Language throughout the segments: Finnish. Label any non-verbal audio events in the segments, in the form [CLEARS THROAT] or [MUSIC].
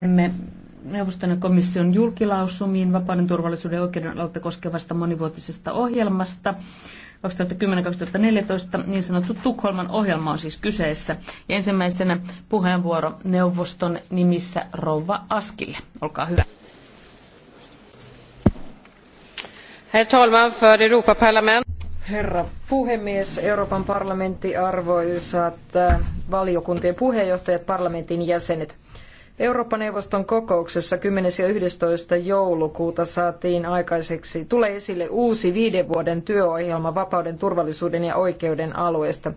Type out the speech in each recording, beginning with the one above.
Menemme neuvoston ja komission julkilausumiin vapauden turvallisuuden ja koskevasta monivuotisesta ohjelmasta. 2010-2014 niin sanottu Tukholman ohjelma on siis kyseessä. Ja ensimmäisenä puheenvuoro neuvoston nimissä Rouva Askille. Olkaa hyvä. Herr talman för Europaparlament. Herra puhemies, Euroopan parlamentti, arvoisat äh, valiokuntien puheenjohtajat, parlamentin jäsenet. Eurooppa-neuvoston kokouksessa 10. ja 11. joulukuuta saatiin aikaiseksi, tulee esille uusi viiden vuoden työohjelma vapauden, turvallisuuden ja oikeuden alueesta.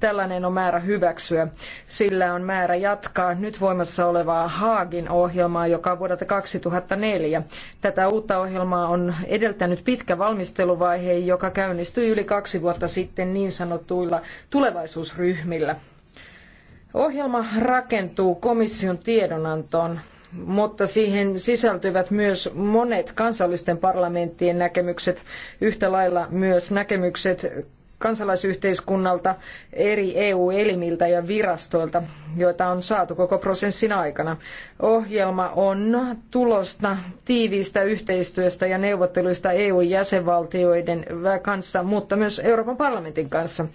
Tällainen on määrä hyväksyä. Sillä on määrä jatkaa nyt voimassa olevaa Haagin ohjelmaa, joka on vuodelta 2004. Tätä uutta ohjelmaa on edeltänyt pitkä valmisteluvaihe, joka käynnistyi yli kaksi vuotta sitten niin sanotuilla tulevaisuusryhmillä. Ohjelma rakentuu komission tiedonantoon, mutta siihen sisältyvät myös monet kansallisten parlamenttien näkemykset, yhtä lailla myös näkemykset kansalaisyhteiskunnalta, eri EU-elimiltä ja virastoilta, joita on saatu koko prosessin aikana. Ohjelma on tulosta tiiviistä yhteistyöstä ja neuvotteluista EU-jäsenvaltioiden kanssa, mutta myös Euroopan parlamentin kanssa.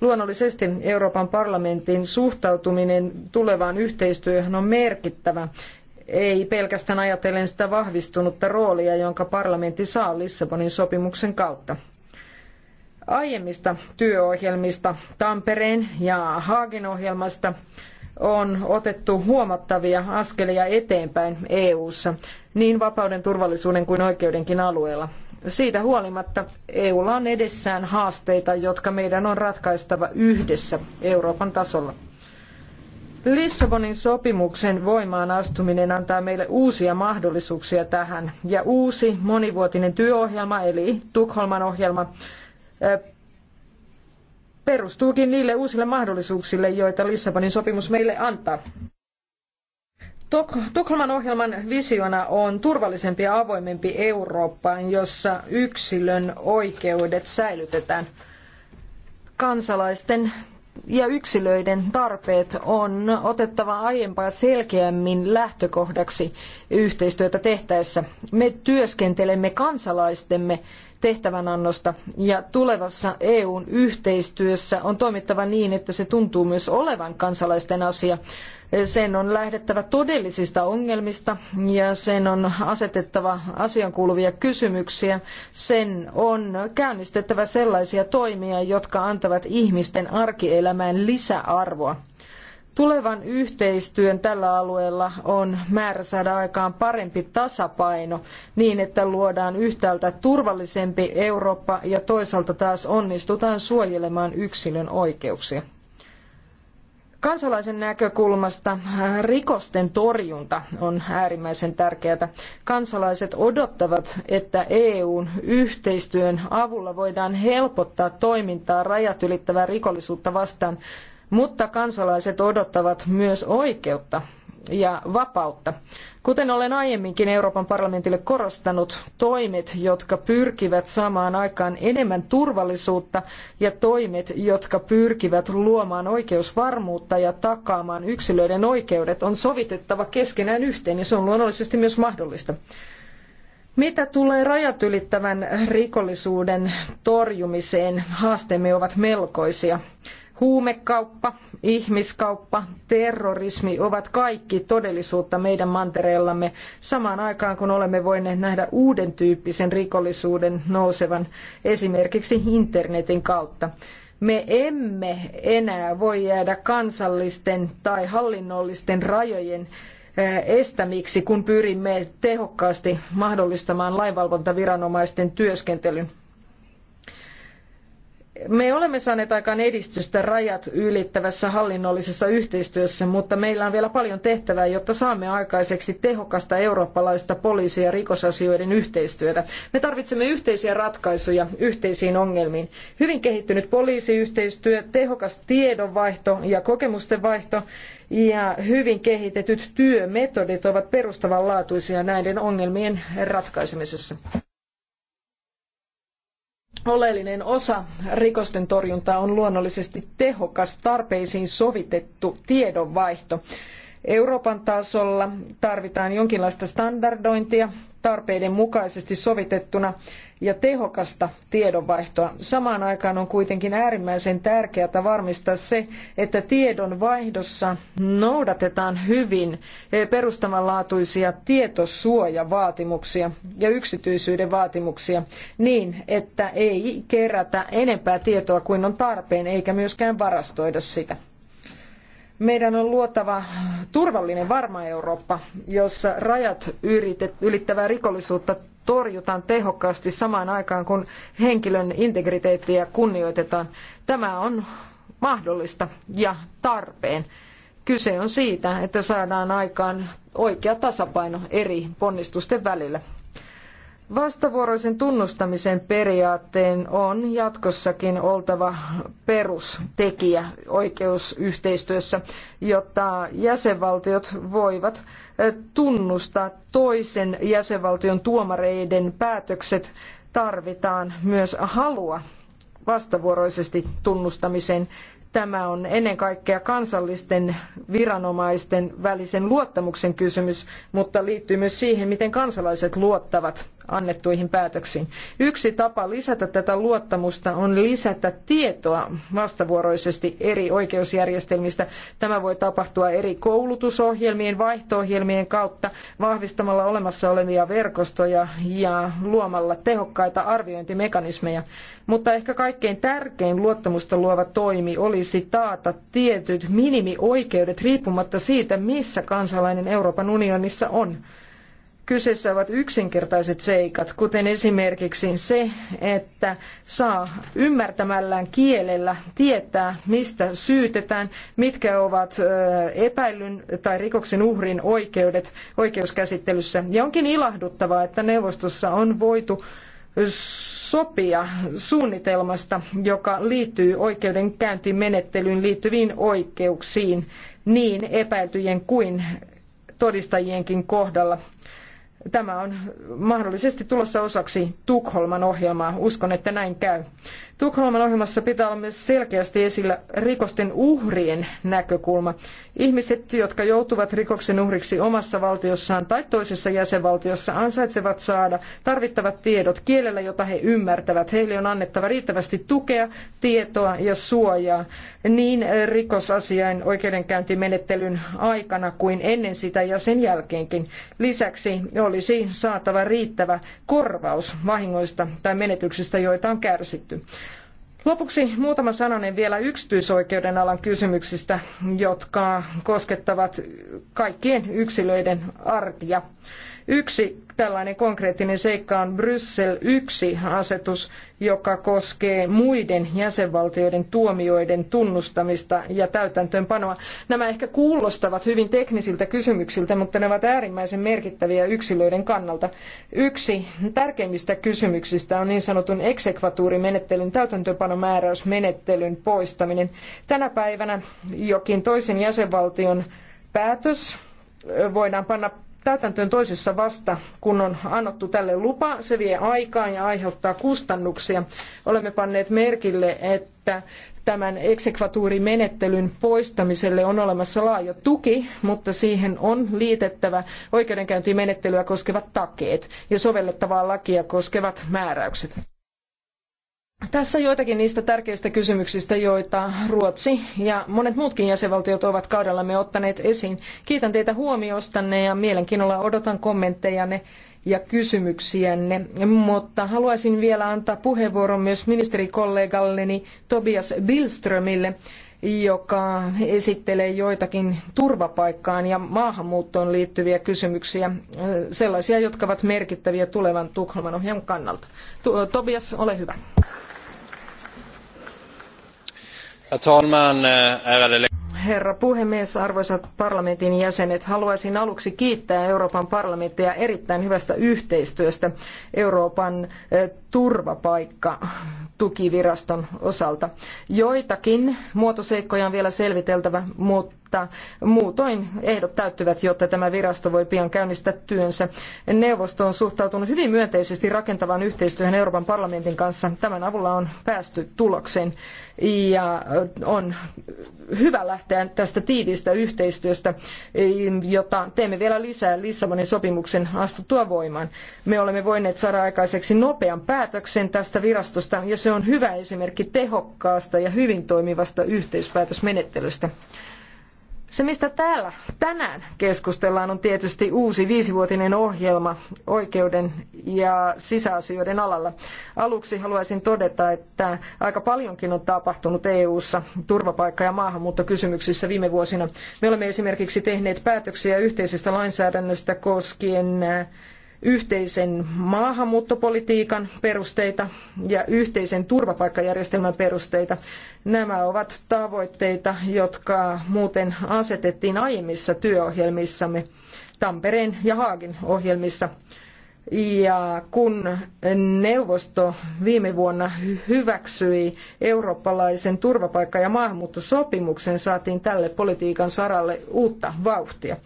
Luonnollisesti Euroopan parlamentin suhtautuminen tulevaan yhteistyöhön on merkittävä, ei pelkästään ajatellen sitä vahvistunutta roolia, jonka parlamentti saa Lissabonin sopimuksen kautta aiemmista työohjelmista, Tampereen ja Haagin ohjelmasta, on otettu huomattavia askelia eteenpäin EU:ssa niin vapauden, turvallisuuden kuin oikeudenkin alueella. Siitä huolimatta EUlla on edessään haasteita, jotka meidän on ratkaistava yhdessä Euroopan tasolla. Lissabonin sopimuksen voimaan astuminen antaa meille uusia mahdollisuuksia tähän ja uusi monivuotinen työohjelma eli Tukholman ohjelma perustuukin niille uusille mahdollisuuksille, joita Lissabonin sopimus meille antaa. Tukholman ohjelman visiona on turvallisempi ja avoimempi Eurooppa, jossa yksilön oikeudet säilytetään. Kansalaisten ja yksilöiden tarpeet on otettava aiempaa selkeämmin lähtökohdaksi yhteistyötä tehtäessä. Me työskentelemme kansalaistemme tehtävänannosta ja tulevassa EUn yhteistyössä on toimittava niin, että se tuntuu myös olevan kansalaisten asia sen on lähdettävä todellisista ongelmista ja sen on asetettava asian kuuluvia kysymyksiä. Sen on käynnistettävä sellaisia toimia, jotka antavat ihmisten arkielämään lisäarvoa. Tulevan yhteistyön tällä alueella on määrä saada aikaan parempi tasapaino niin, että luodaan yhtäältä turvallisempi Eurooppa ja toisaalta taas onnistutaan suojelemaan yksilön oikeuksia. Kansalaisen näkökulmasta äh, rikosten torjunta on äärimmäisen tärkeää. Kansalaiset odottavat, että EUn yhteistyön avulla voidaan helpottaa toimintaa rajat ylittävää rikollisuutta vastaan, mutta kansalaiset odottavat myös oikeutta ja vapautta. Kuten olen aiemminkin Euroopan parlamentille korostanut, toimet, jotka pyrkivät saamaan aikaan enemmän turvallisuutta ja toimet, jotka pyrkivät luomaan oikeusvarmuutta ja takaamaan yksilöiden oikeudet, on sovitettava keskenään yhteen ja se on luonnollisesti myös mahdollista. Mitä tulee rajat ylittävän rikollisuuden torjumiseen, haasteemme ovat melkoisia. Huumekauppa, ihmiskauppa, terrorismi ovat kaikki todellisuutta meidän mantereellamme samaan aikaan, kun olemme voineet nähdä uuden tyyppisen rikollisuuden nousevan esimerkiksi internetin kautta. Me emme enää voi jäädä kansallisten tai hallinnollisten rajojen eh, estämiksi, kun pyrimme tehokkaasti mahdollistamaan lainvalvontaviranomaisten työskentelyn me olemme saaneet aikaan edistystä rajat ylittävässä hallinnollisessa yhteistyössä, mutta meillä on vielä paljon tehtävää, jotta saamme aikaiseksi tehokasta eurooppalaista poliisi- ja rikosasioiden yhteistyötä. Me tarvitsemme yhteisiä ratkaisuja yhteisiin ongelmiin. Hyvin kehittynyt poliisiyhteistyö, tehokas tiedonvaihto ja kokemusten vaihto ja hyvin kehitetyt työmetodit ovat perustavanlaatuisia näiden ongelmien ratkaisemisessa. Oleellinen osa rikosten torjuntaa on luonnollisesti tehokas, tarpeisiin sovitettu tiedonvaihto. Euroopan tasolla tarvitaan jonkinlaista standardointia tarpeiden mukaisesti sovitettuna ja tehokasta tiedonvaihtoa. Samaan aikaan on kuitenkin äärimmäisen tärkeää varmistaa se, että tiedonvaihdossa noudatetaan hyvin perustavanlaatuisia tietosuojavaatimuksia ja yksityisyyden vaatimuksia niin, että ei kerätä enempää tietoa kuin on tarpeen eikä myöskään varastoida sitä. Meidän on luotava turvallinen varma Eurooppa, jossa rajat ylittävää rikollisuutta torjutaan tehokkaasti samaan aikaan, kun henkilön integriteettiä kunnioitetaan. Tämä on mahdollista ja tarpeen. Kyse on siitä, että saadaan aikaan oikea tasapaino eri ponnistusten välillä. Vastavuoroisen tunnustamisen periaatteen on jatkossakin oltava perustekijä oikeusyhteistyössä, jotta jäsenvaltiot voivat tunnustaa toisen jäsenvaltion tuomareiden päätökset, tarvitaan myös halua vastavuoroisesti tunnustamiseen. Tämä on ennen kaikkea kansallisten viranomaisten välisen luottamuksen kysymys, mutta liittyy myös siihen, miten kansalaiset luottavat annettuihin päätöksiin. Yksi tapa lisätä tätä luottamusta on lisätä tietoa vastavuoroisesti eri oikeusjärjestelmistä. Tämä voi tapahtua eri koulutusohjelmien, vaihto-ohjelmien kautta, vahvistamalla olemassa olevia verkostoja ja luomalla tehokkaita arviointimekanismeja. Mutta ehkä kaikkein tärkein luottamusta luova toimi olisi taata tietyt minimioikeudet riippumatta siitä, missä kansalainen Euroopan unionissa on. Kyseessä ovat yksinkertaiset seikat, kuten esimerkiksi se, että saa ymmärtämällään kielellä tietää, mistä syytetään, mitkä ovat epäilyn tai rikoksen uhrin oikeudet oikeuskäsittelyssä. Ja onkin ilahduttavaa, että neuvostossa on voitu sopia suunnitelmasta, joka liittyy oikeudenkäyntimenettelyyn liittyviin oikeuksiin niin epäiltyjen kuin todistajienkin kohdalla. Tämä on mahdollisesti tulossa osaksi Tukholman ohjelmaa. Uskon, että näin käy. Tukholman ohjelmassa pitää olla myös selkeästi esillä rikosten uhrien näkökulma. Ihmiset, jotka joutuvat rikoksen uhriksi omassa valtiossaan tai toisessa jäsenvaltiossa, ansaitsevat saada tarvittavat tiedot kielellä, jota he ymmärtävät. Heille on annettava riittävästi tukea, tietoa ja suojaa niin rikosasiain oikeudenkäyntimenettelyn aikana kuin ennen sitä ja sen jälkeenkin. Lisäksi olisi saatava riittävä korvaus vahingoista tai menetyksistä, joita on kärsitty. Lopuksi muutama sananen vielä yksityisoikeuden alan kysymyksistä, jotka koskettavat kaikkien yksilöiden arkia. Yksi tällainen konkreettinen seikka on Bryssel 1-asetus, joka koskee muiden jäsenvaltioiden tuomioiden tunnustamista ja täytäntöönpanoa. Nämä ehkä kuulostavat hyvin teknisiltä kysymyksiltä, mutta ne ovat äärimmäisen merkittäviä yksilöiden kannalta. Yksi tärkeimmistä kysymyksistä on niin sanotun eksekvatuurimenettelyn täytäntöönpanomääräysmenettelyn poistaminen. Tänä päivänä jokin toisen jäsenvaltion päätös voidaan panna täytäntöön toisessa vasta, kun on annettu tälle lupa. Se vie aikaa ja aiheuttaa kustannuksia. Olemme panneet merkille, että tämän eksekvatuurimenettelyn poistamiselle on olemassa laaja tuki, mutta siihen on liitettävä oikeudenkäyntimenettelyä koskevat takeet ja sovellettavaa lakia koskevat määräykset. Tässä joitakin niistä tärkeistä kysymyksistä, joita Ruotsi ja monet muutkin jäsenvaltiot ovat kaudellamme ottaneet esiin. Kiitän teitä huomiostanne ja mielenkiinnolla odotan kommenttejanne ja kysymyksiänne, mutta haluaisin vielä antaa puheenvuoron myös ministerikollegalleni Tobias Billströmille, joka esittelee joitakin turvapaikkaan ja maahanmuuttoon liittyviä kysymyksiä, äh, sellaisia, jotka ovat merkittäviä tulevan Tukholman ohjelman kannalta. Tobias, ole hyvä. Eh, Herra puhemies, arvoisat parlamentin jäsenet, haluaisin aluksi kiittää Euroopan parlamenttia erittäin hyvästä yhteistyöstä Euroopan eh, turvapaikka tukiviraston osalta. Joitakin muotoseikkoja on vielä selviteltävä, mutta mutta muutoin ehdot täyttyvät, jotta tämä virasto voi pian käynnistää työnsä. Neuvosto on suhtautunut hyvin myönteisesti rakentavaan yhteistyöhön Euroopan parlamentin kanssa. Tämän avulla on päästy tulokseen ja on hyvä lähteä tästä tiiviistä yhteistyöstä, jota teemme vielä lisää Lissabonin sopimuksen astuttua voimaan. Me olemme voineet saada aikaiseksi nopean päätöksen tästä virastosta ja se on hyvä esimerkki tehokkaasta ja hyvin toimivasta yhteispäätösmenettelystä. Se, mistä täällä tänään keskustellaan, on tietysti uusi viisivuotinen ohjelma oikeuden ja sisäasioiden alalla. Aluksi haluaisin todeta, että aika paljonkin on tapahtunut EU-ssa turvapaikka- ja maahanmuuttokysymyksissä viime vuosina. Me olemme esimerkiksi tehneet päätöksiä yhteisestä lainsäädännöstä koskien yhteisen maahanmuuttopolitiikan perusteita ja yhteisen turvapaikkajärjestelmän perusteita. Nämä ovat tavoitteita, jotka muuten asetettiin aiemmissa työohjelmissamme, Tampereen ja Haagin ohjelmissa. Ja kun neuvosto viime vuonna hyväksyi eurooppalaisen turvapaikka- ja maahanmuuttosopimuksen, saatiin tälle politiikan saralle uutta vauhtia.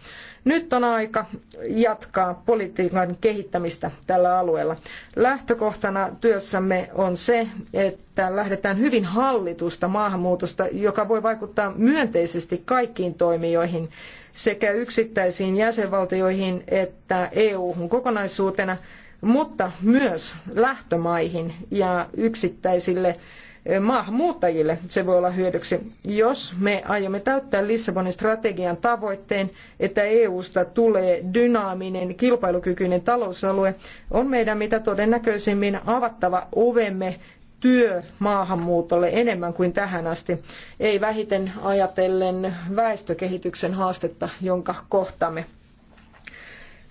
Nyt on aika jatkaa politiikan kehittämistä tällä alueella. Lähtökohtana työssämme on se, että lähdetään hyvin hallitusta maahanmuutosta, joka voi vaikuttaa myönteisesti kaikkiin toimijoihin sekä yksittäisiin jäsenvaltioihin että EU-hun kokonaisuutena, mutta myös lähtömaihin ja yksittäisille maahanmuuttajille. Se voi olla hyödyksi, jos me aiomme täyttää Lissabonin strategian tavoitteen, että EUsta tulee dynaaminen, kilpailukykyinen talousalue, on meidän mitä todennäköisimmin avattava ovemme työ maahanmuutolle enemmän kuin tähän asti, ei vähiten ajatellen väestökehityksen haastetta, jonka kohtamme.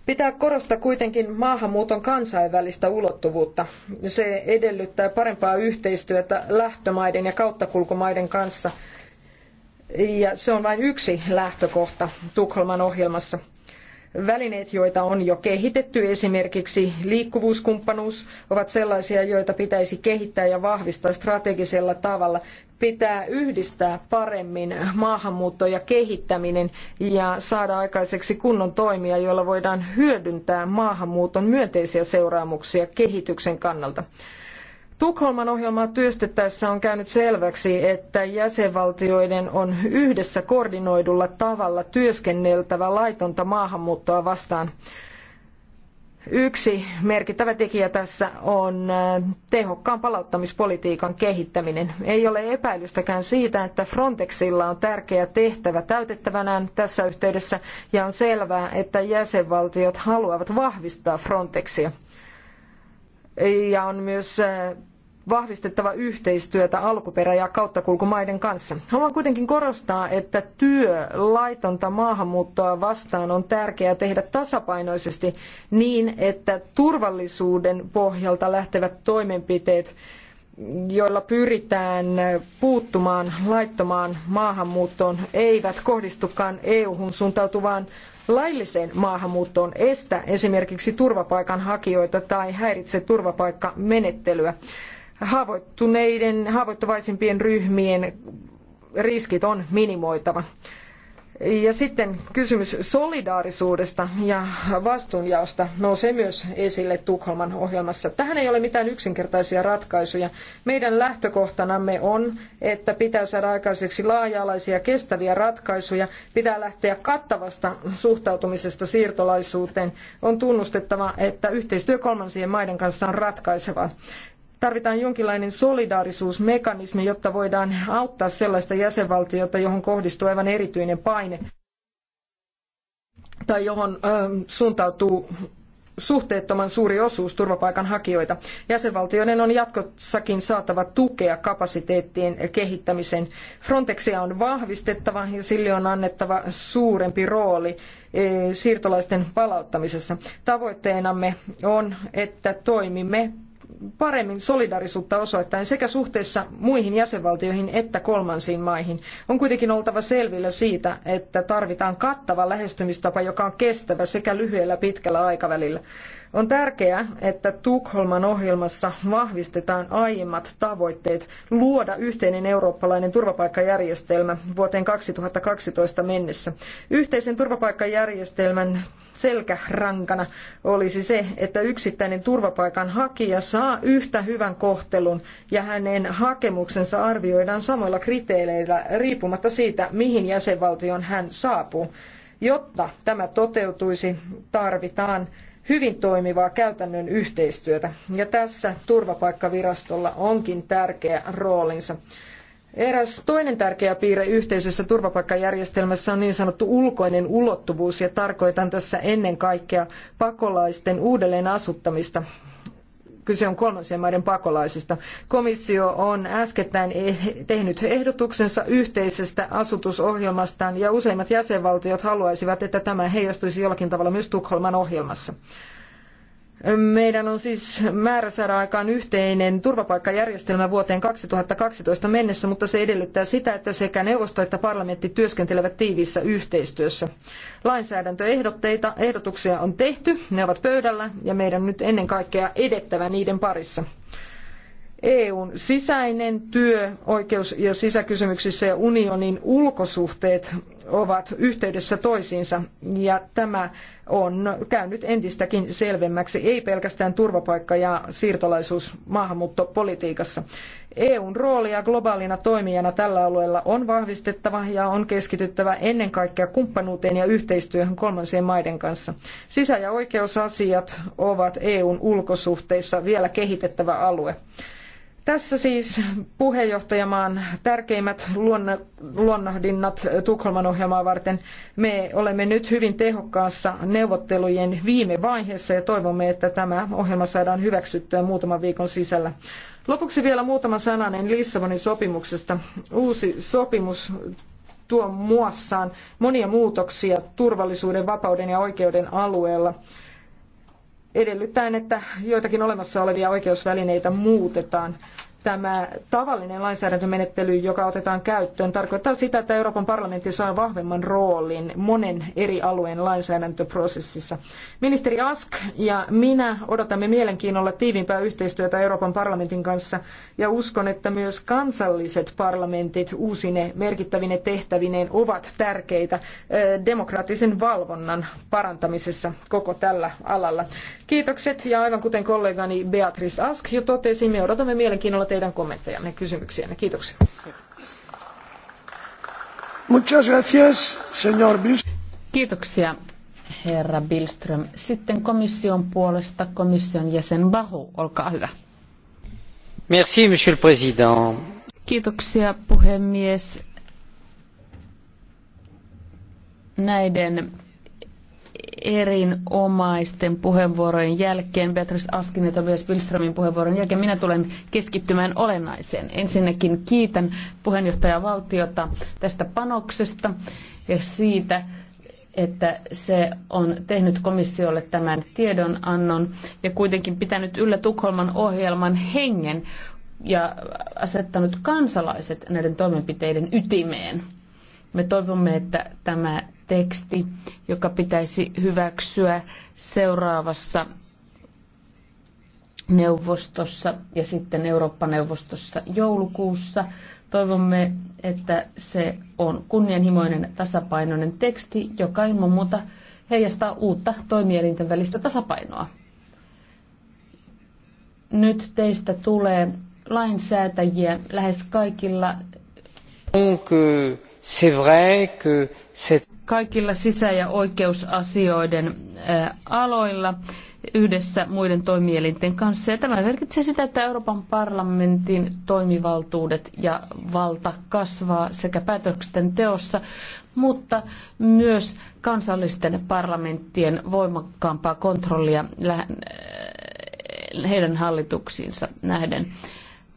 Pitää korostaa kuitenkin maahanmuuton kansainvälistä ulottuvuutta. Se edellyttää parempaa yhteistyötä lähtömaiden ja kauttakulkumaiden kanssa. Ja se on vain yksi lähtökohta Tukholman ohjelmassa välineet, joita on jo kehitetty, esimerkiksi liikkuvuuskumppanuus, ovat sellaisia, joita pitäisi kehittää ja vahvistaa strategisella tavalla. Pitää yhdistää paremmin maahanmuutto ja kehittäminen ja saada aikaiseksi kunnon toimia, joilla voidaan hyödyntää maahanmuuton myönteisiä seuraamuksia kehityksen kannalta. Tukholman ohjelmaa työstettäessä on käynyt selväksi, että jäsenvaltioiden on yhdessä koordinoidulla tavalla työskenneltävä laitonta maahanmuuttoa vastaan. Yksi merkittävä tekijä tässä on äh, tehokkaan palauttamispolitiikan kehittäminen. Ei ole epäilystäkään siitä, että Frontexilla on tärkeä tehtävä täytettävänään tässä yhteydessä ja on selvää, että jäsenvaltiot haluavat vahvistaa Frontexia. Ja on myös äh, vahvistettava yhteistyötä alkuperä- ja kauttakulkumaiden kanssa. Haluan kuitenkin korostaa, että työ laitonta maahanmuuttoa vastaan on tärkeää tehdä tasapainoisesti niin, että turvallisuuden pohjalta lähtevät toimenpiteet joilla pyritään puuttumaan laittomaan maahanmuuttoon, eivät kohdistukaan EU-hun suuntautuvaan lailliseen maahanmuuttoon estä esimerkiksi turvapaikanhakijoita tai häiritse turvapaikkamenettelyä haavoittuneiden, haavoittuvaisimpien ryhmien riskit on minimoitava. Ja sitten kysymys solidaarisuudesta ja vastuunjaosta nousee myös esille Tukholman ohjelmassa. Tähän ei ole mitään yksinkertaisia ratkaisuja. Meidän lähtökohtanamme on, että pitää saada aikaiseksi laaja-alaisia kestäviä ratkaisuja. Pitää lähteä kattavasta suhtautumisesta siirtolaisuuteen. On tunnustettava, että yhteistyö kolmansien maiden kanssa on ratkaisevaa. Tarvitaan jonkinlainen solidaarisuusmekanismi, jotta voidaan auttaa sellaista jäsenvaltiota, johon kohdistuu aivan erityinen paine tai johon suuntautuu suhteettoman suuri osuus turvapaikanhakijoita. Jäsenvaltioiden on jatkossakin saatava tukea kapasiteettien kehittämiseen. Frontexia on vahvistettava ja sille on annettava suurempi rooli e, siirtolaisten palauttamisessa. Tavoitteenamme on, että toimimme paremmin solidaarisuutta osoittaen sekä suhteessa muihin jäsenvaltioihin että kolmansiin maihin. On kuitenkin oltava selvillä siitä, että tarvitaan kattava lähestymistapa, joka on kestävä sekä lyhyellä pitkällä aikavälillä. On tärkeää, että Tukholman ohjelmassa vahvistetaan aiemmat tavoitteet luoda yhteinen eurooppalainen turvapaikkajärjestelmä vuoteen 2012 mennessä. Yhteisen turvapaikkajärjestelmän selkärankana olisi se, että yksittäinen turvapaikanhakija saa yhtä hyvän kohtelun ja hänen hakemuksensa arvioidaan samoilla kriteereillä riippumatta siitä, mihin jäsenvaltioon hän saapuu. Jotta tämä toteutuisi, tarvitaan hyvin toimivaa käytännön yhteistyötä. Ja tässä turvapaikkavirastolla onkin tärkeä roolinsa. Eräs toinen tärkeä piirre yhteisessä turvapaikkajärjestelmässä on niin sanottu ulkoinen ulottuvuus ja tarkoitan tässä ennen kaikkea pakolaisten uudelleen asuttamista kyse on kolmansien maiden pakolaisista. Komissio on äskettäin e- tehnyt ehdotuksensa yhteisestä asutusohjelmastaan ja useimmat jäsenvaltiot haluaisivat, että tämä heijastuisi jollakin tavalla myös Tukholman ohjelmassa. Meidän on siis määrä saada aikaan yhteinen turvapaikkajärjestelmä vuoteen 2012 mennessä, mutta se edellyttää sitä, että sekä neuvosto että parlamentti työskentelevät tiiviissä yhteistyössä. Lainsäädäntöehdotteita, ehdotuksia on tehty, ne ovat pöydällä ja meidän nyt ennen kaikkea edettävä niiden parissa. EUn sisäinen työ oikeus- ja sisäkysymyksissä ja unionin ulkosuhteet ovat yhteydessä toisiinsa ja tämä on käynyt entistäkin selvemmäksi, ei pelkästään turvapaikka- ja siirtolaisuus maahanmuuttopolitiikassa. EUn roolia globaalina toimijana tällä alueella on vahvistettava ja on keskityttävä ennen kaikkea kumppanuuteen ja yhteistyöhön kolmansien maiden kanssa. Sisä- ja oikeusasiat ovat EUn ulkosuhteissa vielä kehitettävä alue. Tässä siis puheenjohtajamaan tärkeimmät luonnahdinnat Tukholman ohjelmaa varten. Me olemme nyt hyvin tehokkaassa neuvottelujen viime vaiheessa ja toivomme, että tämä ohjelma saadaan hyväksyttyä muutaman viikon sisällä. Lopuksi vielä muutama sananen Lissabonin sopimuksesta. Uusi sopimus tuo muassaan monia muutoksia turvallisuuden, vapauden ja oikeuden alueella edellyttäen, että joitakin olemassa olevia oikeusvälineitä muutetaan tämä tavallinen lainsäädäntömenettely, joka otetaan käyttöön, tarkoittaa sitä, että Euroopan parlamentti saa vahvemman roolin monen eri alueen lainsäädäntöprosessissa. Ministeri Ask ja minä odotamme mielenkiinnolla tiiviimpää yhteistyötä Euroopan parlamentin kanssa ja uskon, että myös kansalliset parlamentit uusine merkittävine tehtävineen ovat tärkeitä demokraattisen valvonnan parantamisessa koko tällä alalla. Kiitokset ja aivan kuten kollegani Beatrice Ask jo totesi, me odotamme mielenkiinnolla teidän kommenttejanne ja kysymyksiänne. Kiitoksia. Muchas gracias, señor Kiitoksia, herra Billström. Sitten komission puolesta komission jäsen Bahu, olkaa hyvä. Merci, monsieur le président. Kiitoksia, puhemies. Näiden erinomaisten puheenvuorojen jälkeen, Beatrice Askin ja Tobias Billströmin puheenvuoron jälkeen, minä tulen keskittymään olennaiseen. Ensinnäkin kiitän puheenjohtaja Valtiota tästä panoksesta ja siitä, että se on tehnyt komissiolle tämän tiedonannon ja kuitenkin pitänyt yllä Tukholman ohjelman hengen ja asettanut kansalaiset näiden toimenpiteiden ytimeen. Me toivomme, että tämä teksti, joka pitäisi hyväksyä seuraavassa neuvostossa ja sitten Eurooppa-neuvostossa joulukuussa. Toivomme, että se on kunnianhimoinen tasapainoinen teksti, joka ilman muuta heijastaa uutta toimielinten välistä tasapainoa. Nyt teistä tulee lainsäätäjiä lähes kaikilla. Donc, euh, c'est vrai que c'est kaikilla sisä- ja oikeusasioiden aloilla yhdessä muiden toimielinten kanssa. Ja tämä merkitsee sitä, että Euroopan parlamentin toimivaltuudet ja valta kasvaa sekä päätösten teossa, mutta myös kansallisten parlamenttien voimakkaampaa kontrollia heidän hallituksiinsa nähden.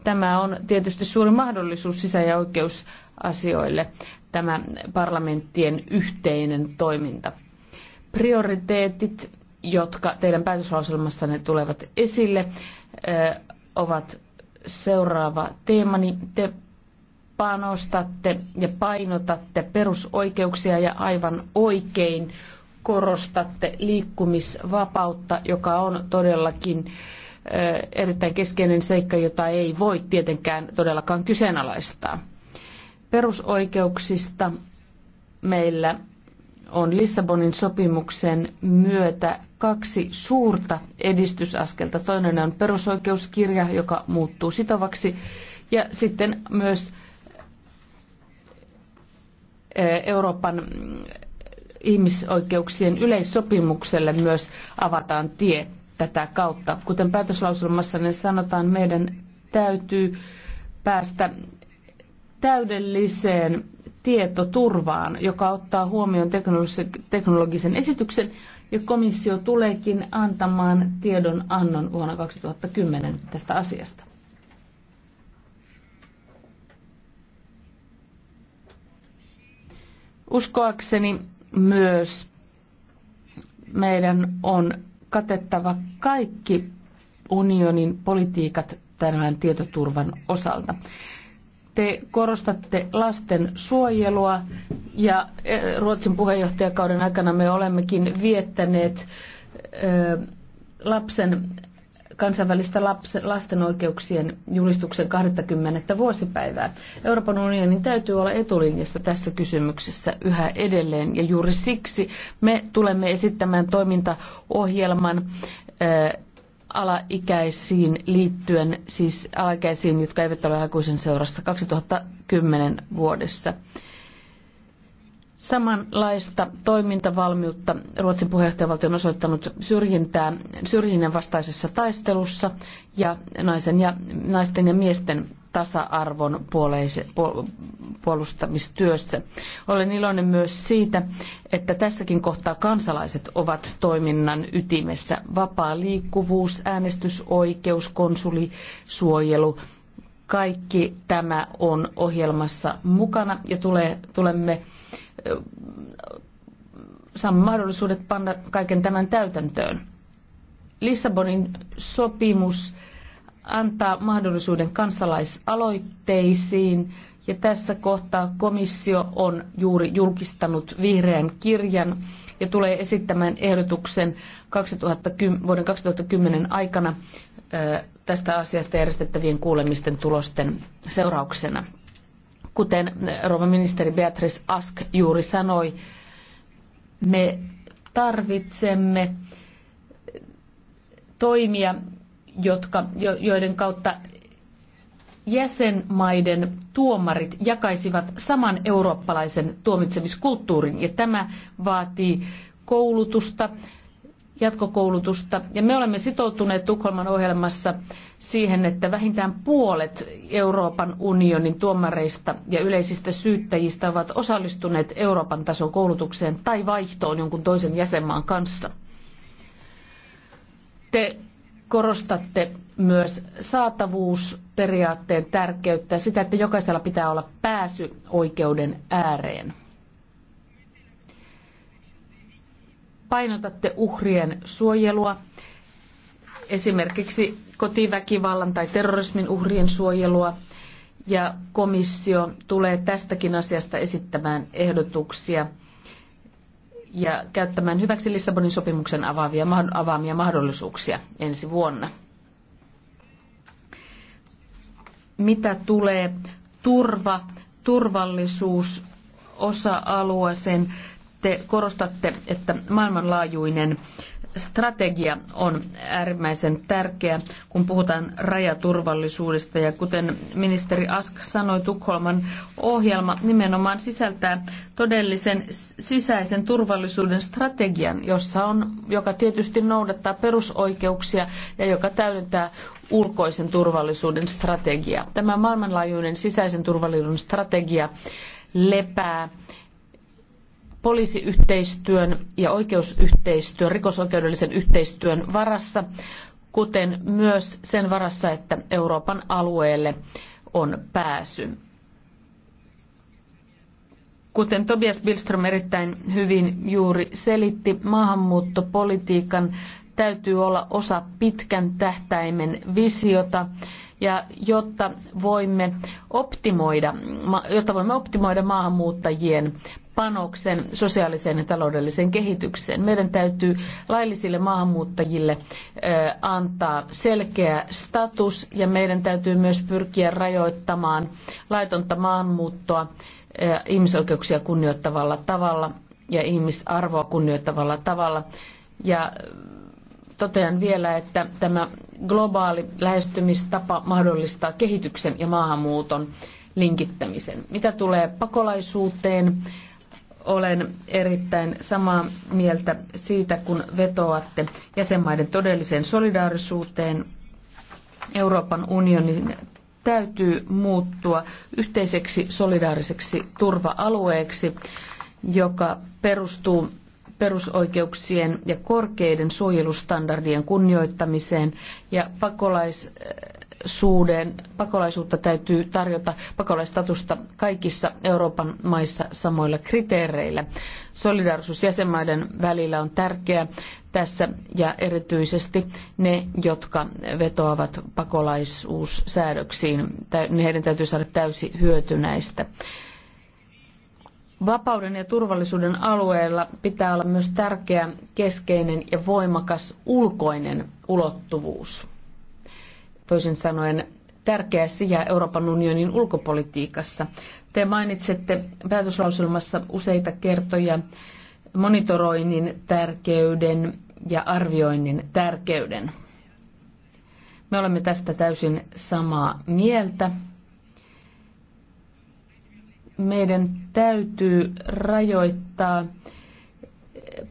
Tämä on tietysti suuri mahdollisuus sisä- ja oikeusasioille tämä parlamenttien yhteinen toiminta. Prioriteetit, jotka teidän päätöslauselmassanne tulevat esille, ovat seuraava teemani. Te panostatte ja painotatte perusoikeuksia ja aivan oikein korostatte liikkumisvapautta, joka on todellakin erittäin keskeinen seikka, jota ei voi tietenkään todellakaan kyseenalaistaa perusoikeuksista meillä on Lissabonin sopimuksen myötä kaksi suurta edistysaskelta. Toinen on perusoikeuskirja, joka muuttuu sitovaksi, ja sitten myös Euroopan ihmisoikeuksien yleissopimukselle myös avataan tie tätä kautta. Kuten päätöslauselmassa sanotaan, meidän täytyy päästä täydelliseen tietoturvaan, joka ottaa huomioon teknologisen esityksen, ja komissio tuleekin antamaan tiedon annon vuonna 2010 tästä asiasta. Uskoakseni myös meidän on katettava kaikki unionin politiikat tämän tietoturvan osalta te korostatte lasten suojelua ja eh, Ruotsin puheenjohtajakauden aikana me olemmekin viettäneet eh, lapsen kansainvälistä lapsen, lasten oikeuksien julistuksen 20. vuosipäivää. Euroopan unionin täytyy olla etulinjassa tässä kysymyksessä yhä edelleen ja juuri siksi me tulemme esittämään toimintaohjelman eh, alaikäisiin liittyen, siis alaikäisiin, jotka eivät ole aikuisen seurassa 2010 vuodessa. Samanlaista toimintavalmiutta Ruotsin puheenjohtajavaltio on osoittanut syrjintää, syrjinnän vastaisessa taistelussa ja naisen ja, naisten ja miesten tasa-arvon puolustamistyössä. Olen iloinen myös siitä, että tässäkin kohtaa kansalaiset ovat toiminnan ytimessä. Vapaa liikkuvuus, äänestysoikeus, konsulisuojelu, kaikki tämä on ohjelmassa mukana ja tulee, tulemme saamme mahdollisuudet panna kaiken tämän täytäntöön. Lissabonin sopimus antaa mahdollisuuden kansalaisaloitteisiin. Ja tässä kohtaa komissio on juuri julkistanut vihreän kirjan ja tulee esittämään ehdotuksen 2010, vuoden 2010 aikana tästä asiasta järjestettävien kuulemisten tulosten seurauksena. Kuten rouva ministeri Beatrice Ask juuri sanoi, me tarvitsemme toimia, jotka, joiden kautta jäsenmaiden tuomarit jakaisivat saman eurooppalaisen tuomitsemiskulttuurin. Ja tämä vaatii koulutusta, jatkokoulutusta. Ja me olemme sitoutuneet Tukholman ohjelmassa siihen, että vähintään puolet Euroopan unionin tuomareista ja yleisistä syyttäjistä ovat osallistuneet Euroopan tason koulutukseen tai vaihtoon jonkun toisen jäsenmaan kanssa. Te Korostatte myös saatavuusperiaatteen tärkeyttä, sitä, että jokaisella pitää olla pääsy oikeuden ääreen. Painotatte uhrien suojelua, esimerkiksi kotiväkivallan tai terrorismin uhrien suojelua, ja komissio tulee tästäkin asiasta esittämään ehdotuksia – ja käyttämään hyväksi Lissabonin sopimuksen avaavia, avaamia mahdollisuuksia ensi vuonna. Mitä tulee turva, turvallisuus osa-alueeseen, te korostatte, että maailmanlaajuinen strategia on äärimmäisen tärkeä, kun puhutaan rajaturvallisuudesta. Ja kuten ministeri Ask sanoi, Tukholman ohjelma nimenomaan sisältää todellisen sisäisen turvallisuuden strategian, jossa on, joka tietysti noudattaa perusoikeuksia ja joka täydentää ulkoisen turvallisuuden strategiaa. Tämä maailmanlaajuinen sisäisen turvallisuuden strategia lepää poliisiyhteistyön ja oikeusyhteistyön, rikosoikeudellisen yhteistyön varassa, kuten myös sen varassa, että Euroopan alueelle on pääsy. Kuten Tobias Billström erittäin hyvin juuri selitti, maahanmuuttopolitiikan täytyy olla osa pitkän tähtäimen visiota ja jotta voimme optimoida, jotta voimme optimoida maahanmuuttajien panoksen sosiaaliseen ja taloudelliseen kehitykseen. Meidän täytyy laillisille maahanmuuttajille antaa selkeä status ja meidän täytyy myös pyrkiä rajoittamaan laitonta maahanmuuttoa ihmisoikeuksia kunnioittavalla tavalla ja ihmisarvoa kunnioittavalla tavalla. Ja totean vielä, että tämä globaali lähestymistapa mahdollistaa kehityksen ja maahanmuuton linkittämisen. Mitä tulee pakolaisuuteen, olen erittäin samaa mieltä siitä, kun vetoatte jäsenmaiden todelliseen solidaarisuuteen. Euroopan unionin täytyy muuttua yhteiseksi solidaariseksi turva-alueeksi, joka perustuu perusoikeuksien ja korkeiden suojelustandardien kunnioittamiseen ja pakolais pakolaisuuden, pakolaisuutta täytyy tarjota pakolaistatusta kaikissa Euroopan maissa samoilla kriteereillä. Solidaarisuus jäsenmaiden välillä on tärkeä tässä ja erityisesti ne, jotka vetoavat pakolaisuussäädöksiin, heidän täytyy saada täysi hyöty näistä. Vapauden ja turvallisuuden alueella pitää olla myös tärkeä, keskeinen ja voimakas ulkoinen ulottuvuus toisin sanoen tärkeä sija Euroopan unionin ulkopolitiikassa. Te mainitsette päätöslauselmassa useita kertoja monitoroinnin tärkeyden ja arvioinnin tärkeyden. Me olemme tästä täysin samaa mieltä. Meidän täytyy rajoittaa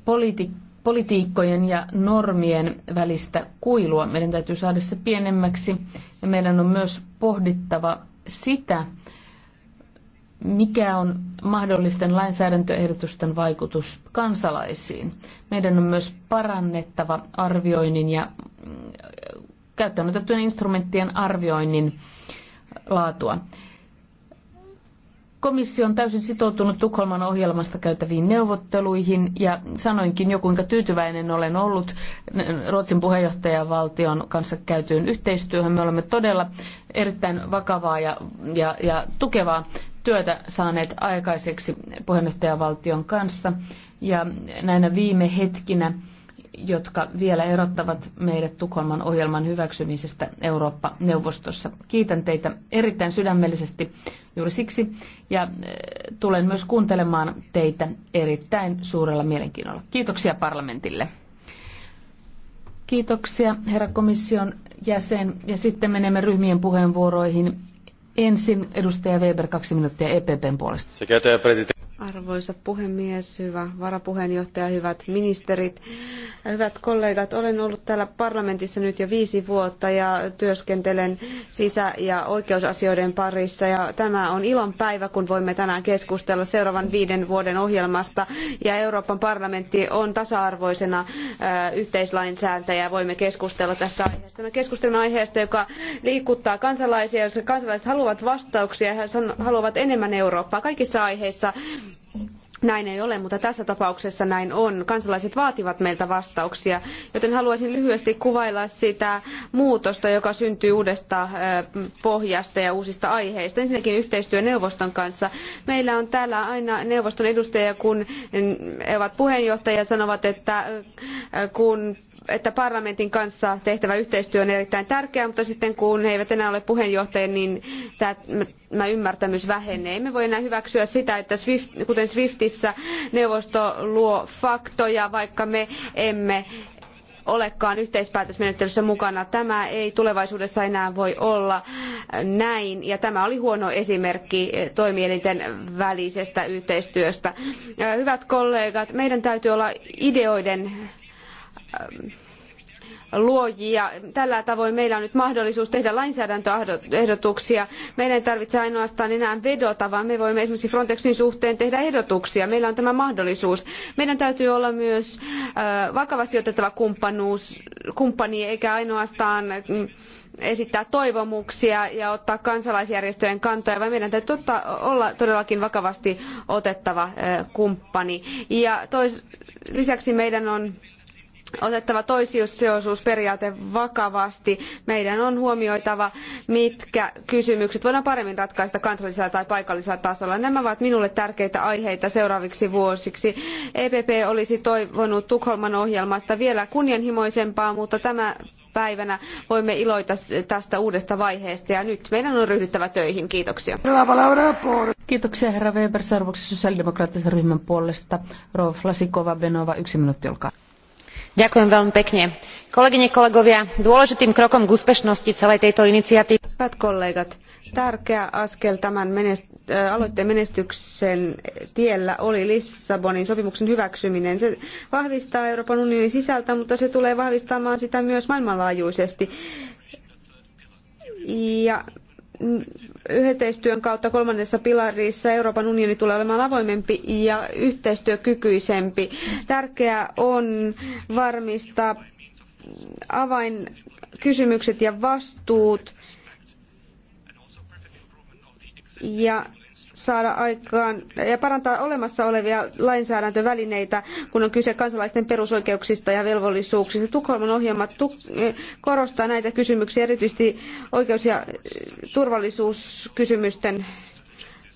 poliitikkoja politiikkojen ja normien välistä kuilua. Meidän täytyy saada se pienemmäksi ja meidän on myös pohdittava sitä, mikä on mahdollisten lainsäädäntöehdotusten vaikutus kansalaisiin. Meidän on myös parannettava arvioinnin ja mm, käyttöönotettujen instrumenttien arvioinnin laatua. Komissio on täysin sitoutunut Tukholman ohjelmasta käytäviin neuvotteluihin ja sanoinkin jo kuinka tyytyväinen olen ollut Ruotsin puheenjohtajavaltion kanssa käytyyn yhteistyöhön. Me olemme todella erittäin vakavaa ja, ja, ja tukevaa työtä saaneet aikaiseksi puheenjohtajavaltion kanssa ja näinä viime hetkinä jotka vielä erottavat meidät Tukholman ohjelman hyväksymisestä Eurooppa-neuvostossa. Kiitän teitä erittäin sydämellisesti juuri siksi ja äh, tulen myös kuuntelemaan teitä erittäin suurella mielenkiinnolla. Kiitoksia parlamentille. Kiitoksia herra komission jäsen ja sitten menemme ryhmien puheenvuoroihin. Ensin edustaja Weber kaksi minuuttia EPPn puolesta. Arvoisa puhemies, hyvä varapuheenjohtaja, hyvät ministerit. Hyvät kollegat, olen ollut täällä parlamentissa nyt jo viisi vuotta ja työskentelen sisä- ja oikeusasioiden parissa. Ja tämä on ilon päivä, kun voimme tänään keskustella seuraavan viiden vuoden ohjelmasta. Ja Euroopan parlamentti on tasa-arvoisena äh, yhteislainsääntäjä ja voimme keskustella tästä aiheesta. Me keskustelemme aiheesta, joka liikuttaa kansalaisia, jos kansalaiset haluavat vastauksia ja haluavat enemmän Eurooppaa kaikissa aiheissa näin ei ole, mutta tässä tapauksessa näin on. Kansalaiset vaativat meiltä vastauksia, joten haluaisin lyhyesti kuvailla sitä muutosta, joka syntyy uudesta pohjasta ja uusista aiheista. Ensinnäkin yhteistyö neuvoston kanssa. Meillä on täällä aina neuvoston edustajia, kun he mm, ovat puheenjohtajia, sanovat, että kun että parlamentin kanssa tehtävä yhteistyö on erittäin tärkeää, mutta sitten kun he eivät enää ole puheenjohtajia, niin tämä ymmärtämys vähenee. Emme voi enää hyväksyä sitä, että Swift, kuten Swiftissä neuvosto luo faktoja, vaikka me emme olekaan yhteispäätösmenettelyssä mukana. Tämä ei tulevaisuudessa enää voi olla näin, ja tämä oli huono esimerkki toimielinten välisestä yhteistyöstä. Hyvät kollegat, meidän täytyy olla ideoiden Ähm, luojia. Tällä tavoin meillä on nyt mahdollisuus tehdä lainsäädäntöehdotuksia. Meidän ei tarvitse ainoastaan enää vedota, vaan me voimme esimerkiksi Frontexin suhteen tehdä ehdotuksia. Meillä on tämä mahdollisuus. Meidän täytyy olla myös äh, vakavasti otettava kumppanuus, kumppani, eikä ainoastaan mm, esittää toivomuksia ja ottaa kansalaisjärjestöjen kantoja, vaan meidän täytyy ottaa, olla todellakin vakavasti otettava äh, kumppani. Ja tois, lisäksi meidän on otettava toissijaisuusperiaate vakavasti. Meidän on huomioitava, mitkä kysymykset voidaan paremmin ratkaista kansallisella tai paikallisella tasolla. Nämä ovat minulle tärkeitä aiheita seuraaviksi vuosiksi. EPP olisi toivonut Tukholman ohjelmasta vielä kunnianhimoisempaa, mutta tämä päivänä voimme iloita tästä uudesta vaiheesta ja nyt meidän on ryhdyttävä töihin. Kiitoksia. Kiitoksia herra Weber, seuraavaksi sosiaalidemokraattisen ryhmän puolesta. Rova Flasikova, Benova, yksi minuutti, olkaa dôležitým krokom k úspešnosti celej tejto iniciatívy hyvät kollegat tärkeä askel tämän äh, aloitteen menestyksen tiellä oli lissabonin sopimuksen hyväksyminen. se vahvistaa euroopan unionin sisältä mutta se tulee vahvistamaan sitä myös maailmanlaajuisesti. ja Yhteistyön kautta kolmannessa pilarissa Euroopan unioni tulee olemaan avoimempi ja yhteistyökykyisempi. Tärkeää on varmistaa avainkysymykset ja vastuut ja saada aikaan ja parantaa olemassa olevia lainsäädäntövälineitä, kun on kyse kansalaisten perusoikeuksista ja velvollisuuksista. Tukholman ohjelma korostaa näitä kysymyksiä erityisesti oikeus- ja eh, turvallisuuskysymysten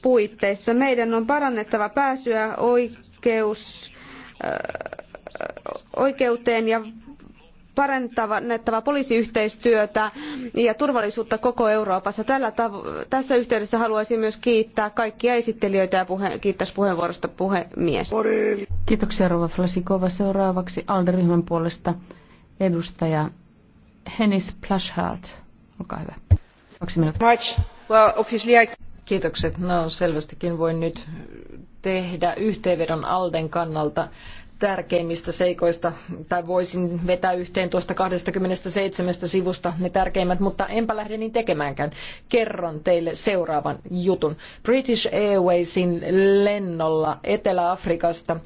puitteissa. Meidän on parannettava pääsyä oikeus, eh, oikeuteen ja parannettava poliisiyhteistyötä ja turvallisuutta koko Euroopassa. Tällä tässä yhteydessä haluaisin myös kiittää kaikkia esittelijöitä ja puhe- kiittäisi puheenvuorosta puhemies. Kiitoksia Rova Flasikova. Seuraavaksi Alderyhmän puolesta edustaja Hennis Plashart. Olkaa hyvä. Kaksi minuuttia. Kiitokset. No selvästikin voin nyt tehdä yhteenvedon Alden kannalta tärkeimmistä seikoista, tai voisin vetää yhteen tuosta 27 sivusta ne tärkeimmät, mutta enpä lähde niin tekemäänkään. Kerron teille seuraavan jutun. British Airwaysin lennolla Etelä-Afrikasta äh,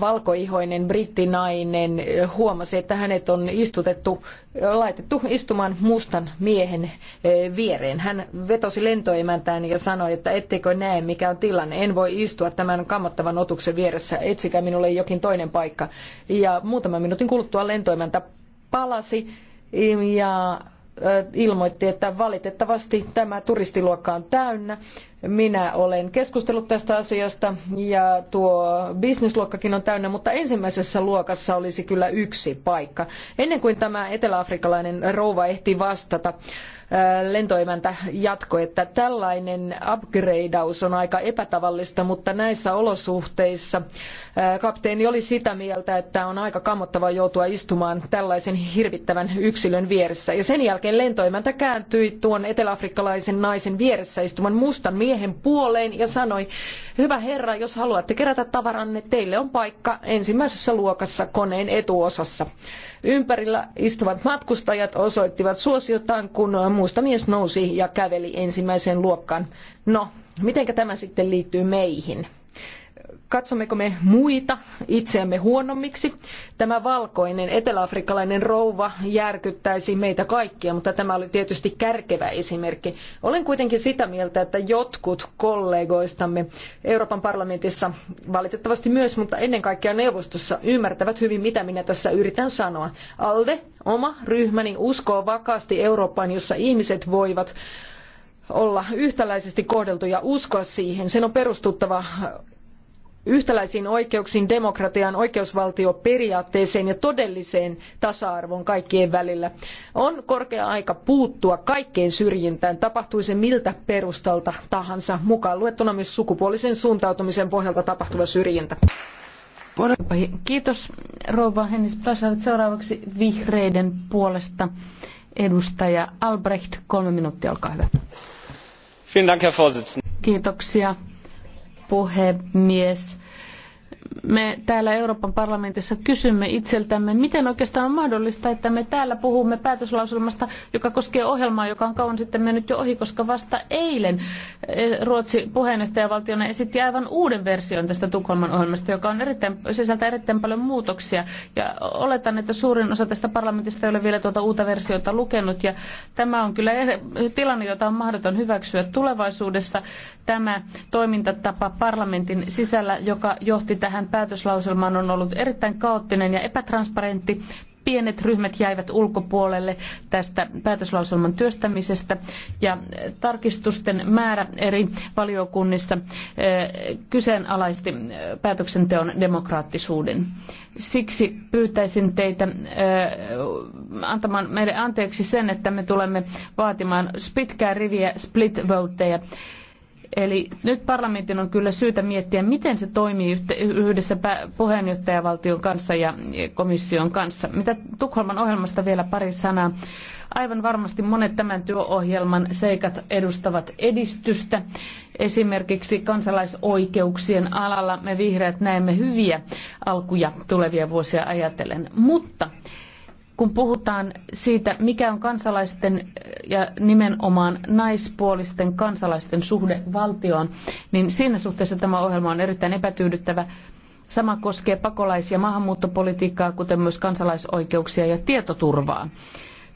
valkoihoinen brittinainen huomasi, että hänet on istutettu laitettu istumaan mustan miehen viereen. Hän vetosi lentoemäntään ja sanoi, että ettekö näe mikä on tilanne. En voi istua tämän kammottavan otuksen vieressä. Etsikää minulle jokin toinen paikka. Ja muutaman minuutin kuluttua lentoemäntä palasi ja ilmoitti, että valitettavasti tämä turistiluokka on täynnä. Minä olen keskustellut tästä asiasta ja tuo bisnesluokkakin on täynnä, mutta ensimmäisessä luokassa olisi kyllä yksi paikka. Ennen kuin tämä eteläafrikkalainen rouva ehti vastata, lentoemäntä jatkoi, että tällainen upgradeaus on aika epätavallista, mutta näissä olosuhteissa kapteeni oli sitä mieltä, että on aika kammottava joutua istumaan tällaisen hirvittävän yksilön vieressä. Ja sen jälkeen lentoemäntä kääntyi tuon eteläafrikkalaisen naisen vieressä istuvan mustan miehen puoleen ja sanoi, hyvä herra, jos haluatte kerätä tavaranne, teille on paikka ensimmäisessä luokassa koneen etuosassa. Ympärillä istuvat matkustajat osoittivat suosiotaan, kun muista mies nousi ja käveli ensimmäiseen luokkaan. No, mitenkä tämä sitten liittyy meihin? Katsommeko me muita itseämme huonommiksi? Tämä valkoinen eteläafrikkalainen rouva järkyttäisi meitä kaikkia, mutta tämä oli tietysti kärkevä esimerkki. Olen kuitenkin sitä mieltä, että jotkut kollegoistamme Euroopan parlamentissa valitettavasti myös, mutta ennen kaikkea neuvostossa ymmärtävät hyvin, mitä minä tässä yritän sanoa. ALDE, oma ryhmäni, uskoo vakaasti Eurooppaan, jossa ihmiset voivat olla yhtäläisesti kohdeltuja uskoa siihen. Sen on perustuttava yhtäläisiin oikeuksiin, demokratiaan, oikeusvaltioperiaatteeseen ja todelliseen tasa-arvoon kaikkien välillä. On korkea aika puuttua kaikkeen syrjintään, tapahtui se miltä perustalta tahansa, mukaan luettuna myös sukupuolisen suuntautumisen pohjalta tapahtuva syrjintä. Kiitos rouva Hennis Seuraavaksi vihreiden puolesta edustaja Albrecht. Kolme minuuttia, olkaa hyvä. Kiitoksia puhemies. Me täällä Euroopan parlamentissa kysymme itseltämme, miten oikeastaan on mahdollista, että me täällä puhumme päätöslauselmasta, joka koskee ohjelmaa, joka on kauan sitten mennyt jo ohi, koska vasta eilen eh, Ruotsi puheenjohtajavaltiona esitti aivan uuden version tästä Tukholman ohjelmasta, joka on erittäin, sisältää erittäin paljon muutoksia. Ja oletan, että suurin osa tästä parlamentista ei ole vielä tuota uutta versiota lukenut. Ja tämä on kyllä eh, tilanne, jota on mahdoton hyväksyä tulevaisuudessa tämä toimintatapa parlamentin sisällä, joka johti tähän päätöslauselmaan, on ollut erittäin kaoottinen ja epätransparentti pienet ryhmät jäivät ulkopuolelle tästä päätöslauselman työstämisestä ja eh, tarkistusten määrä eri valiokunnissa eh, kyseenalaisti eh, päätöksenteon demokraattisuuden. Siksi pyytäisin teitä antamaan meille anteeksi sen, että me tulemme vaatimaan pitkää riviä split voteja Eli nyt parlamentin on kyllä syytä miettiä, miten se toimii yhdessä puheenjohtajavaltion kanssa ja komission kanssa. Mitä Tukholman ohjelmasta vielä pari sanaa. Aivan varmasti monet tämän työohjelman seikat edustavat edistystä. Esimerkiksi kansalaisoikeuksien alalla me vihreät näemme hyviä alkuja tulevia vuosia ajatellen. Mutta kun puhutaan siitä, mikä on kansalaisten ja nimenomaan naispuolisten kansalaisten suhde valtioon, niin siinä suhteessa tämä ohjelma on erittäin epätyydyttävä. Sama koskee pakolais- ja maahanmuuttopolitiikkaa, kuten myös kansalaisoikeuksia ja tietoturvaa.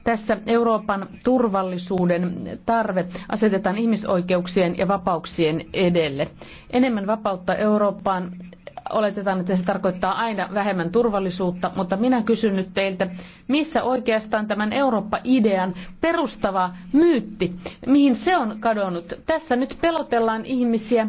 Tässä Euroopan turvallisuuden tarve asetetaan ihmisoikeuksien ja vapauksien edelle. Enemmän vapautta Eurooppaan oletetaan, että se tarkoittaa aina vähemmän turvallisuutta, mutta minä kysyn nyt teiltä, missä oikeastaan tämän Eurooppa-idean perustava myytti, mihin se on kadonnut? Tässä nyt pelotellaan ihmisiä,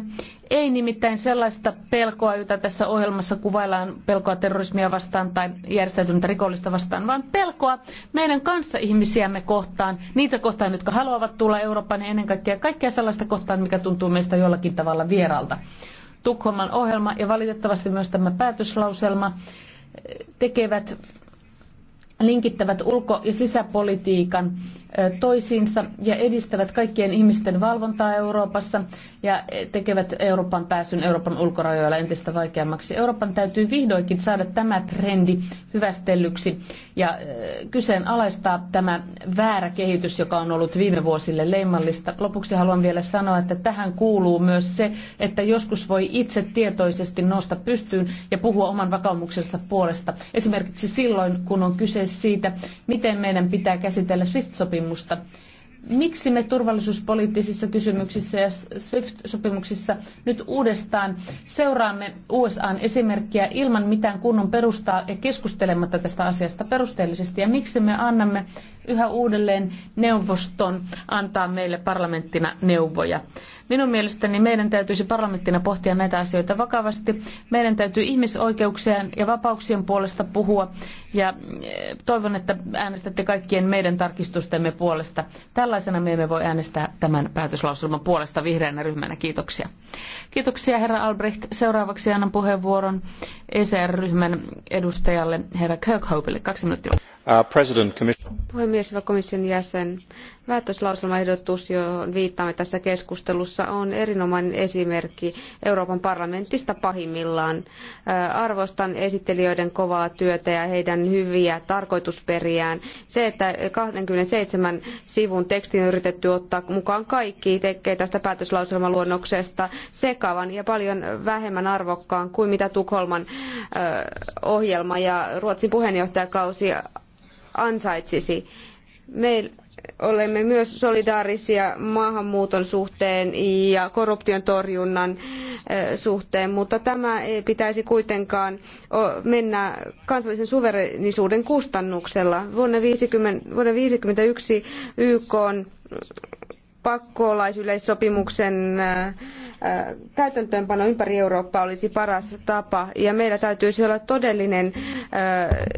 ei nimittäin sellaista pelkoa, jota tässä ohjelmassa kuvaillaan pelkoa terrorismia vastaan tai järjestäytynyttä rikollista vastaan, vaan pelkoa meidän kanssa ihmisiämme kohtaan, niitä kohtaan, jotka haluavat tulla Euroopan ja ennen kaikkea kaikkea sellaista kohtaan, mikä tuntuu meistä jollakin tavalla vieralta. Tukholman ohjelma ja valitettavasti myös tämä päätöslauselma tekevät linkittävät ulko- ja sisäpolitiikan toisiinsa ja edistävät kaikkien ihmisten valvontaa Euroopassa ja tekevät Euroopan pääsyn Euroopan ulkorajoilla entistä vaikeammaksi. Euroopan täytyy vihdoinkin saada tämä trendi hyvästellyksi ja kyseenalaistaa tämä väärä kehitys, joka on ollut viime vuosille leimallista. Lopuksi haluan vielä sanoa, että tähän kuuluu myös se, että joskus voi itse tietoisesti nousta pystyyn ja puhua oman vakaumuksensa puolesta. Esimerkiksi silloin, kun on kyse siitä, miten meidän pitää käsitellä SWIFT-sopimusta sopimusta. Miksi me turvallisuuspoliittisissa kysymyksissä ja SWIFT-sopimuksissa nyt uudestaan seuraamme USAn esimerkkiä ilman mitään kunnon perustaa ja keskustelematta tästä asiasta perusteellisesti? Ja miksi me annamme yhä uudelleen neuvoston antaa meille parlamenttina neuvoja? Minun mielestäni meidän täytyisi parlamenttina pohtia näitä asioita vakavasti. Meidän täytyy ihmisoikeuksien ja vapauksien puolesta puhua ja eh, toivon, että äänestätte kaikkien meidän tarkistustemme puolesta. Tällaisena me emme voi äänestää tämän päätöslauselman puolesta vihreänä ryhmänä. Kiitoksia. Kiitoksia herra Albrecht. Seuraavaksi annan puheenvuoron ECR-ryhmän edustajalle herra Kirkhopeille. Kaksi minuuttia. Uh, Puhemies, hyvä komission jäsen. Päätöslauselmaehdotus, johon viittaamme tässä keskustelussa, on erinomainen esimerkki Euroopan parlamentista pahimmillaan. Äh, arvostan esittelijöiden kovaa työtä ja heidän ajatellen hyviä tarkoitusperiään. Se, että 27 sivun tekstin on yritetty ottaa mukaan kaikki, tekee tästä päätöslauselmaluonnoksesta sekavan ja paljon vähemmän arvokkaan kuin mitä Tukholman ohjelma ja Ruotsin puheenjohtajakausi ansaitsisi. Meillä olemme myös solidaarisia maahanmuuton suhteen ja korruption torjunnan suhteen, mutta tämä ei pitäisi kuitenkaan mennä kansallisen suverenisuuden kustannuksella. Vuonna 50, vuoden 1951 YK on pakkolaisyleissopimuksen täytäntöönpano ympäri Eurooppaa olisi paras tapa ja meillä täytyisi olla todellinen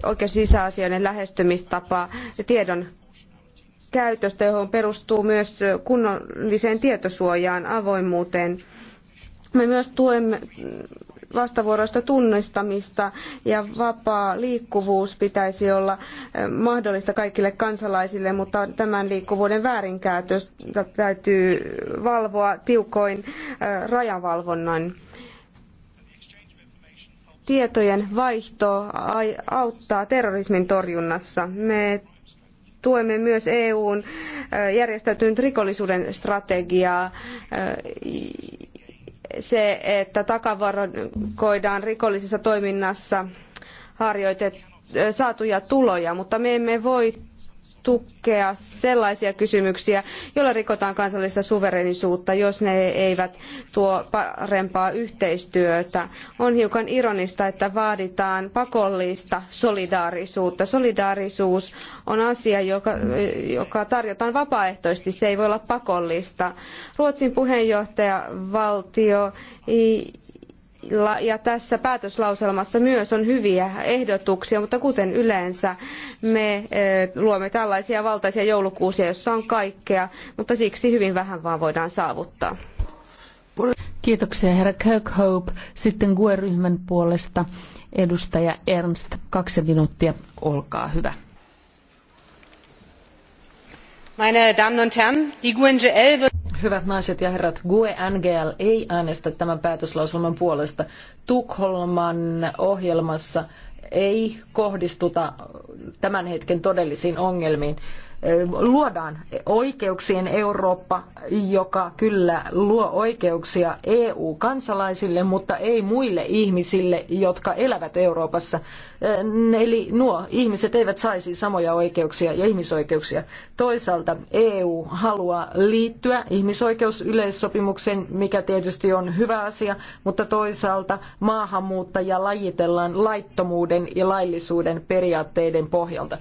oikeus sisäasioiden lähestymistapa tiedon käytöstä, johon perustuu myös kunnolliseen tietosuojaan, avoimuuteen. Me myös tuemme vastavuoroista tunnistamista ja vapaa liikkuvuus pitäisi olla eh, mahdollista kaikille kansalaisille, mutta tämän liikkuvuuden väärinkäytöstä täytyy valvoa tiukoin eh, rajavalvonnan. Tietojen vaihto auttaa terrorismin torjunnassa. Me tuemme myös EUn järjestäytynyt rikollisuuden strategiaa se, että takavarokoidaan rikollisessa toiminnassa harjoitettu saatuja tuloja, mutta me emme voi tukea sellaisia kysymyksiä, joilla rikotaan kansallista suverenisuutta, jos ne eivät tuo parempaa yhteistyötä. On hiukan ironista, että vaaditaan pakollista solidaarisuutta. Solidaarisuus on asia, joka, joka tarjotaan vapaaehtoisesti, se ei voi olla pakollista. Ruotsin puheenjohtajavaltio ja tässä päätöslauselmassa myös on hyviä ehdotuksia, mutta kuten yleensä me luomme tällaisia valtaisia joulukuusia, joissa on kaikkea, mutta siksi hyvin vähän vaan voidaan saavuttaa. Kiitoksia herra Kirkhope. Sitten GUE-ryhmän puolesta edustaja Ernst, kaksi minuuttia, olkaa hyvä. Meine Damen und Herren, die wird... Hyvät naiset ja herrat, GUE NGL ei äänestä tämän päätöslauselman puolesta. Tukholman ohjelmassa ei kohdistuta tämän hetken todellisiin ongelmiin luodaan oikeuksien Eurooppa, joka kyllä luo oikeuksia EU-kansalaisille, mutta ei muille ihmisille, jotka elävät Euroopassa. Eli nuo ihmiset eivät saisi samoja oikeuksia ja ihmisoikeuksia. Toisaalta EU haluaa liittyä ihmisoikeusyleissopimukseen, mikä tietysti on hyvä asia, mutta toisaalta maahanmuuttaja lajitellaan laittomuuden ja laillisuuden periaatteiden pohjalta.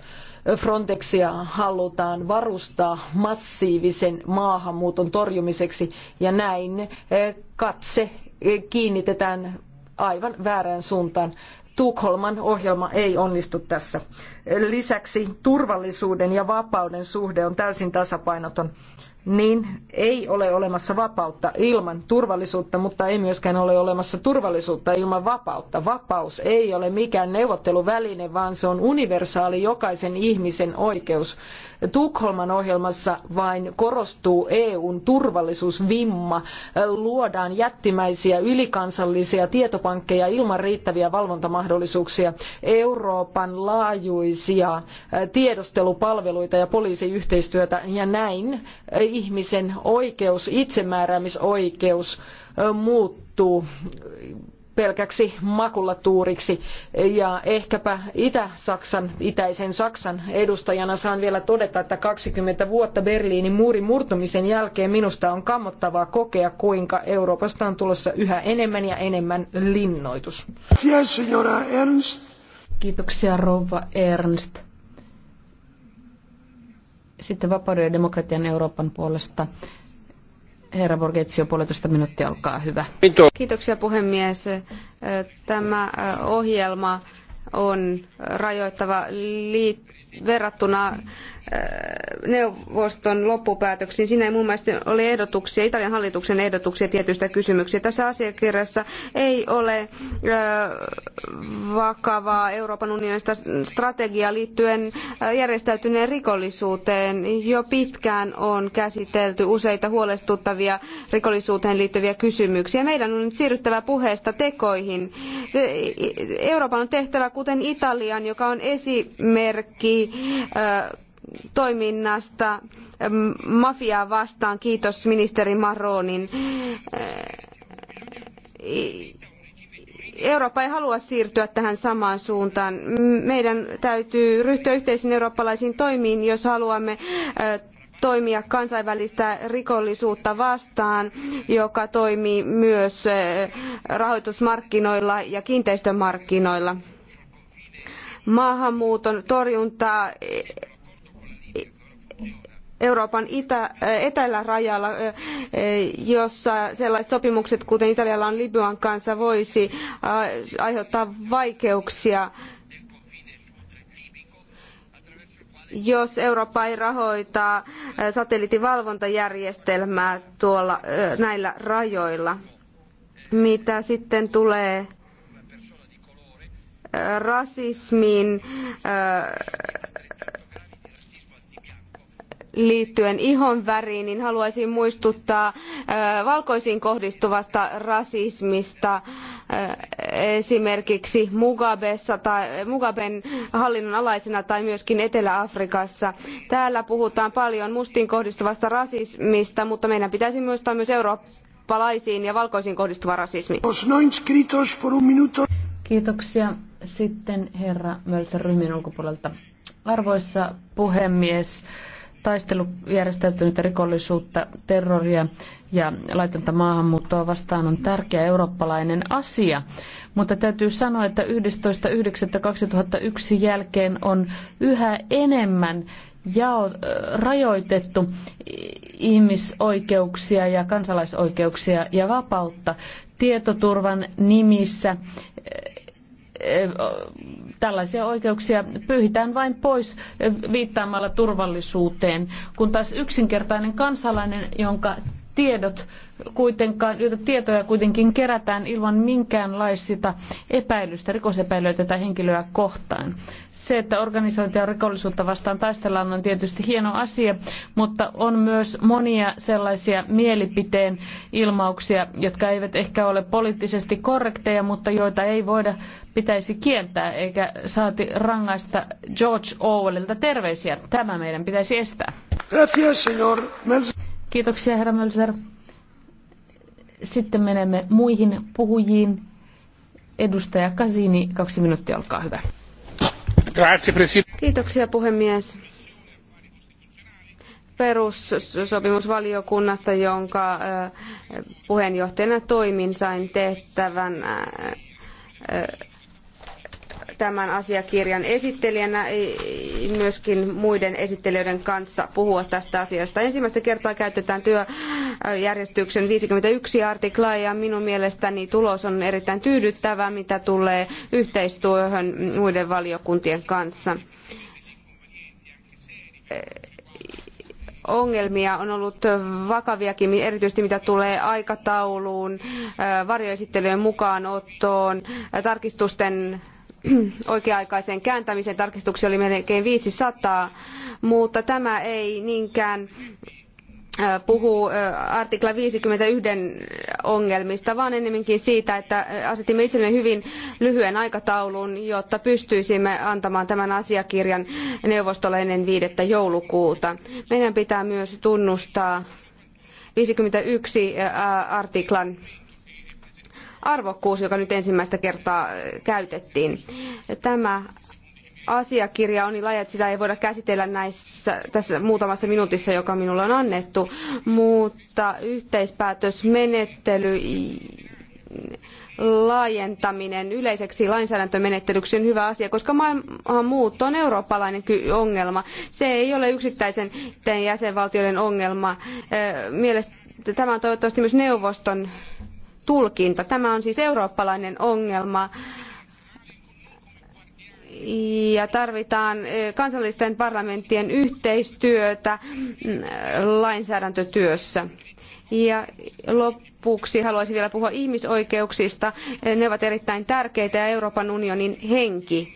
Frontexia halutaan varustaa massiivisen maahanmuuton torjumiseksi ja näin eh, katse eh, kiinnitetään aivan väärään suuntaan. Tukholman ohjelma ei onnistu tässä. Lisäksi turvallisuuden ja vapauden suhde on täysin tasapainoton niin ei ole olemassa vapautta ilman turvallisuutta, mutta ei myöskään ole olemassa turvallisuutta ilman vapautta. Vapaus ei ole mikään neuvotteluväline, vaan se on universaali jokaisen ihmisen oikeus. Tukholman ohjelmassa vain korostuu EUn turvallisuusvimma, luodaan jättimäisiä ylikansallisia tietopankkeja ilman riittäviä valvontamahdollisuuksia, Euroopan laajuisia äh, tiedostelupalveluita ja poliisiyhteistyötä ja näin äh, ihmisen oikeus, itsemääräämisoikeus äh, muuttuu pelkäksi makulatuuriksi. Ja ehkäpä Itä-Saksan, itäisen Saksan edustajana saan vielä todeta, että 20 vuotta Berliinin muurin murtumisen jälkeen minusta on kammottavaa kokea, kuinka Euroopasta on tulossa yhä enemmän ja enemmän linnoitus. Kiitoksia, rouva Ernst. Sitten vapauden ja demokratian Euroopan puolesta Herra Borgetsio, puolitoista minuuttia, olkaa hyvä. Kiitoksia puhemies. Tämä ohjelma on rajoittava liitto verrattuna äh, neuvoston loppupäätöksiin. Siinä ei muun muassa ole ehdotuksia, Italian hallituksen ehdotuksia tietyistä kysymyksistä. Tässä asiakirjassa ei ole äh, vakavaa Euroopan unionista strategiaa liittyen äh, järjestäytyneen rikollisuuteen. Jo pitkään on käsitelty useita huolestuttavia rikollisuuteen liittyviä kysymyksiä. Meidän on nyt siirryttävä puheesta tekoihin. Euroopan on tehtävä kuten Italian, joka on esimerkki toiminnasta ähm, mafiaa vastaan. Kiitos ministeri Maronin. Äh, Eurooppa ei halua siirtyä tähän samaan suuntaan. Meidän täytyy ryhtyä yhteisiin eurooppalaisiin toimiin, jos haluamme äh, toimia kansainvälistä rikollisuutta vastaan, joka toimii myös äh, rahoitusmarkkinoilla ja kiinteistömarkkinoilla maahanmuuton torjuntaa Euroopan itä, äh, etelärajalla, äh, jossa sellaiset sopimukset, kuten Italialla on Libyan kanssa, voisi äh, aiheuttaa vaikeuksia jos Eurooppa ei rahoita satelliittivalvontajärjestelmää tuolla, näillä rajoilla. Mitä sitten tulee rasismiin äh, liittyen väriin, niin haluaisin muistuttaa äh, valkoisiin kohdistuvasta rasismista äh, esimerkiksi Mugabessa tai Mugaben hallinnon alaisena tai myöskin Etelä-Afrikassa. Täällä puhutaan paljon mustiin kohdistuvasta rasismista, mutta meidän pitäisi muistaa myös eurooppalaisiin ja valkoisiin kohdistuva rasismi. Kiitoksia. Sitten herra Mölsä ryhmien ulkopuolelta. Arvoissa puhemies, taistelu järjestäytynyttä rikollisuutta, terroria ja laitonta maahanmuuttoa vastaan on tärkeä eurooppalainen asia. Mutta täytyy sanoa, että 11.9.2001 jälkeen on yhä enemmän jao, rajoitettu ihmisoikeuksia ja kansalaisoikeuksia ja vapautta tietoturvan nimissä tällaisia oikeuksia pyyhitään vain pois viittaamalla turvallisuuteen, kun taas yksinkertainen kansalainen, jonka tiedot kuitenkaan, joita tietoja kuitenkin kerätään ilman minkäänlaista epäilystä, rikosepäilyä tätä henkilöä kohtaan. Se, että organisointia rikollisuutta vastaan taistellaan on tietysti hieno asia, mutta on myös monia sellaisia mielipiteen ilmauksia, jotka eivät ehkä ole poliittisesti korrekteja, mutta joita ei voida pitäisi kieltää eikä saati rangaista George Orwellilta terveisiä. Tämä meidän pitäisi estää. Kiitoksia, herra Mölser. Sitten menemme muihin puhujiin. Edustaja Kasini, kaksi minuuttia, olkaa hyvä. Kiitoksia puhemies perussopimusvaliokunnasta, jonka eh, puheenjohtajana toimin, sain tehtävän eh, eh, tämän asiakirjan esittelijänä myöskin muiden esittelijöiden kanssa puhua tästä asiasta. Ensimmäistä kertaa käytetään työjärjestyksen 51 artiklaa ja minun mielestäni tulos on erittäin tyydyttävä, mitä tulee yhteistyöhön muiden valiokuntien kanssa ongelmia on ollut vakaviakin, erityisesti mitä tulee aikatauluun, varjoesittelyjen mukaanottoon, tarkistusten [CLEARS THROAT] oikea aikaiseen kääntämisen tarkistuksia oli melkein 500, mutta tämä ei niinkään äh, puhuu äh, artikla 51 ongelmista, vaan ennemminkin siitä, että äh, asetimme itsellemme hyvin lyhyen aikataulun, jotta pystyisimme antamaan tämän asiakirjan neuvostolle ennen 5. joulukuuta. Meidän pitää myös tunnustaa 51 artiklan arvokkuus, joka nyt ensimmäistä kertaa äh, käytettiin. Tämä asiakirja on niin laaja, että sitä ei voida käsitellä näissä, tässä muutamassa minuutissa, joka minulle on annettu, mutta yhteispäätösmenettely laajentaminen yleiseksi lainsäädäntömenettelyksi on hyvä asia, koska maahanmuutto on eurooppalainen ongelma. Se ei ole yksittäisen jäsenvaltioiden ongelma. Mielestäni tämä on toivottavasti myös neuvoston tulkinta. Tämä on siis eurooppalainen ongelma ja tarvitaan e, kansallisten parlamenttien yhteistyötä mm, lainsäädäntötyössä. Ja lopuksi haluaisin vielä puhua ihmisoikeuksista. E, ne ovat erittäin tärkeitä ja Euroopan unionin henki.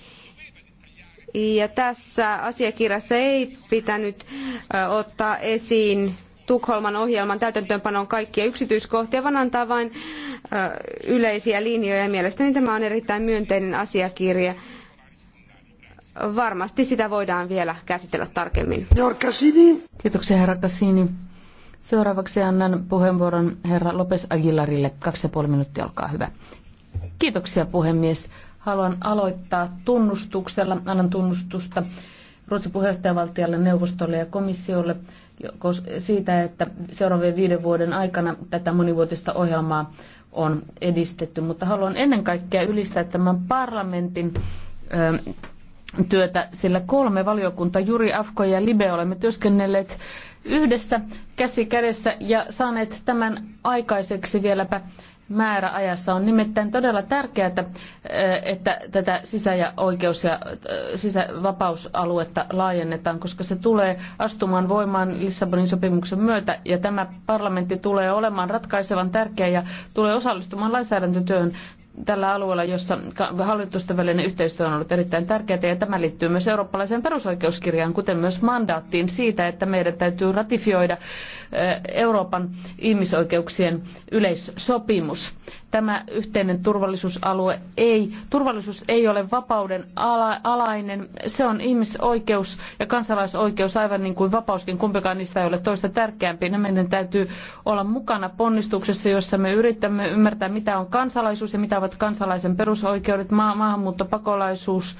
Ja tässä asiakirjassa ei pitänyt e, ottaa esiin Tukholman ohjelman täytäntöönpanon kaikkia yksityiskohtia, vaan antaa vain yleisiä linjoja. Mielestäni tämä on erittäin myönteinen asiakirja. Varmasti sitä voidaan vielä käsitellä tarkemmin. Kiitoksia herra Cassini. Seuraavaksi annan puheenvuoron herra Lopes Aguilarille. Kaksi ja puoli minuuttia, olkaa hyvä. Kiitoksia puhemies. Haluan aloittaa tunnustuksella. Annan tunnustusta Ruotsin puheenjohtajavaltialle, neuvostolle ja komissiolle siitä, että seuraavien viiden vuoden aikana tätä monivuotista ohjelmaa on edistetty. Mutta haluan ennen kaikkea ylistää tämän parlamentin työtä, sillä kolme valiokunta, Juri, Afko ja Libe, olemme työskennelleet yhdessä käsi kädessä ja saaneet tämän aikaiseksi vieläpä määräajassa. On nimittäin todella tärkeää, että eh, tätä sisä- ja oikeus- ja eh, sisävapausaluetta laajennetaan, koska se tulee astumaan voimaan Lissabonin sopimuksen myötä ja tämä parlamentti tulee olemaan ratkaisevan tärkeä ja tulee osallistumaan lainsäädäntötyöhön tällä alueella, jossa hallitusten välinen yhteistyö on ollut erittäin tärkeää, ja tämä liittyy myös eurooppalaiseen perusoikeuskirjaan, kuten myös mandaattiin siitä, että meidän täytyy ratifioida Euroopan ihmisoikeuksien yleissopimus. Tämä yhteinen turvallisuusalue ei, turvallisuus ei ole vapauden ala, alainen. Se on ihmisoikeus ja kansalaisoikeus, aivan niin kuin vapauskin. Kumpikaan niistä ei ole toista tärkeämpi. Meidän täytyy olla mukana ponnistuksessa, jossa me yritämme ymmärtää, mitä on kansalaisuus ja mitä ovat kansalaisen perusoikeudet, ma- maahanmuutto, pakolaisuus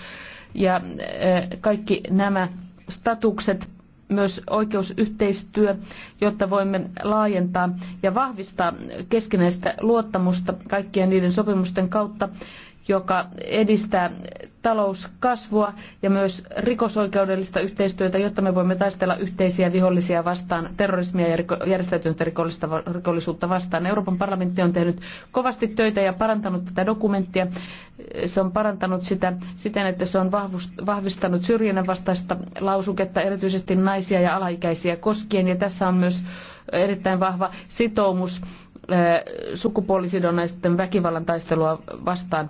ja eh, kaikki nämä statukset myös oikeusyhteistyö, jotta voimme laajentaa ja vahvistaa keskinäistä luottamusta kaikkien niiden sopimusten kautta, joka edistää talouskasvua ja myös rikosoikeudellista yhteistyötä, jotta me voimme taistella yhteisiä vihollisia vastaan, terrorismia ja järjestäytynyttä rikollisuutta vastaan. Euroopan parlamentti on tehnyt kovasti töitä ja parantanut tätä dokumenttia. Se on parantanut sitä siten, että se on vahvistanut syrjinnän vastaista lausuketta erityisesti naisia ja alaikäisiä koskien. Ja tässä on myös erittäin vahva sitoumus sukupuolisidonnaisten väkivallan taistelua vastaan.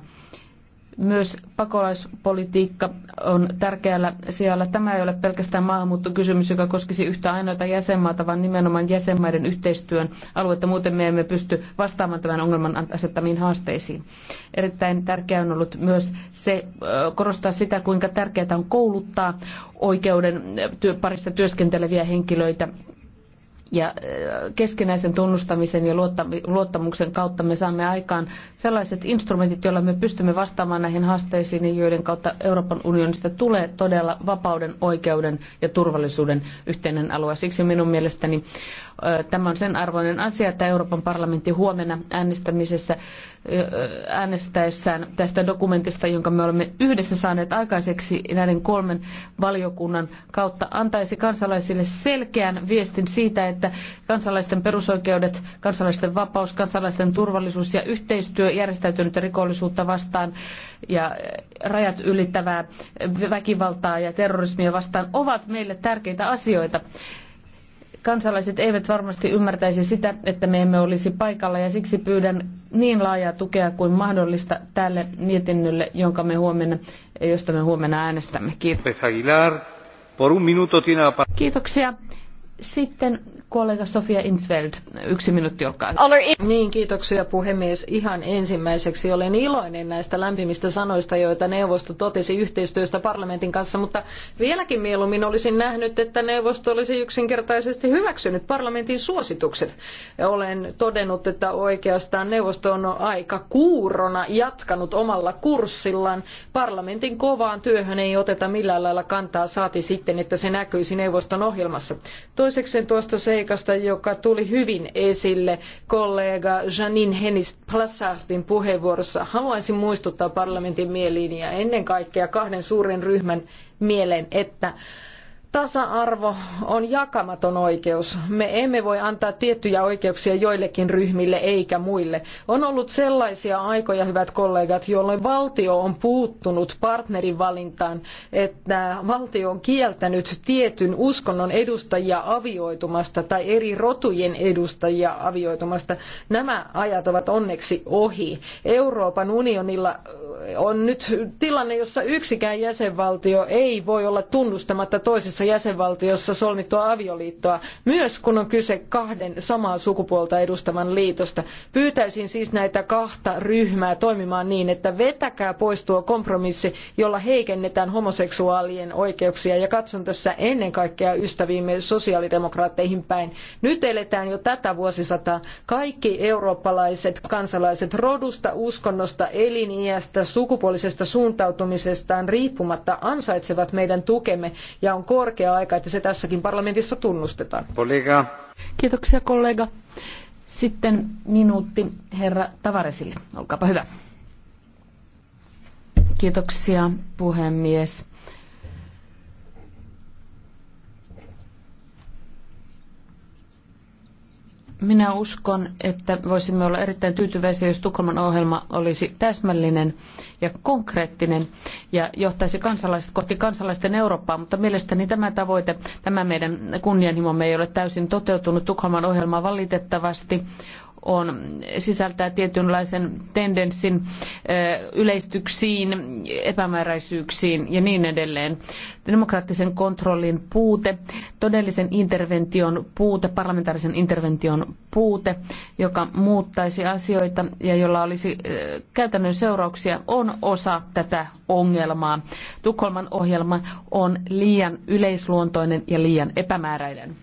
Myös pakolaispolitiikka on tärkeällä sijalla. Tämä ei ole pelkästään maahanmuuttokysymys, joka koskisi yhtä ainoita jäsenmaata, vaan nimenomaan jäsenmaiden yhteistyön aluetta. Muuten me emme pysty vastaamaan tämän ongelman asettamiin haasteisiin. Erittäin tärkeää on ollut myös se korostaa sitä, kuinka tärkeää on kouluttaa oikeuden parissa työskenteleviä henkilöitä ja äh, keskinäisen tunnustamisen ja luottamuksen kautta me saamme aikaan sellaiset instrumentit, joilla me pystymme vastaamaan näihin haasteisiin ja joiden kautta Euroopan unionista tulee todella vapauden, oikeuden ja turvallisuuden yhteinen alue. Siksi minun mielestäni Tämä on sen arvoinen asia, että Euroopan parlamentti huomenna äänestämisessä äänestäessään tästä dokumentista, jonka me olemme yhdessä saaneet aikaiseksi näiden kolmen valiokunnan kautta, antaisi kansalaisille selkeän viestin siitä, että kansalaisten perusoikeudet, kansalaisten vapaus, kansalaisten turvallisuus ja yhteistyö järjestäytynyttä rikollisuutta vastaan ja rajat ylittävää väkivaltaa ja terrorismia vastaan ovat meille tärkeitä asioita kansalaiset eivät varmasti ymmärtäisi sitä, että me emme olisi paikalla ja siksi pyydän niin laajaa tukea kuin mahdollista tälle mietinnölle, jonka me huomenna, josta me huomenna äänestämme. Kiitos. Kiitoksia. Sitten Kollega Sofia Intveld, yksi minuutti, olkaa Niin, kiitoksia puhemies. Ihan ensimmäiseksi olen iloinen näistä lämpimistä sanoista, joita neuvosto totesi yhteistyöstä parlamentin kanssa, mutta vieläkin mieluummin olisin nähnyt, että neuvosto olisi yksinkertaisesti hyväksynyt parlamentin suositukset. Olen todennut, että oikeastaan neuvosto on aika kuurona jatkanut omalla kurssillaan. Parlamentin kovaan työhön ei oteta millään lailla kantaa, saati sitten, että se näkyisi neuvoston ohjelmassa. Toiseksi tuosta se seikasta, joka tuli hyvin esille kollega Janine Hennis Plassardin puheenvuorossa. Haluaisin muistuttaa parlamentin mieliin ja ennen kaikkea kahden suuren ryhmän mieleen, että Tasa-arvo on jakamaton oikeus. Me emme voi antaa tiettyjä oikeuksia joillekin ryhmille eikä muille. On ollut sellaisia aikoja, hyvät kollegat, jolloin valtio on puuttunut partnerin valintaan, että valtio on kieltänyt tietyn uskonnon edustajia avioitumasta tai eri rotujen edustajia avioitumasta. Nämä ajat ovat onneksi ohi. Euroopan unionilla on nyt tilanne, jossa yksikään jäsenvaltio ei voi olla tunnustamatta toisessa jäsenvaltiossa solmittua avioliittoa, myös kun on kyse kahden samaa sukupuolta edustavan liitosta. Pyytäisin siis näitä kahta ryhmää toimimaan niin, että vetäkää pois tuo kompromissi, jolla heikennetään homoseksuaalien oikeuksia. Ja katson tässä ennen kaikkea ystäviimme sosiaalidemokraatteihin päin. Nyt eletään jo tätä vuosisataa. Kaikki eurooppalaiset kansalaiset rodusta, uskonnosta, eliniästä, sukupuolisesta suuntautumisestaan riippumatta ansaitsevat meidän tukemme ja on korkea aika, että se tässäkin parlamentissa tunnustetaan. Kollega. Kiitoksia kollega. Sitten minuutti herra Tavaresille. Olkaapa hyvä. Kiitoksia puhemies. Minä uskon, että voisimme olla erittäin tyytyväisiä, jos Tukholman ohjelma olisi täsmällinen ja konkreettinen ja johtaisi kansalaiset kohti kansalaisten Eurooppaa, mutta mielestäni tämä tavoite, tämä meidän kunnianhimomme ei ole täysin toteutunut. Tukholman ohjelma valitettavasti on, sisältää tietynlaisen tendenssin yleistyksiin, epämääräisyyksiin ja niin edelleen. Demokraattisen kontrollin puute, todellisen intervention puute, parlamentaarisen intervention puute, joka muuttaisi asioita ja jolla olisi käytännön seurauksia, on osa tätä ongelmaa. Tukholman ohjelma on liian yleisluontoinen ja liian epämääräinen.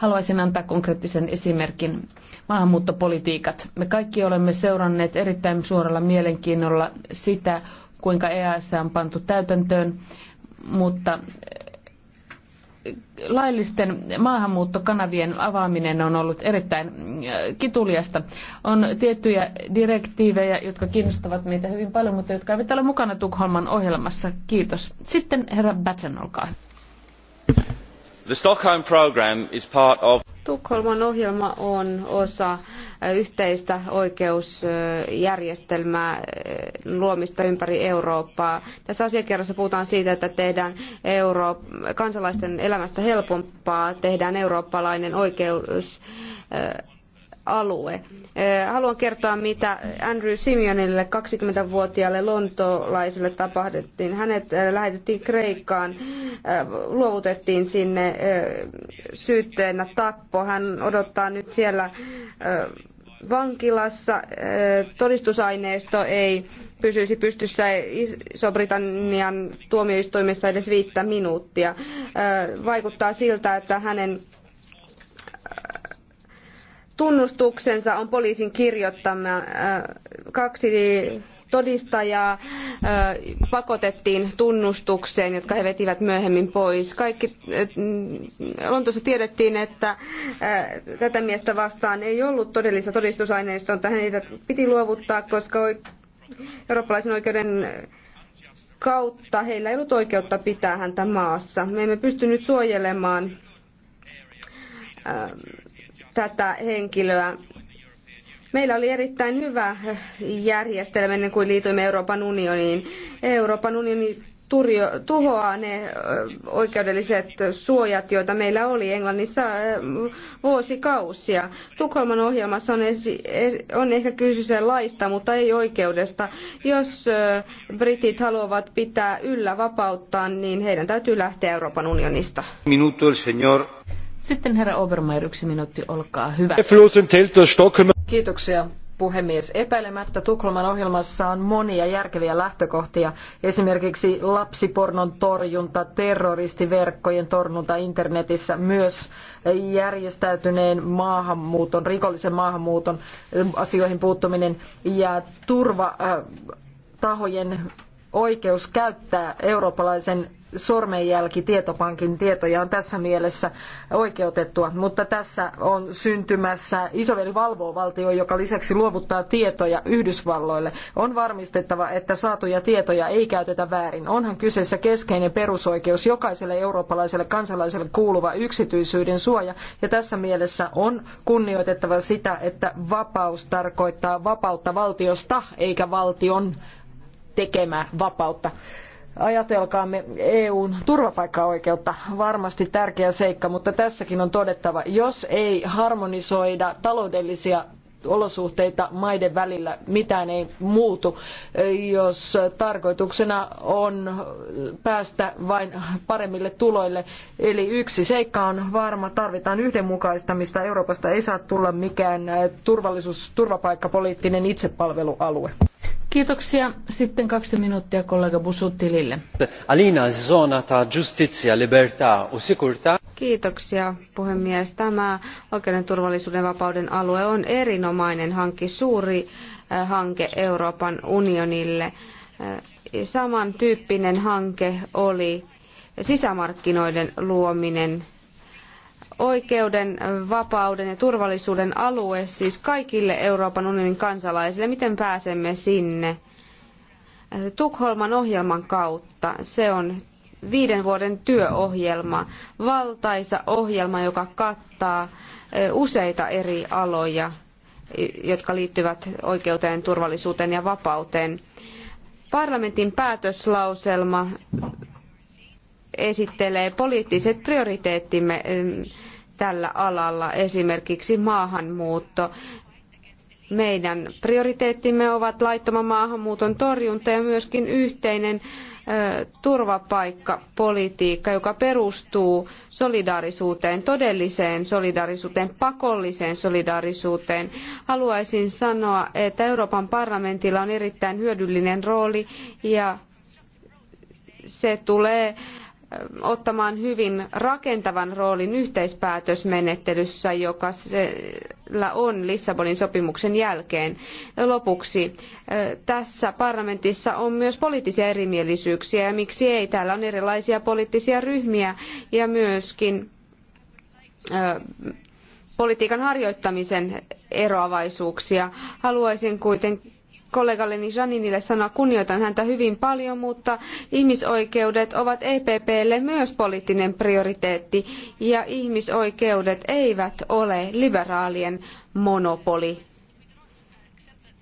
Haluaisin antaa konkreettisen esimerkin. Maahanmuuttopolitiikat. Me kaikki olemme seuranneet erittäin suoralla mielenkiinnolla sitä, kuinka EAS on pantu täytäntöön, mutta eh, laillisten maahanmuuttokanavien avaaminen on ollut erittäin eh, kituliasta. On tiettyjä direktiivejä, jotka kiinnostavat meitä hyvin paljon, mutta jotka eivät ole mukana Tukholman ohjelmassa. Kiitos. Sitten herra Batsen, olkaa hyvä. Tukholman ohjelma on osa yhteistä oikeusjärjestelmää luomista ympäri Eurooppaa. Tässä asiakirjassa puhutaan siitä, että tehdään Euro- kansalaisten elämästä helpompaa, tehdään eurooppalainen oikeus alue. Eh, haluan kertoa, mitä Andrew Simeonille, 20-vuotiaalle lontoolaiselle tapahdettiin. Hänet eh, lähetettiin Kreikkaan, eh, luovutettiin sinne syytteenä tappo. Hän odottaa nyt siellä vankilassa. Todistusaineisto ei pysyisi pystyssä Iso-Britannian tuomioistuimessa edes viittä minuuttia. Vaikuttaa siltä, että hänen tunnustuksensa on poliisin kirjoittama äh, kaksi todistajaa äh, pakotettiin tunnustukseen, jotka he vetivät myöhemmin pois. Kaikki äh, mm, Lontoossa tiedettiin, että tätä miestä vastaan ei ollut todellista todistusaineistoa, mutta hänet piti luovuttaa, koska eurooppalaisen oikeuden kautta heillä ei ollut oikeutta pitää häntä maassa. Me emme pystynyt suojelemaan ähm, tätä henkilöä. Meillä oli erittäin hyvä järjestelmä ennen kuin liityimme Euroopan unioniin. Euroopan unioni turjo, tuhoaa ne oikeudelliset suojat, joita meillä oli Englannissa vuosikausia. Tukholman ohjelmassa on, esi, on ehkä kyse laista, mutta ei oikeudesta. Jos britit haluavat pitää yllä vapauttaan, niin heidän täytyy lähteä Euroopan unionista. Minuto, sitten herra Obermeier, yksi minuutti, olkaa hyvä. Kiitoksia puhemies. Epäilemättä Tukholman ohjelmassa on monia järkeviä lähtökohtia, esimerkiksi lapsipornon torjunta, terroristiverkkojen torjunta internetissä, myös järjestäytyneen maahanmuuton, rikollisen maahanmuuton asioihin puuttuminen ja turvatahojen äh, oikeus käyttää eurooppalaisen sormenjälkitietopankin tietoja on tässä mielessä oikeutettua, mutta tässä on syntymässä Isoveli valvoo valtio, joka lisäksi luovuttaa tietoja Yhdysvalloille. On varmistettava, että saatuja tietoja ei käytetä väärin. Onhan kyseessä keskeinen perusoikeus jokaiselle eurooppalaiselle kansalaiselle kuuluva yksityisyyden suoja, ja tässä mielessä on kunnioitettava sitä, että vapaus tarkoittaa vapautta valtiosta eikä valtion tekemää vapautta. Ajatelkaamme EUn turvapaikkaoikeutta, varmasti tärkeä seikka, mutta tässäkin on todettava, jos ei harmonisoida taloudellisia olosuhteita maiden välillä, mitään ei muutu, jos tarkoituksena on päästä vain paremmille tuloille. Eli yksi seikka on varma, tarvitaan yhdenmukaistamista. Euroopasta ei saa tulla mikään turvallisuus, turvapaikkapoliittinen itsepalvelualue. Kiitoksia. Sitten kaksi minuuttia kollega Busuttilille. Alina zonata justitia, libertà, usikurta. Kiitoksia puhemies. Tämä oikeuden turvallisuuden vapauden alue on erinomainen hanke, suuri eh, hanke Euroopan unionille. Eh, samantyyppinen hanke oli sisämarkkinoiden luominen oikeuden, vapauden ja turvallisuuden alue siis kaikille Euroopan unionin kansalaisille. Miten pääsemme sinne? Tukholman ohjelman kautta. Se on viiden vuoden työohjelma, valtaisa ohjelma, joka kattaa useita eri aloja, jotka liittyvät oikeuteen, turvallisuuteen ja vapauteen. Parlamentin päätöslauselma esittelee poliittiset prioriteettimme tällä alalla, esimerkiksi maahanmuutto. Meidän prioriteettimme ovat laittoman maahanmuuton torjunta ja myöskin yhteinen turvapaikkapolitiikka, joka perustuu solidaarisuuteen, todelliseen solidaarisuuteen, pakolliseen solidaarisuuteen. Haluaisin sanoa, että Euroopan parlamentilla on erittäin hyödyllinen rooli ja se tulee ottamaan hyvin rakentavan roolin yhteispäätösmenettelyssä, joka sillä on Lissabonin sopimuksen jälkeen. Lopuksi tässä parlamentissa on myös poliittisia erimielisyyksiä ja miksi ei, täällä on erilaisia poliittisia ryhmiä ja myöskin politiikan harjoittamisen eroavaisuuksia. Haluaisin kuitenkin kollegalleni Janinille sanoa, kunnioitan häntä hyvin paljon, mutta ihmisoikeudet ovat EPPlle myös poliittinen prioriteetti ja ihmisoikeudet eivät ole liberaalien monopoli.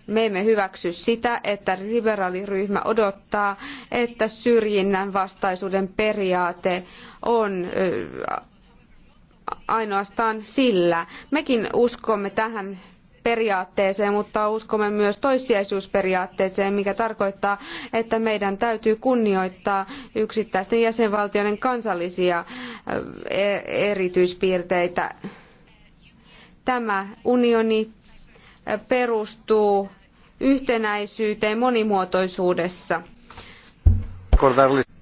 Me emme hyväksy sitä, että liberaaliryhmä odottaa, että syrjinnän vastaisuuden periaate on ainoastaan sillä. Mekin uskomme tähän periaatteeseen, mutta uskomme myös toissijaisuusperiaatteeseen, mikä tarkoittaa, että meidän täytyy kunnioittaa yksittäisten jäsenvaltioiden kansallisia e, erityispiirteitä. Tämä unioni perustuu yhtenäisyyteen monimuotoisuudessa.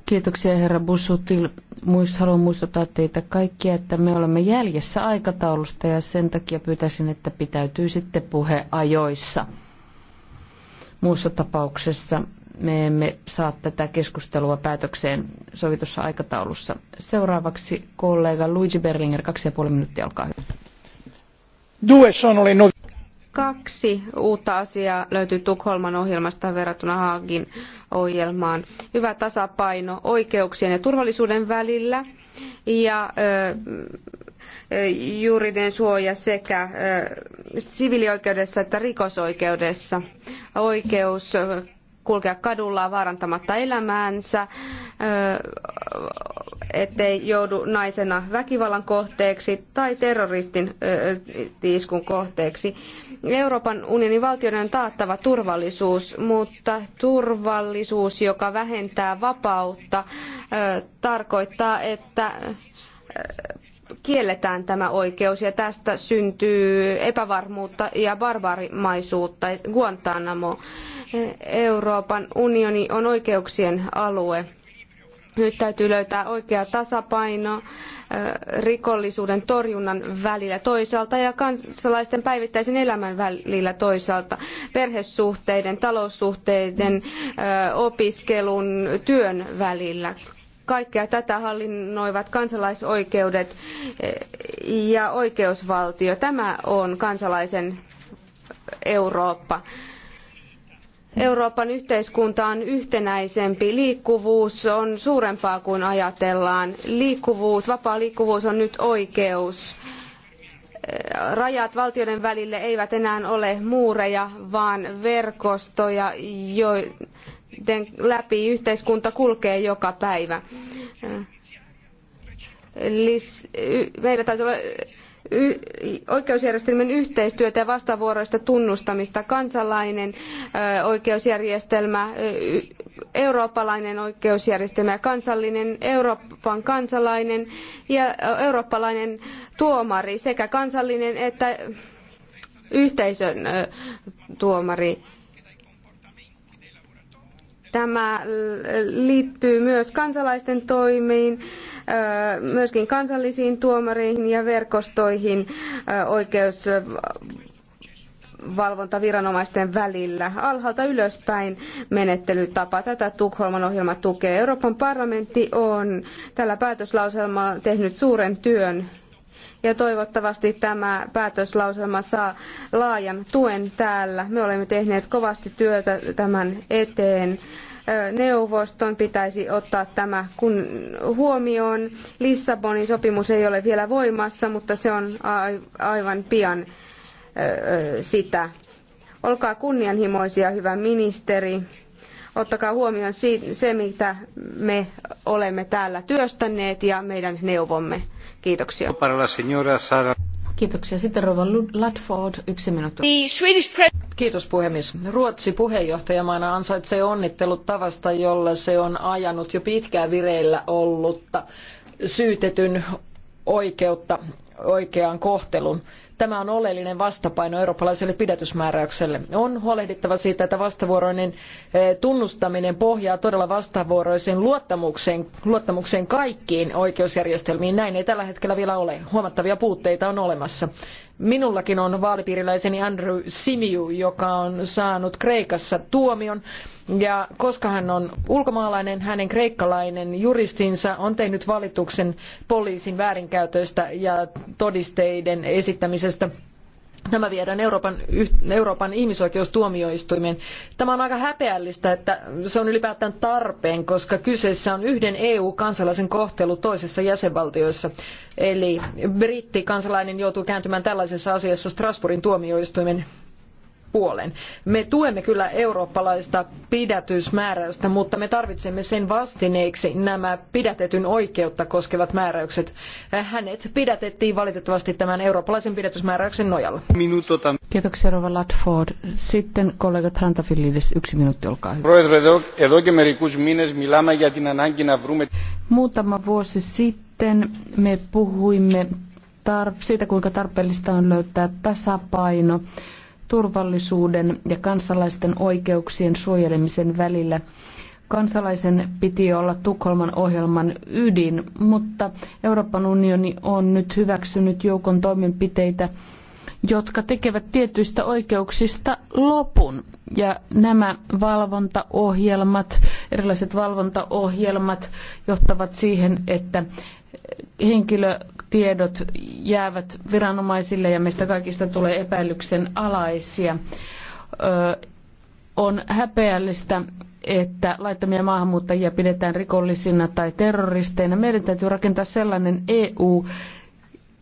Kiitoksia herra Bussutil. Muist, haluan muistuttaa teitä kaikkia, että me olemme jäljessä aikataulusta ja sen takia pyytäisin, että pitäytyy sitten puhe ajoissa. Muussa tapauksessa me emme saa tätä keskustelua päätökseen sovitussa aikataulussa. Seuraavaksi kollega Luigi Berlinger, kaksi ja puoli minuuttia, olkaa hyvä. Due sono le no- Kaksi uutta asiaa löytyy Tukholman ohjelmasta verrattuna Haagin ohjelmaan. Hyvä tasapaino oikeuksien ja turvallisuuden välillä ja juridinen suoja sekä siviilioikeudessa että rikosoikeudessa. Oikeus kulkea kadulla vaarantamatta elämäänsä, ettei joudu naisena väkivallan kohteeksi tai terroristin tiiskun kohteeksi. Euroopan unionin valtioiden on taattava turvallisuus, mutta turvallisuus, joka vähentää vapautta, tarkoittaa, että kielletään tämä oikeus ja tästä syntyy epävarmuutta ja barbarimaisuutta. Guantanamo, Euroopan unioni on oikeuksien alue nyt täytyy löytää oikea tasapaino rikollisuuden torjunnan välillä toisaalta ja kansalaisten päivittäisen elämän välillä toisaalta, perhesuhteiden, taloussuhteiden, opiskelun, työn välillä. Kaikkea tätä hallinnoivat kansalaisoikeudet ja oikeusvaltio. Tämä on kansalaisen Eurooppa. Euroopan yhteiskunta on yhtenäisempi. Liikkuvuus on suurempaa kuin ajatellaan. Liikkuvuus, vapaa liikkuvuus on nyt oikeus. Rajat valtioiden välille eivät enää ole muureja, vaan verkostoja, joiden läpi yhteiskunta kulkee joka päivä meillä täytyy olla oikeusjärjestelmän yhteistyötä ja vastavuoroista tunnustamista, kansalainen oikeusjärjestelmä, eurooppalainen oikeusjärjestelmä ja kansallinen Euroopan kansalainen ja eurooppalainen tuomari sekä kansallinen että yhteisön tuomari Tämä liittyy myös kansalaisten toimiin, myöskin kansallisiin tuomareihin ja verkostoihin oikeus valvontaviranomaisten välillä alhaalta ylöspäin menettelytapa. Tätä Tukholman ohjelma tukee. Euroopan parlamentti on tällä päätöslauselmalla tehnyt suuren työn ja toivottavasti tämä päätöslauselma saa laajan tuen täällä. Me olemme tehneet kovasti työtä tämän eteen neuvoston pitäisi ottaa tämä kun huomioon. Lissabonin sopimus ei ole vielä voimassa, mutta se on aivan pian sitä. Olkaa kunnianhimoisia, hyvä ministeri. Ottakaa huomioon se, mitä me olemme täällä työstäneet ja meidän neuvomme. Kiitoksia. Kiitoksia. Sitten Rova Ludford, yksi minuutti. Kiitos puhemies. Ruotsi puheenjohtajamaana ansaitsee onnittelut tavasta, jolla se on ajanut jo pitkään vireillä ollutta syytetyn oikeutta oikeaan kohteluun. Tämä on oleellinen vastapaino eurooppalaiselle pidätysmääräykselle. On huolehdittava siitä, että vastavuoroinen eh, tunnustaminen pohjaa todella vastavuoroiseen luottamukseen, luottamukseen kaikkiin oikeusjärjestelmiin. Näin ei tällä hetkellä vielä ole. Huomattavia puutteita on olemassa. Minullakin on vaalipiiriläiseni Andrew Simiu, joka on saanut Kreikassa tuomion. Ja koska hän on ulkomaalainen, hänen kreikkalainen juristinsa on tehnyt valituksen poliisin väärinkäytöstä ja todisteiden esittämisestä tämä viedään Euroopan, Euroopan ihmisoikeustuomioistuimeen. Tämä on aika häpeällistä, että se on ylipäätään tarpeen, koska kyseessä on yhden EU-kansalaisen kohtelu toisessa jäsenvaltiossa. Eli brittikansalainen joutuu kääntymään tällaisessa asiassa Strasbourgin tuomioistuimen puolen. Me tuemme kyllä eurooppalaista pidätysmääräystä, mutta me tarvitsemme sen vastineeksi nämä pidätetyn oikeutta koskevat määräykset. Hänet pidätettiin valitettavasti tämän eurooppalaisen pidätysmääräyksen nojalla. Minuutota. Kiitoksia Rova Latford. Sitten kollega Trantafillides, yksi minuutti, olkaa hyvä. Πρόεδρε, εδώ, εδώ και μερικούς μήνες μιλάμε για την ανάγκη να Muutama vuosi sitten me puhuimme siitä, kuinka tarpeellista on löytää tasapaino turvallisuuden ja kansalaisten oikeuksien suojelemisen välillä. Kansalaisen piti olla Tukholman ohjelman ydin, mutta Euroopan unioni on nyt hyväksynyt joukon toimenpiteitä, jotka tekevät tietyistä oikeuksista lopun. Ja nämä valvontaohjelmat, erilaiset valvontaohjelmat johtavat siihen, että henkilö tiedot jäävät viranomaisille ja meistä kaikista tulee epäilyksen alaisia. on häpeällistä, että laittomia maahanmuuttajia pidetään rikollisina tai terroristeina. Meidän täytyy rakentaa sellainen EU,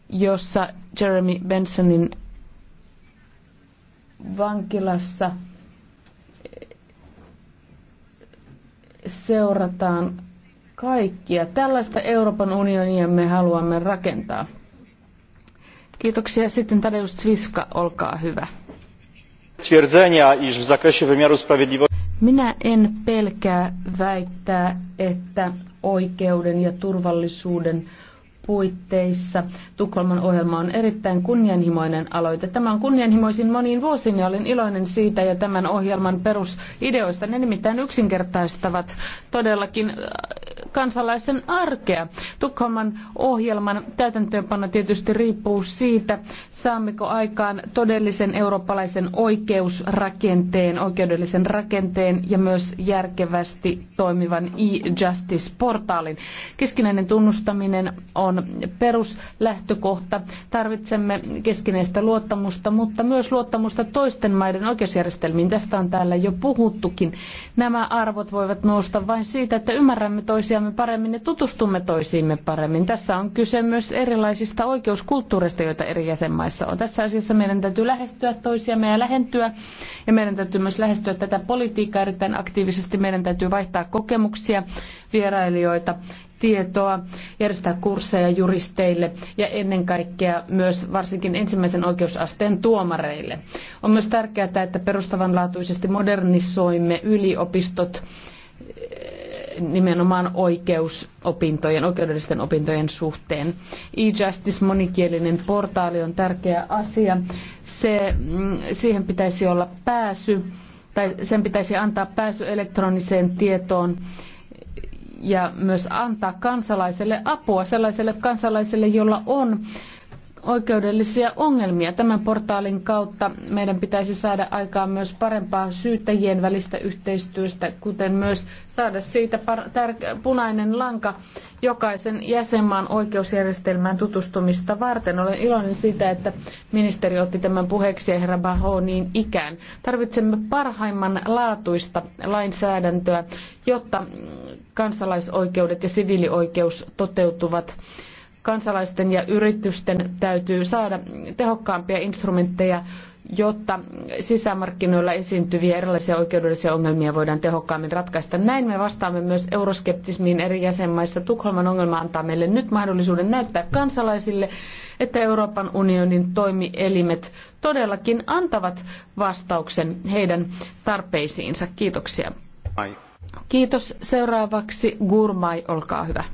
jossa Jeremy Bensonin vankilassa seurataan kaikkia. Tällaista Euroopan unionia me haluamme rakentaa. Kiitoksia. Sitten Tadeusz Zwiska, olkaa hyvä. Minä en pelkää väittää, että oikeuden ja turvallisuuden puitteissa. Tukholman ohjelma on erittäin kunnianhimoinen aloite. Tämä on kunnianhimoisin moniin vuosiin ja olen iloinen siitä ja tämän ohjelman perusideoista. Ne nimittäin yksinkertaistavat todellakin kansalaisten arkea. Tukholman ohjelman täytäntöönpano tietysti riippuu siitä, saammeko aikaan todellisen eurooppalaisen oikeusrakenteen, oikeudellisen rakenteen ja myös järkevästi toimivan e-justice-portaalin. Keskinäinen tunnustaminen on peruslähtökohta. Tarvitsemme keskinäistä luottamusta, mutta myös luottamusta toisten maiden oikeusjärjestelmiin. Tästä on täällä jo puhuttukin. Nämä arvot voivat nousta vain siitä, että ymmärrämme toisiamme tunnistamme paremmin ja tutustumme toisiimme paremmin. Tässä on kyse myös erilaisista oikeuskulttuureista, joita eri jäsenmaissa on. Tässä asiassa meidän täytyy lähestyä toisiamme ja lähentyä. Ja meidän täytyy myös lähestyä tätä politiikkaa erittäin aktiivisesti. Meidän täytyy vaihtaa kokemuksia, vierailijoita, tietoa, järjestää kursseja juristeille ja ennen kaikkea myös varsinkin ensimmäisen oikeusasteen tuomareille. On myös tärkeää, että perustavanlaatuisesti modernisoimme yliopistot nimenomaan oikeusopintojen, oikeudellisten opintojen suhteen. E-Justice, monikielinen portaali, on tärkeä asia. Se, mm, siihen pitäisi olla pääsy, tai sen pitäisi antaa pääsy elektroniseen tietoon ja myös antaa kansalaiselle apua, sellaiselle kansalaiselle, jolla on oikeudellisia ongelmia. Tämän portaalin kautta meidän pitäisi saada aikaan myös parempaa syyttäjien välistä yhteistyöstä, kuten myös saada siitä punainen lanka jokaisen jäsenmaan oikeusjärjestelmään tutustumista varten. Olen iloinen siitä, että ministeri otti tämän puheeksi ja herra Baho niin ikään. Tarvitsemme parhaimman laatuista lainsäädäntöä, jotta kansalaisoikeudet ja siviilioikeus toteutuvat kansalaisten ja yritysten täytyy saada tehokkaampia instrumentteja, jotta sisämarkkinoilla esiintyviä erilaisia oikeudellisia ongelmia voidaan tehokkaammin ratkaista. Näin me vastaamme myös euroskeptismiin eri jäsenmaissa. Tukholman ongelma antaa meille nyt mahdollisuuden näyttää kansalaisille, että Euroopan unionin toimielimet todellakin antavat vastauksen heidän tarpeisiinsa. Kiitoksia. Kiitos. Seuraavaksi Gurmai, olkaa hyvä.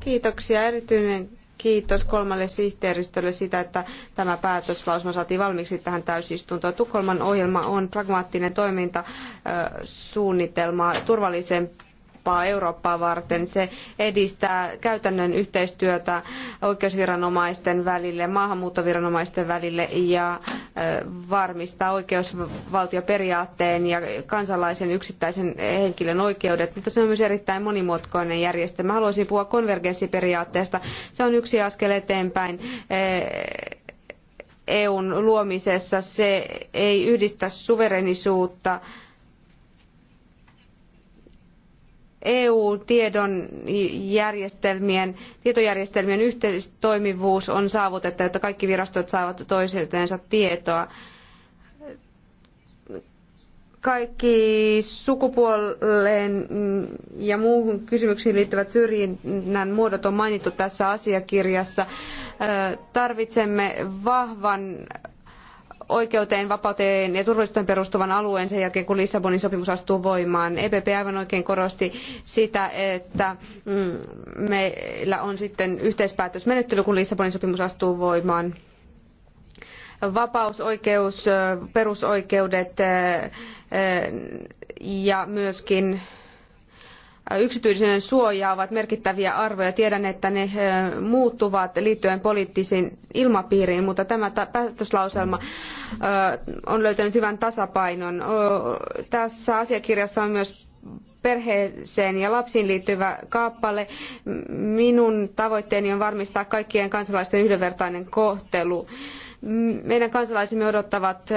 Kiitoksia. Erityinen kiitos kolmalle sihteeristölle siitä, että tämä päätöslausuma saatiin valmiiksi tähän täysistuntoon. Tukholman ohjelma on pragmaattinen toimintasuunnitelma turvallisen kauppaa Eurooppaa varten. Se edistää käytännön yhteistyötä oikeusviranomaisten välille, maahanmuuttoviranomaisten välille ja varmistaa oikeusvaltioperiaatteen ja kansalaisen yksittäisen henkilön oikeudet. Mutta se on myös erittäin monimutkainen järjestelmä. Haluaisin puhua konvergenssiperiaatteesta. Se on yksi askel eteenpäin. EUn luomisessa se ei yhdistä suverenisuutta EU-tiedon järjestelmien, tietojärjestelmien yhteistoimivuus on saavutettu, että kaikki virastot saavat toisilteensa tietoa. Kaikki sukupuoleen ja muuhun kysymyksiin liittyvät syrjinnän muodot on mainittu tässä asiakirjassa. Tarvitsemme vahvan oikeuteen, vapauteen ja turvallisuuteen perustuvan alueen sen jälkeen, kun Lissabonin sopimus astuu voimaan. EPP aivan oikein korosti sitä, että mm, meillä on sitten yhteispäätösmenettely, kun Lissabonin sopimus astuu voimaan. Vapaus, oikeus, perusoikeudet eh, eh, ja myöskin yksityisyyden suoja ovat merkittäviä arvoja. Tiedän, että ne muuttuvat liittyen poliittisiin ilmapiiriin, mutta tämä päätöslauselma on löytänyt hyvän tasapainon. Tässä asiakirjassa on myös perheeseen ja lapsiin liittyvä kaappale. Minun tavoitteeni on varmistaa kaikkien kansalaisten yhdenvertainen kohtelu. Meidän kansalaisemme odottavat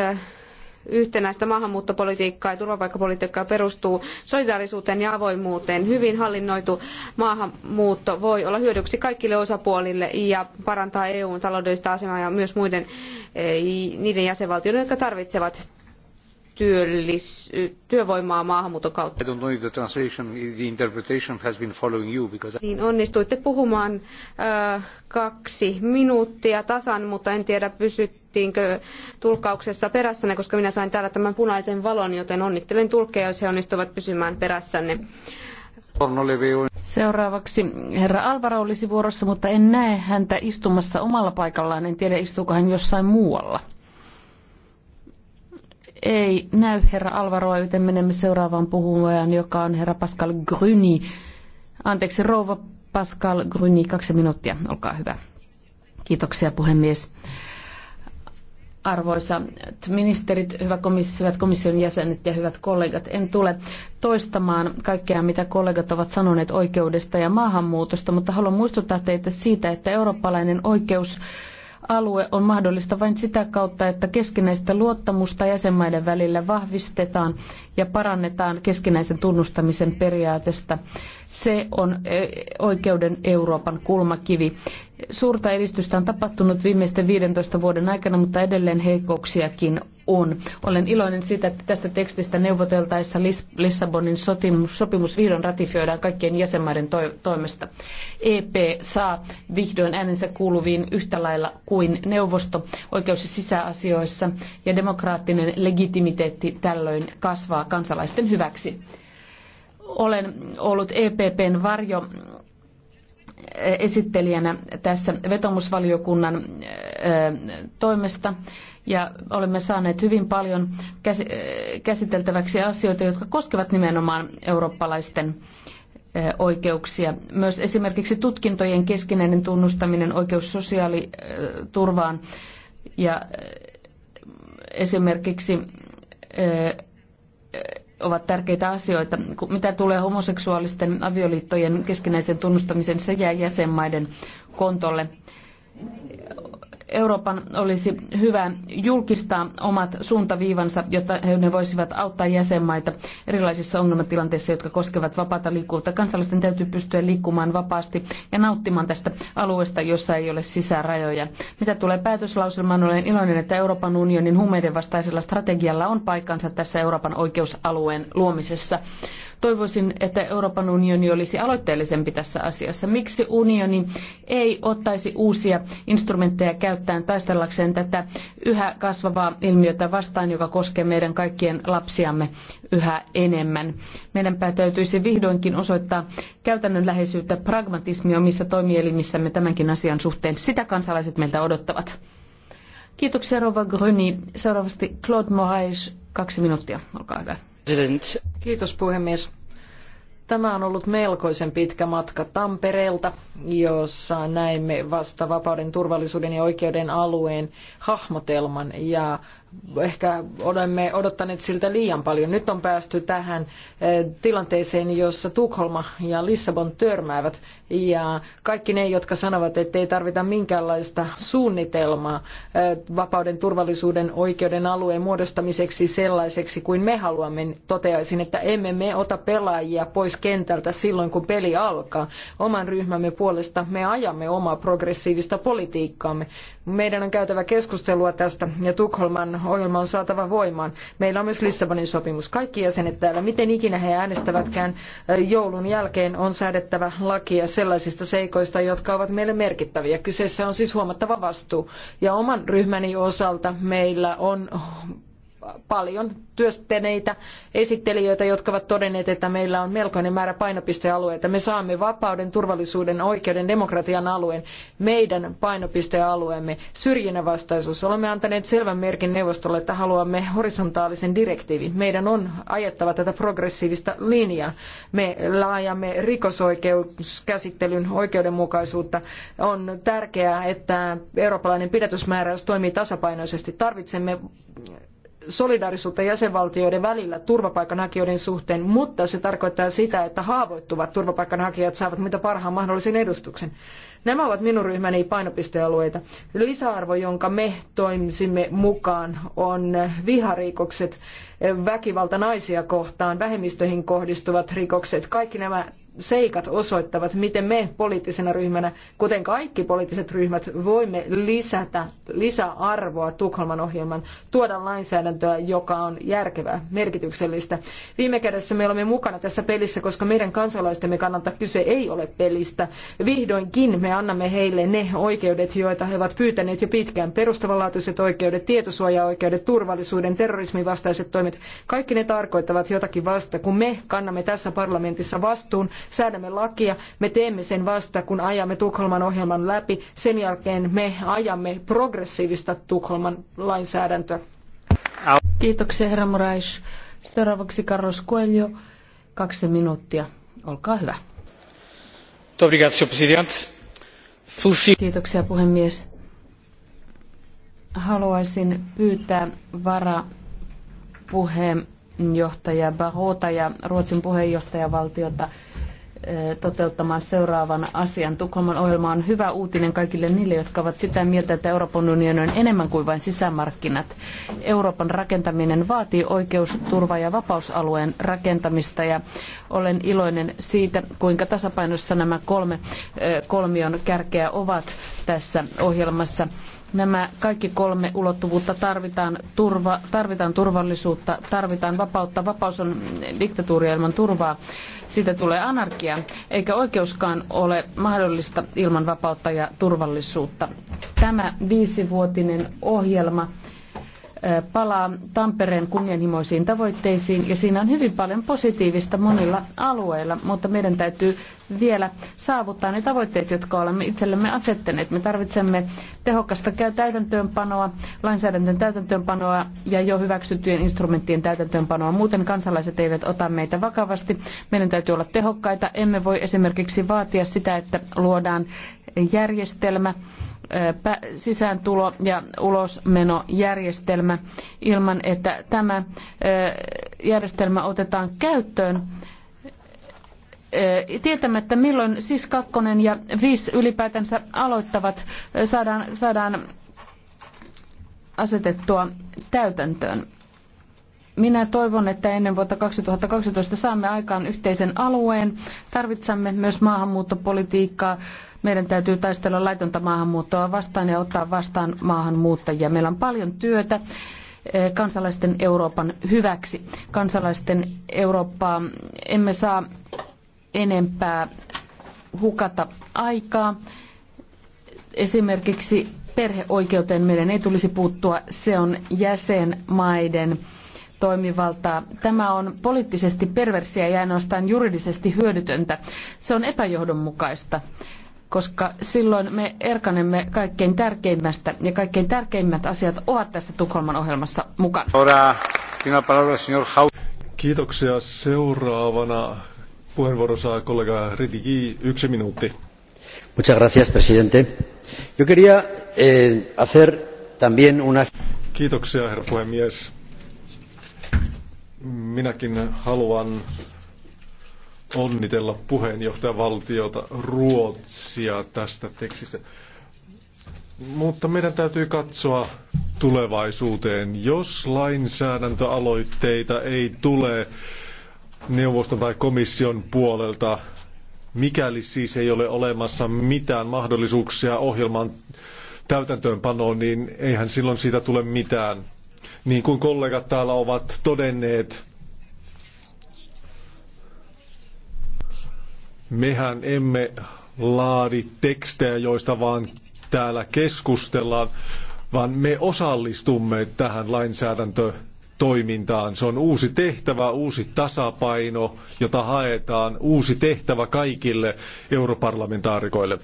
yhtenäistä maahanmuuttopolitiikkaa ja turvapaikkapolitiikkaa perustuu solidaarisuuteen ja avoimuuteen. Hyvin hallinnoitu maahanmuutto voi olla hyödyksi kaikille osapuolille ja parantaa EUn taloudellista asemaa ja myös muiden eh, niiden jäsenvaltioiden, jotka tarvitsevat työllis, työvoimaa maahanmuuton kautta. I don't know if the translation the interpretation has been following you because niin onnistuitte puhumaan äh, kaksi minuuttia tasan, mutta en tiedä pysyttiinkö tulkauksessa perässänne, koska minä sain täällä tämän punaisen valon, joten onnittelen tulkkeja, jos he onnistuvat pysymään perässänne. Seuraavaksi herra Alvaro olisi vuorossa, mutta en näe häntä istumassa omalla paikallaan. En tiedä, istuuko hän jossain muualla ei näy herra Alvaroa, joten menemme seuraavaan puhujaan, joka on herra Pascal Gruny. Anteeksi, rouva Pascal Gruny, kaksi minuuttia, olkaa hyvä. Kiitoksia puhemies. Arvoisa ministerit, hyvä komissi, hyvät komission jäsenet ja hyvät kollegat, en tule toistamaan kaikkea, mitä kollegat ovat sanoneet oikeudesta ja maahanmuutosta, mutta haluan muistuttaa teitä siitä, että eurooppalainen oikeus alue on mahdollista vain sitä kautta, että keskinäistä luottamusta jäsenmaiden välillä vahvistetaan ja parannetaan keskinäisen tunnustamisen periaatesta. Se on eh, oikeuden Euroopan kulmakivi. Suurta edistystä on tapahtunut viimeisten 15 vuoden aikana, mutta edelleen heikkouksiakin on. Olen iloinen siitä, että tästä tekstistä neuvoteltaessa Lissabonin sopimus vihdoin ratifioidaan kaikkien jäsenmaiden toimesta. EP saa vihdoin äänensä kuuluviin yhtä lailla kuin neuvosto oikeus- ja sisäasioissa, ja demokraattinen legitimiteetti tällöin kasvaa kansalaisten hyväksi olen ollut EPPn varjo esittelijänä tässä vetomusvaliokunnan toimesta ja olemme saaneet hyvin paljon käsiteltäväksi asioita, jotka koskevat nimenomaan eurooppalaisten oikeuksia. Myös esimerkiksi tutkintojen keskinäinen tunnustaminen, oikeus sosiaaliturvaan ja esimerkiksi ovat tärkeitä asioita. Mitä tulee homoseksuaalisten avioliittojen keskinäisen tunnustamisen se jää jäsenmaiden kontolle Euroopan olisi hyvä julkistaa omat suuntaviivansa, jotta ne voisivat auttaa jäsenmaita erilaisissa ongelmatilanteissa, jotka koskevat vapaata liikkuvuutta. Kansalaisten täytyy pystyä liikkumaan vapaasti ja nauttimaan tästä alueesta, jossa ei ole sisärajoja. Mitä tulee päätöslauselmaan, olen iloinen, että Euroopan unionin huumeiden vastaisella strategialla on paikkansa tässä Euroopan oikeusalueen luomisessa. Toivoisin, että Euroopan unioni olisi aloitteellisempi tässä asiassa. Miksi unioni ei ottaisi uusia instrumentteja käyttäen taistellakseen tätä yhä kasvavaa ilmiötä vastaan, joka koskee meidän kaikkien lapsiamme yhä enemmän. Meidän täytyisi vihdoinkin osoittaa käytännönläheisyyttä, pragmatismia omissa toimielimissämme tämänkin asian suhteen. Sitä kansalaiset meiltä odottavat. Kiitoksia Rova Gröni. Seuraavasti Claude Moraes, kaksi minuuttia, olkaa hyvä. Kiitos puhemies. Tämä on ollut melkoisen pitkä matka Tampereelta, jossa näimme vasta vapauden, turvallisuuden ja oikeuden alueen hahmotelman ja ehkä olemme odottaneet siltä liian paljon. Nyt on päästy tähän eh, tilanteeseen, jossa Tukholma ja Lissabon törmäävät ja kaikki ne, jotka sanovat, että ei tarvita minkäänlaista suunnitelmaa eh, vapauden, turvallisuuden, oikeuden alueen muodostamiseksi sellaiseksi kuin me haluamme, toteaisin, että emme me ota pelaajia pois kentältä silloin, kun peli alkaa. Oman ryhmämme puolesta me ajamme omaa progressiivista politiikkaamme. Meidän on käytävä keskustelua tästä ja Tukholman ohjelma on saatava voimaan. Meillä on myös Lissabonin sopimus. Kaikki jäsenet täällä, miten ikinä he äänestävätkään joulun jälkeen, on säädettävä lakia sellaisista seikoista, jotka ovat meille merkittäviä. Kyseessä on siis huomattava vastuu. Ja oman ryhmäni osalta meillä on paljon työsteneitä esittelijöitä, jotka ovat todenneet, että meillä on melkoinen määrä painopistealueita. Me saamme vapauden, turvallisuuden, oikeuden, demokratian alueen, meidän painopistealueemme, syrjinnänvastaisuus. Olemme antaneet selvän merkin neuvostolle, että haluamme horisontaalisen direktiivin. Meidän on ajettava tätä progressiivista linjaa. Me laajamme rikosoikeuskäsittelyn oikeudenmukaisuutta. On tärkeää, että eurooppalainen pidätysmääräys toimii tasapainoisesti. Tarvitsemme solidaarisuutta jäsenvaltioiden välillä turvapaikanhakijoiden suhteen, mutta se tarkoittaa sitä, että haavoittuvat turvapaikanhakijat saavat mitä parhaan mahdollisen edustuksen. Nämä ovat minun ryhmäni painopistealueita. Lisäarvo, jonka me toimisimme mukaan, on viharikokset, väkivalta naisia kohtaan, vähemmistöihin kohdistuvat rikokset. Kaikki nämä seikat osoittavat, miten me poliittisena ryhmänä, kuten kaikki poliittiset ryhmät, voimme lisätä lisäarvoa Tukholman ohjelman, tuoda lainsäädäntöä, joka on järkevää, merkityksellistä. Viime kädessä me olemme mukana tässä pelissä, koska meidän kansalaistemme kannalta kyse ei ole pelistä. Vihdoinkin me annamme heille ne oikeudet, joita he ovat pyytäneet jo pitkään. Perustavanlaatuiset oikeudet, tietosuojaoikeudet, turvallisuuden, terrorismin vastaiset toimet, kaikki ne tarkoittavat jotakin vasta, kun me kannamme tässä parlamentissa vastuun säädämme lakia, me teemme sen vasta, kun ajamme Tukholman ohjelman läpi. Sen jälkeen me ajamme progressiivista Tukholman lainsäädäntöä. Kiitoksia, herra Morais. Seuraavaksi Carlos Coelho, kaksi minuuttia. Olkaa hyvä. Kiitoksia, puhemies. Haluaisin pyytää varapuheenjohtaja Barota ja Ruotsin puheenjohtajavaltiota Eh, toteuttamaan seuraavan asian. Tukholman ohjelma on hyvä uutinen kaikille niille, jotka ovat sitä mieltä, että Euroopan unioni on enemmän kuin vain sisämarkkinat. Euroopan rakentaminen vaatii oikeus, turva- ja vapausalueen rakentamista ja olen iloinen siitä, kuinka tasapainossa nämä kolme eh, kolmion kärkeä ovat tässä ohjelmassa. Nämä kaikki kolme ulottuvuutta tarvitaan, turva, tarvitaan turvallisuutta, tarvitaan vapautta. Vapaus on diktatuuria ilman turvaa. Siitä tulee anarkia, eikä oikeuskaan ole mahdollista ilman vapautta ja turvallisuutta. Tämä viisivuotinen ohjelma palaa Tampereen kunnianhimoisiin tavoitteisiin ja siinä on hyvin paljon positiivista monilla alueilla, mutta meidän täytyy vielä saavuttaa ne tavoitteet, jotka olemme itsellemme asettaneet. Me tarvitsemme tehokasta täytäntöönpanoa, lainsäädäntön täytäntöönpanoa ja jo hyväksyttyjen instrumenttien täytäntöönpanoa. Muuten kansalaiset eivät ota meitä vakavasti. Meidän täytyy olla tehokkaita. Emme voi esimerkiksi vaatia sitä, että luodaan järjestelmä, sisääntulo- ja ulosmenojärjestelmä ilman, että tämä järjestelmä otetaan käyttöön tietämättä milloin SIS 2 ja VIS ylipäätänsä aloittavat, saadaan, saadaan asetettua täytäntöön. Minä toivon, että ennen vuotta 2012 saamme aikaan yhteisen alueen. Tarvitsemme myös maahanmuuttopolitiikkaa. Meidän täytyy taistella laitonta maahanmuuttoa vastaan ja ottaa vastaan maahanmuuttajia. Meillä on paljon työtä kansalaisten Euroopan hyväksi. Kansalaisten Eurooppaa emme saa enempää hukata aikaa. Esimerkiksi perheoikeuteen meidän ei tulisi puuttua, se on jäsenmaiden toimivaltaa. Tämä on poliittisesti perversiä ja ainoastaan juridisesti hyödytöntä. Se on epäjohdonmukaista, koska silloin me erkanemme kaikkein tärkeimmästä ja kaikkein tärkeimmät asiat ovat tässä Tukholman ohjelmassa mukana. Kiitoksia. Seuraavana Puheenvuoro saa kollega Ridigi, yksi minuutti. Muchas gracias, presidente. Yo quería eh, hacer también una... Kiitoksia, herra puhemies. Minäkin haluan onnitella puheenjohtajavaltiota Ruotsia tästä tekstistä. Mutta meidän täytyy katsoa tulevaisuuteen. Jos lainsäädäntöaloitteita ei tule, neuvoston tai komission puolelta, mikäli siis ei ole olemassa mitään mahdollisuuksia ohjelman täytäntöönpanoon, niin eihän silloin siitä tule mitään. Niin kuin kollegat täällä ovat todenneet, mehän emme laadi tekstejä, joista vaan täällä keskustellaan, vaan me osallistumme tähän lainsäädäntöön toimintaan. Se on uusi tehtävä, uusi tasapaino, jota haetaan, uusi tehtävä kaikille europarlamentaarikoille.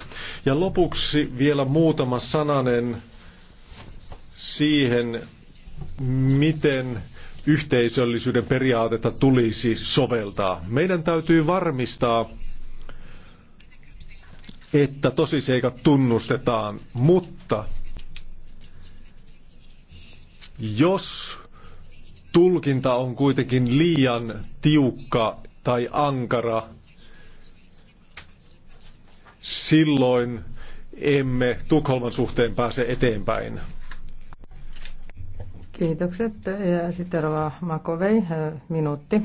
Ja lopuksi vielä muutama sananen siihen, miten yhteisöllisyyden periaatetta tulisi soveltaa. Meidän täytyy varmistaa, että tosiseikat tunnustetaan, mutta jos tulkinta on kuitenkin liian tiukka tai ankara. Silloin emme Tukholman suhteen pääse eteenpäin. Kiitokset. Ja sitten Rova Makovei, minuutti.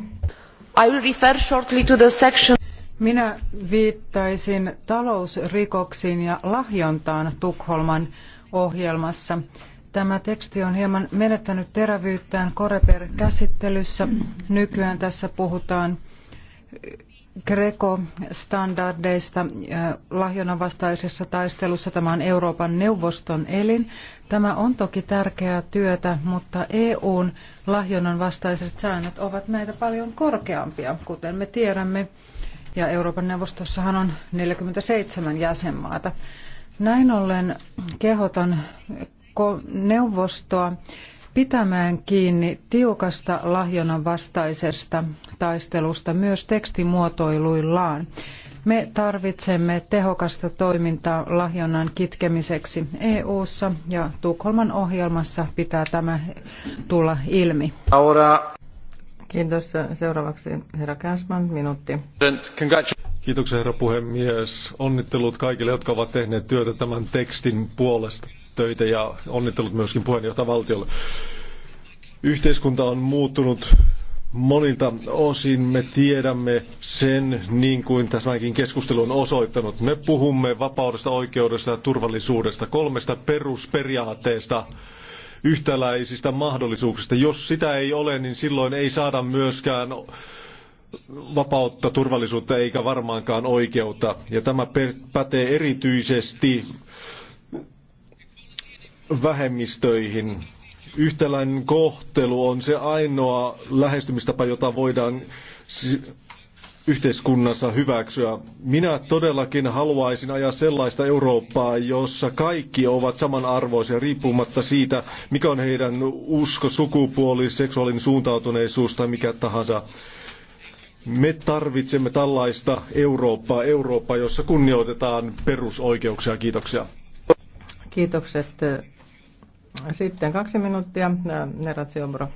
I will refer shortly to the section. Minä viittaisin talousrikoksiin ja lahjontaan Tukholman ohjelmassa. Tämä teksti on hieman menettänyt terävyyttään Koreper-käsittelyssä. Nykyään tässä puhutaan Greco-standardeista äh, lahjonnanvastaisessa taistelussa. Tämä on Euroopan neuvoston elin. Tämä on toki tärkeää työtä, mutta EUn lahjonnan vastaiset säännöt ovat näitä paljon korkeampia, kuten me tiedämme. Ja Euroopan neuvostossahan on 47 jäsenmaata. Näin ollen kehotan neuvostoa pitämään kiinni tiukasta lahjonnan vastaisesta taistelusta myös tekstimuotoiluillaan. Me tarvitsemme tehokasta toimintaa lahjonnan kitkemiseksi EU:ssa ja Tukholman ohjelmassa pitää tämä tulla ilmi. Aura. Kiitos. Seuraavaksi herra Käsman, minuutti. Kiitoksia herra puhemies. Onnittelut kaikille, jotka ovat tehneet työtä tämän tekstin puolesta töitä ja onnittelut myöskin puheenjohtajavaltiolle. Yhteiskunta on muuttunut monilta osin. Me tiedämme sen, niin kuin tämäkin keskustelu on osoittanut. Me puhumme vapaudesta, oikeudesta ja turvallisuudesta, kolmesta perusperiaatteesta yhtäläisistä mahdollisuuksista. Jos sitä ei ole, niin silloin ei saada myöskään vapautta, turvallisuutta eikä varmaankaan oikeutta. Ja tämä pätee erityisesti vähemmistöihin. Yhtäläinen kohtelu on se ainoa lähestymistapa, jota voidaan yhteiskunnassa hyväksyä. Minä todellakin haluaisin ajaa sellaista Eurooppaa, jossa kaikki ovat samanarvoisia riippumatta siitä, mikä on heidän usko, sukupuoli, seksuaalinen suuntautuneisuus tai mikä tahansa. Me tarvitsemme tällaista Eurooppaa, Eurooppaa, jossa kunnioitetaan perusoikeuksia. Kiitoksia. Kiitokset sitten kaksi minuuttia, Neratsiombro.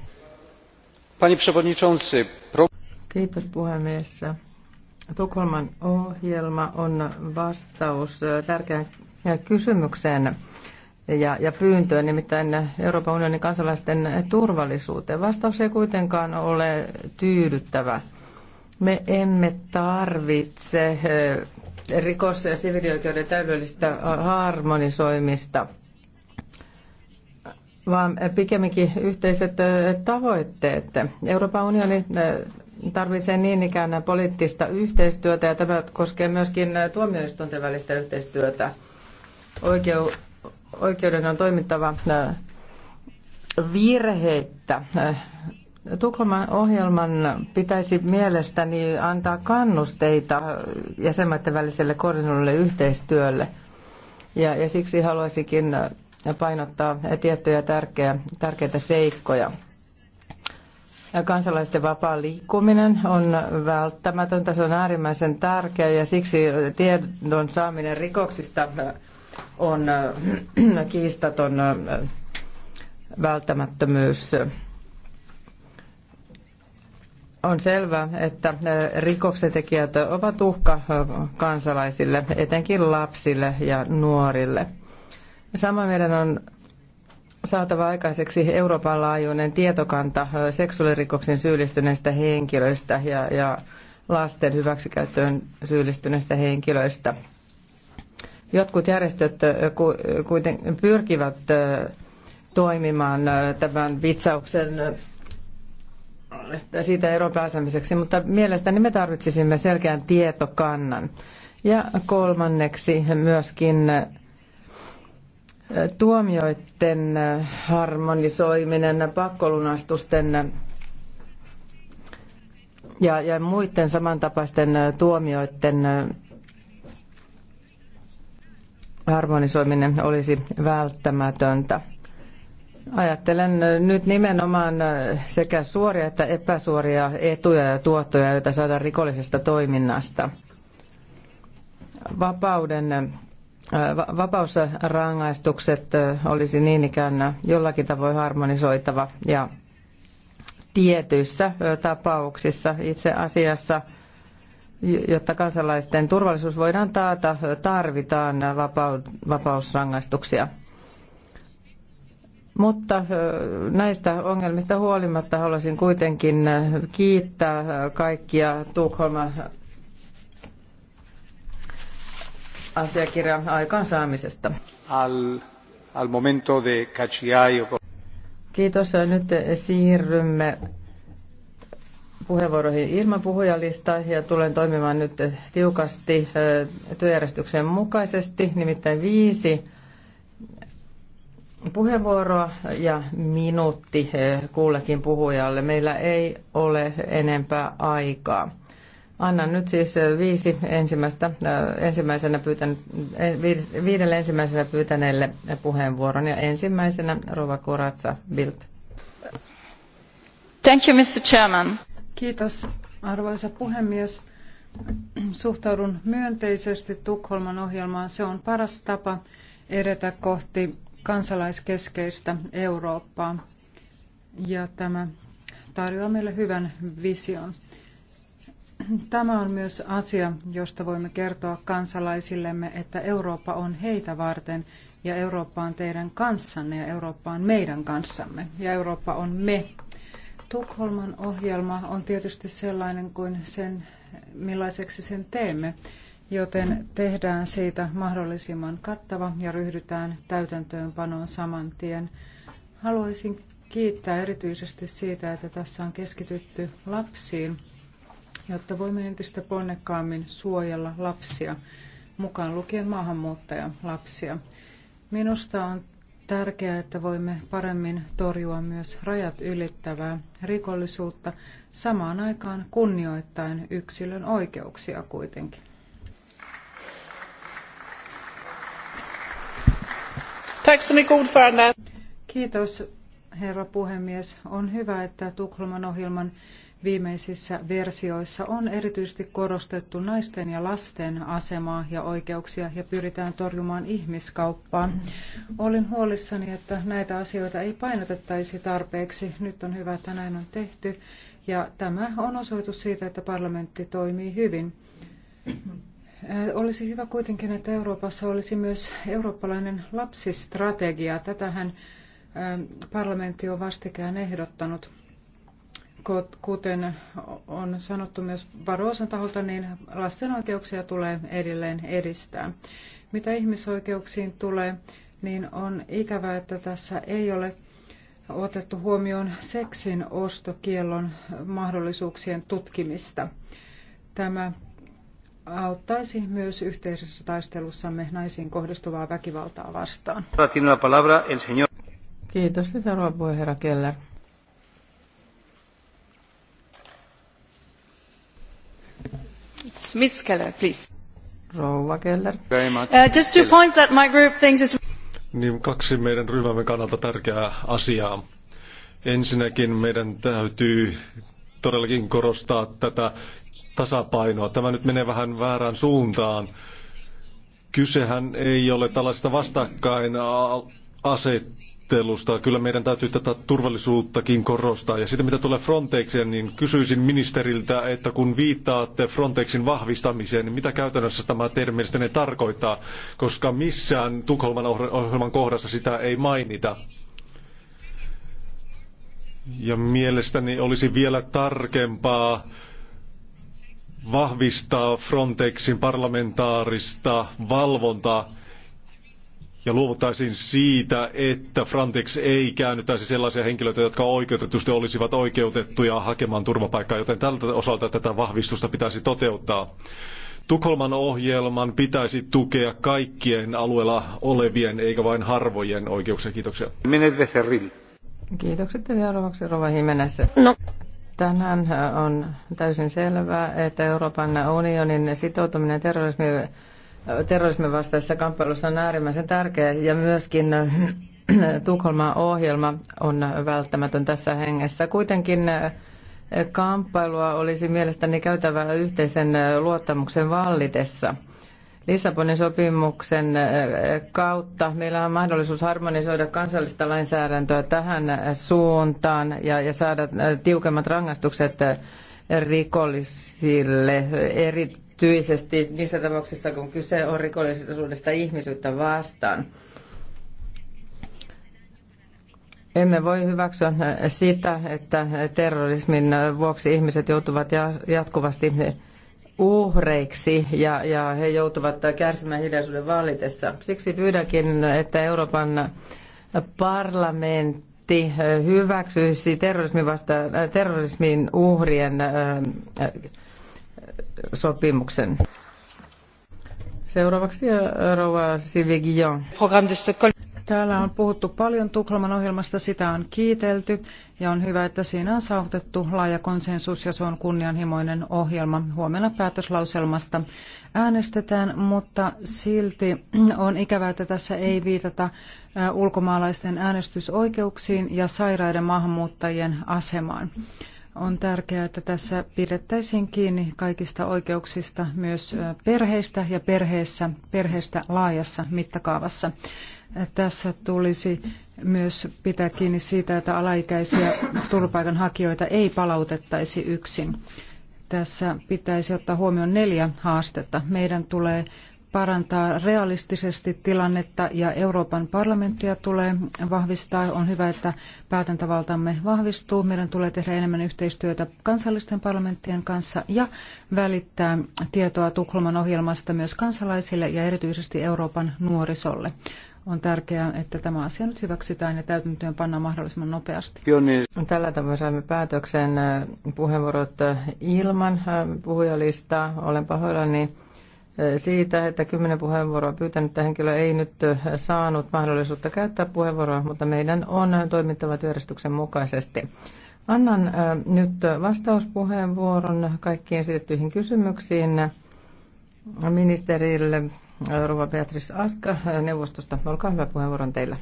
Pani przewodniczący, pro... Kiitos puhemies. Tukholman ohjelma on vastaus tärkeään kysymykseen ja, ja pyyntöön, nimittäin Euroopan unionin kansalaisten turvallisuuteen. Vastaus ei kuitenkaan ole tyydyttävä. Me emme tarvitse rikos- ja siviilioikeuden täydellistä harmonisoimista – vaan pikemminkin yhteiset tavoitteet. Euroopan unioni tarvitsee niin ikään poliittista yhteistyötä ja tämä koskee myöskin tuomioistuinten välistä yhteistyötä. Oikeu, oikeuden on toimittava virheittä. Tukholman ohjelman pitäisi mielestäni antaa kannusteita jäsenmaiden väliselle koordinoidulle yhteistyölle. Ja, ja siksi haluaisikin painottaa tiettyjä tärkeä, tärkeitä seikkoja. Kansalaisten vapaa liikkuminen on välttämätöntä, se on äärimmäisen tärkeä ja siksi tiedon saaminen rikoksista on äh, kiistaton äh, välttämättömyys. On selvää, että äh, rikoksentekijät ovat uhka kansalaisille, etenkin lapsille ja nuorille – Samoin meidän on saatava aikaiseksi Euroopan laajuinen tietokanta seksuaalirikoksen syyllistyneistä henkilöistä ja, ja lasten hyväksikäyttöön syyllistyneistä henkilöistä. Jotkut järjestöt äh, kuitenkin pyrkivät äh, toimimaan äh, tämän vitsauksen siitä eroon pääsemiseksi, mutta mielestäni me tarvitsisimme selkeän tietokannan. Ja kolmanneksi myöskin tuomioiden äh, harmonisoiminen, pakkolunastusten äh, ja, ja muiden samantapaisten äh, tuomioiden harmonisoiminen olisi välttämätöntä. Ajattelen nyt nimenomaan sekä suoria että epäsuoria etuja ja tuottoja, joita saadaan rikollisesta toiminnasta. Vapauden vapausrangaistukset olisi niin ikään jollakin tavoin harmonisoitava ja tietyissä tapauksissa itse asiassa, jotta kansalaisten turvallisuus voidaan taata, tarvitaan vapausrangaistuksia. Mutta näistä ongelmista huolimatta haluaisin kuitenkin kiittää kaikkia Tukholman asiakirjan aikaansaamisesta. Al, al momento de Kiitos. Nyt siirrymme puheenvuoroihin ilman puhujalista ja tulen toimimaan nyt tiukasti eh, työjärjestyksen mukaisesti, nimittäin viisi puheenvuoroa ja minuutti eh, kullekin puhujalle. Meillä ei ole enempää aikaa. Annan nyt siis viisi ensimmäistä, ensimmäisenä pyytän, viidelle ensimmäisenä pyytäneelle puheenvuoron ja ensimmäisenä Rova Koratsa Bild. Thank you, Mr. Chairman. Kiitos, arvoisa puhemies. Suhtaudun myönteisesti Tukholman ohjelmaan. Se on paras tapa edetä kohti kansalaiskeskeistä Eurooppaa. Ja tämä tarjoaa meille hyvän vision Tämä on myös asia, josta voimme kertoa kansalaisillemme, että Eurooppa on heitä varten ja Eurooppa on teidän kanssanne ja Eurooppa on meidän kanssamme ja Eurooppa on me. Tukholman ohjelma on tietysti sellainen kuin sen, millaiseksi sen teemme, joten tehdään siitä mahdollisimman kattava ja ryhdytään täytäntöönpanoon saman tien. Haluaisin kiittää erityisesti siitä, että tässä on keskitytty lapsiin jotta voimme entistä ponnekkaammin suojella lapsia, mukaan lukien maahanmuuttajalapsia. Minusta on tärkeää, että voimme paremmin torjua myös rajat ylittävää rikollisuutta samaan aikaan kunnioittaen yksilön oikeuksia kuitenkin. Kiitos herra puhemies. On hyvä, että Tukholman ohjelman viimeisissä versioissa on erityisesti korostettu naisten ja lasten asemaa ja oikeuksia ja pyritään torjumaan ihmiskauppaa. Olin huolissani, että näitä asioita ei painotettaisi tarpeeksi. Nyt on hyvä, että näin on tehty. Ja tämä on osoitus siitä, että parlamentti toimii hyvin. Äh, olisi hyvä kuitenkin, että Euroopassa olisi myös eurooppalainen lapsistrategia. Tätähän äh, parlamentti on vastikään ehdottanut kuten on sanottu myös Barroson taholta, niin lasten oikeuksia tulee edelleen edistää. Mitä ihmisoikeuksiin tulee, niin on ikävää, että tässä ei ole otettu huomioon seksin ostokiellon mahdollisuuksien tutkimista. Tämä auttaisi myös yhteisessä taistelussamme naisiin kohdistuvaa väkivaltaa vastaan. Kiitos. Seuraava puheenjohtaja Keller. Ms. Keller, please. Rouva Keller. Uh, just two points that my group thinks is... Niin kaksi meidän ryhmämme kannalta tärkeää asiaa. Ensinnäkin meidän täytyy todellakin korostaa tätä tasapainoa. Tämä nyt menee vähän väärään suuntaan. Kysehän ei ole tällaista vastakkain taistelusta. Kyllä meidän täytyy tätä turvallisuuttakin korostaa. Ja sitten mitä tulee Frontexiin, niin kysyisin ministeriltä, että kun viittaatte Frontexin vahvistamiseen, niin mitä käytännössä tämä teidän mielestänne tarkoittaa? Koska missään Tukholman ohjelman kohdassa sitä ei mainita. Ja mielestäni olisi vielä tarkempaa vahvistaa Frontexin parlamentaarista valvontaa ja luovuttaisiin siitä, että Frontex ei käännyttäisi sellaisia henkilöitä, jotka oikeutetusti olisivat oikeutettuja hakemaan turvapaikkaa, joten tältä osalta tätä vahvistusta pitäisi toteuttaa. Tukholman ohjelman pitäisi tukea kaikkien alueella olevien eikä vain harvojen oikeuksia. Kiitoksia. Kiitokset ja seuraavaksi Rova Himenessä. No. Tänään on täysin selvää, että Euroopan unionin sitoutuminen terrorismiin terrorismin vastaisessa kamppailussa on äärimmäisen tärkeä ja myöskin äh, [CLEARS THROAT] Tukholman ohjelma on välttämätön tässä hengessä. Kuitenkin äh, kamppailua olisi mielestäni käytävä yhteisen äh, luottamuksen vallitessa. Lissabonin sopimuksen kautta meillä on mahdollisuus harmonisoida kansallista lainsäädäntöä tähän suuntaan ja, ja saada tiukemmat rangaistukset rikollisille eri erityisesti niissä tapauksissa, kun kyse on rikollisuudesta ihmisyyttä vastaan. Emme voi hyväksyä sitä, että terrorismin vuoksi ihmiset joutuvat jatkuvasti uhreiksi ja, ja he joutuvat kärsimään hiljaisuuden vallitessa. Siksi pyydänkin, että Euroopan parlamentti hyväksyisi terrorismin, vasta, terrorismin uhrien sopimuksen. Seuraavaksi äh, rouva Silvia Täällä on puhuttu paljon Tukholman ohjelmasta, sitä on kiitelty ja on hyvä, että siinä on saavutettu laaja konsensus ja se on kunnianhimoinen ohjelma. Huomenna päätöslauselmasta äänestetään, mutta silti on ikävää, että tässä ei viitata äh, ulkomaalaisten äänestysoikeuksiin ja sairaiden maahanmuuttajien asemaan. On tärkeää, että tässä pidettäisiin kiinni kaikista oikeuksista myös perheistä ja perheessä, perheestä laajassa mittakaavassa. Tässä tulisi myös pitää kiinni siitä, että alaikäisiä turvapaikanhakijoita ei palautettaisi yksin. Tässä pitäisi ottaa huomioon neljä haastetta. Meidän tulee parantaa realistisesti tilannetta ja Euroopan parlamenttia tulee vahvistaa. On hyvä, että päätäntävaltamme vahvistuu. Meidän tulee tehdä enemmän yhteistyötä kansallisten parlamenttien kanssa ja välittää tietoa Tukholman ohjelmasta myös kansalaisille ja erityisesti Euroopan nuorisolle. On tärkeää, että tämä asia nyt hyväksytään ja täytäntöön pannaan mahdollisimman nopeasti. Tällä tavoin saimme päätöksen äh, puheenvuorot äh, ilman äh, puhujalistaa. Olen pahoillani siitä, että kymmenen puheenvuoroa pyytänyt henkilö ei nyt saanut mahdollisuutta käyttää puheenvuoroa, mutta meidän on toimittava työjärjestyksen mukaisesti. Annan nyt vastauspuheenvuoron kaikkiin esitettyihin kysymyksiin ministerille rova Beatrice Aska neuvostosta. Olkaa hyvä puheenvuoron teillä.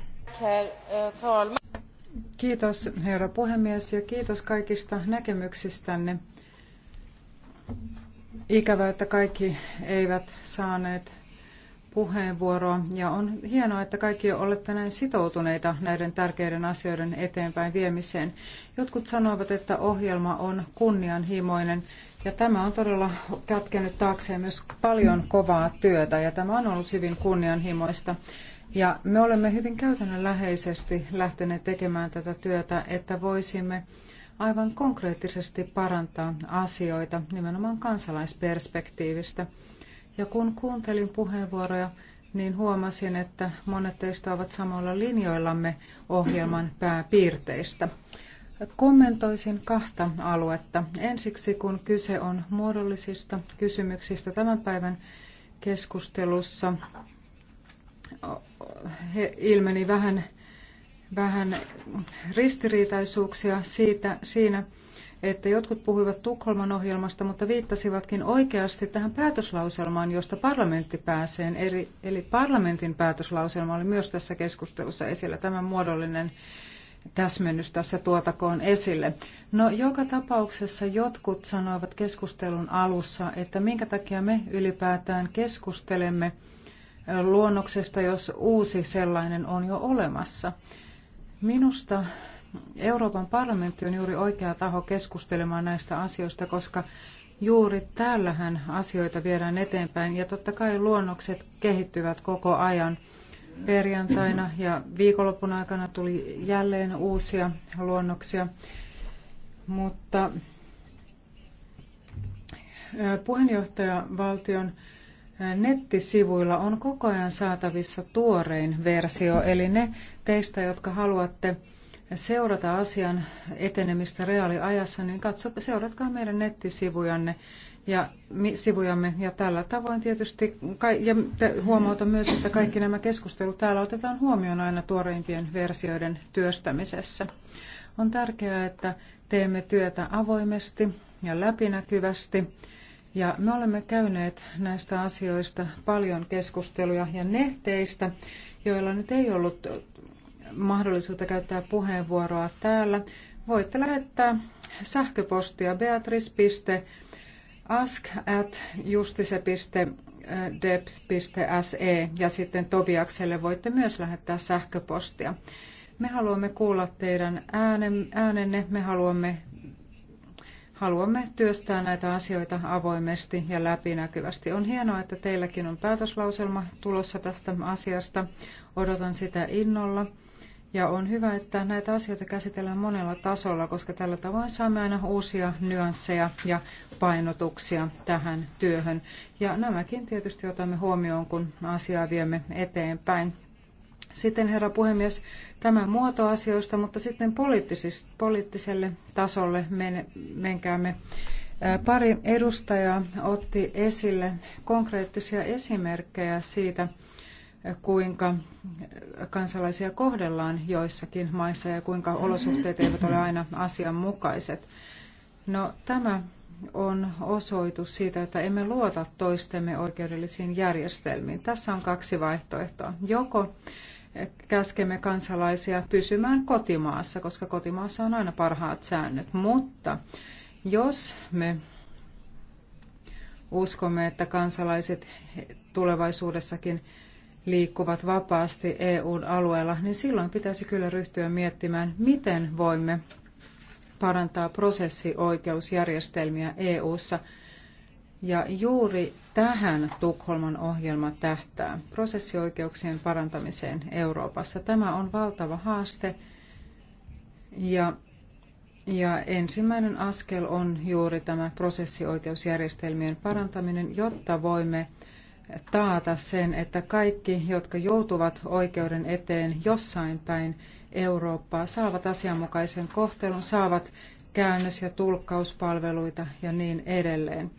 Kiitos herra puhemies ja kiitos kaikista näkemyksistänne. Ikävä, että kaikki eivät saaneet puheenvuoroa ja on hienoa, että kaikki olette näin sitoutuneita näiden tärkeiden asioiden eteenpäin viemiseen. Jotkut sanovat, että ohjelma on kunnianhimoinen ja tämä on todella kätkenyt taakseen myös paljon kovaa työtä ja tämä on ollut hyvin kunnianhimoista. Ja me olemme hyvin käytännönläheisesti lähteneet tekemään tätä työtä, että voisimme aivan konkreettisesti parantaa asioita nimenomaan kansalaisperspektiivistä. Ja kun kuuntelin puheenvuoroja, niin huomasin, että monet teistä ovat samoilla linjoillamme ohjelman pääpiirteistä. Kommentoisin kahta aluetta. Ensiksi, kun kyse on muodollisista kysymyksistä tämän päivän keskustelussa, ilmeni vähän vähän ristiriitaisuuksia siitä, siinä, että jotkut puhuivat Tukholman ohjelmasta, mutta viittasivatkin oikeasti tähän päätöslauselmaan, josta parlamentti pääsee. Eli, eli parlamentin päätöslauselma oli myös tässä keskustelussa esillä. Tämä muodollinen täsmennys tässä tuotakoon esille. No joka tapauksessa jotkut sanoivat keskustelun alussa, että minkä takia me ylipäätään keskustelemme luonnoksesta, jos uusi sellainen on jo olemassa. Minusta Euroopan parlamentti on juuri oikea taho keskustelemaan näistä asioista, koska juuri täällähän asioita viedään eteenpäin ja totta kai luonnokset kehittyvät koko ajan. Perjantaina ja viikonlopun aikana tuli jälleen uusia luonnoksia, mutta puheenjohtajavaltion valtion Nettisivuilla on koko ajan saatavissa tuorein versio, eli ne teistä, jotka haluatte seurata asian etenemistä reaaliajassa, niin katso, seuratkaa meidän nettisivujanne ja sivujamme. Ja tällä tavoin tietysti, ja huomauta myös, että kaikki nämä keskustelut täällä otetaan huomioon aina tuoreimpien versioiden työstämisessä. On tärkeää, että teemme työtä avoimesti ja läpinäkyvästi ja me olemme käyneet näistä asioista paljon keskusteluja ja ne teistä, joilla nyt ei ollut mahdollisuutta käyttää puheenvuoroa täällä, voitte lähettää sähköpostia beatrice.ask.justise.dept.se ja sitten Tobiakselle voitte myös lähettää sähköpostia. Me haluamme kuulla teidän äänenne, me haluamme haluamme työstää näitä asioita avoimesti ja läpinäkyvästi. On hienoa, että teilläkin on päätöslauselma tulossa tästä asiasta. Odotan sitä innolla. Ja on hyvä, että näitä asioita käsitellään monella tasolla, koska tällä tavoin saamme aina uusia nyansseja ja painotuksia tähän työhön. Ja nämäkin tietysti otamme huomioon, kun asiaa viemme eteenpäin. Sitten herra puhemies, tämä muoto asioista, mutta sitten poliittiselle tasolle men, menkäämme. Pari edustajaa otti esille konkreettisia esimerkkejä siitä, kuinka kansalaisia kohdellaan joissakin maissa ja kuinka olosuhteet eivät ole aina asianmukaiset. No, tämä on osoitus siitä, että emme luota toistemme oikeudellisiin järjestelmiin. Tässä on kaksi vaihtoehtoa. Joko käskemme kansalaisia pysymään kotimaassa, koska kotimaassa on aina parhaat säännöt. Mutta jos me uskomme, että kansalaiset tulevaisuudessakin liikkuvat vapaasti EUn alueella, niin silloin pitäisi kyllä ryhtyä miettimään, miten voimme parantaa prosessioikeusjärjestelmiä EUssa – ja juuri tähän Tukholman ohjelma tähtää, prosessioikeuksien parantamiseen Euroopassa. Tämä on valtava haaste ja, ja ensimmäinen askel on juuri tämä prosessioikeusjärjestelmien parantaminen, jotta voimme taata sen, että kaikki, jotka joutuvat oikeuden eteen jossain päin Eurooppaa, saavat asianmukaisen kohtelun, saavat käännös- ja tulkkauspalveluita ja niin edelleen.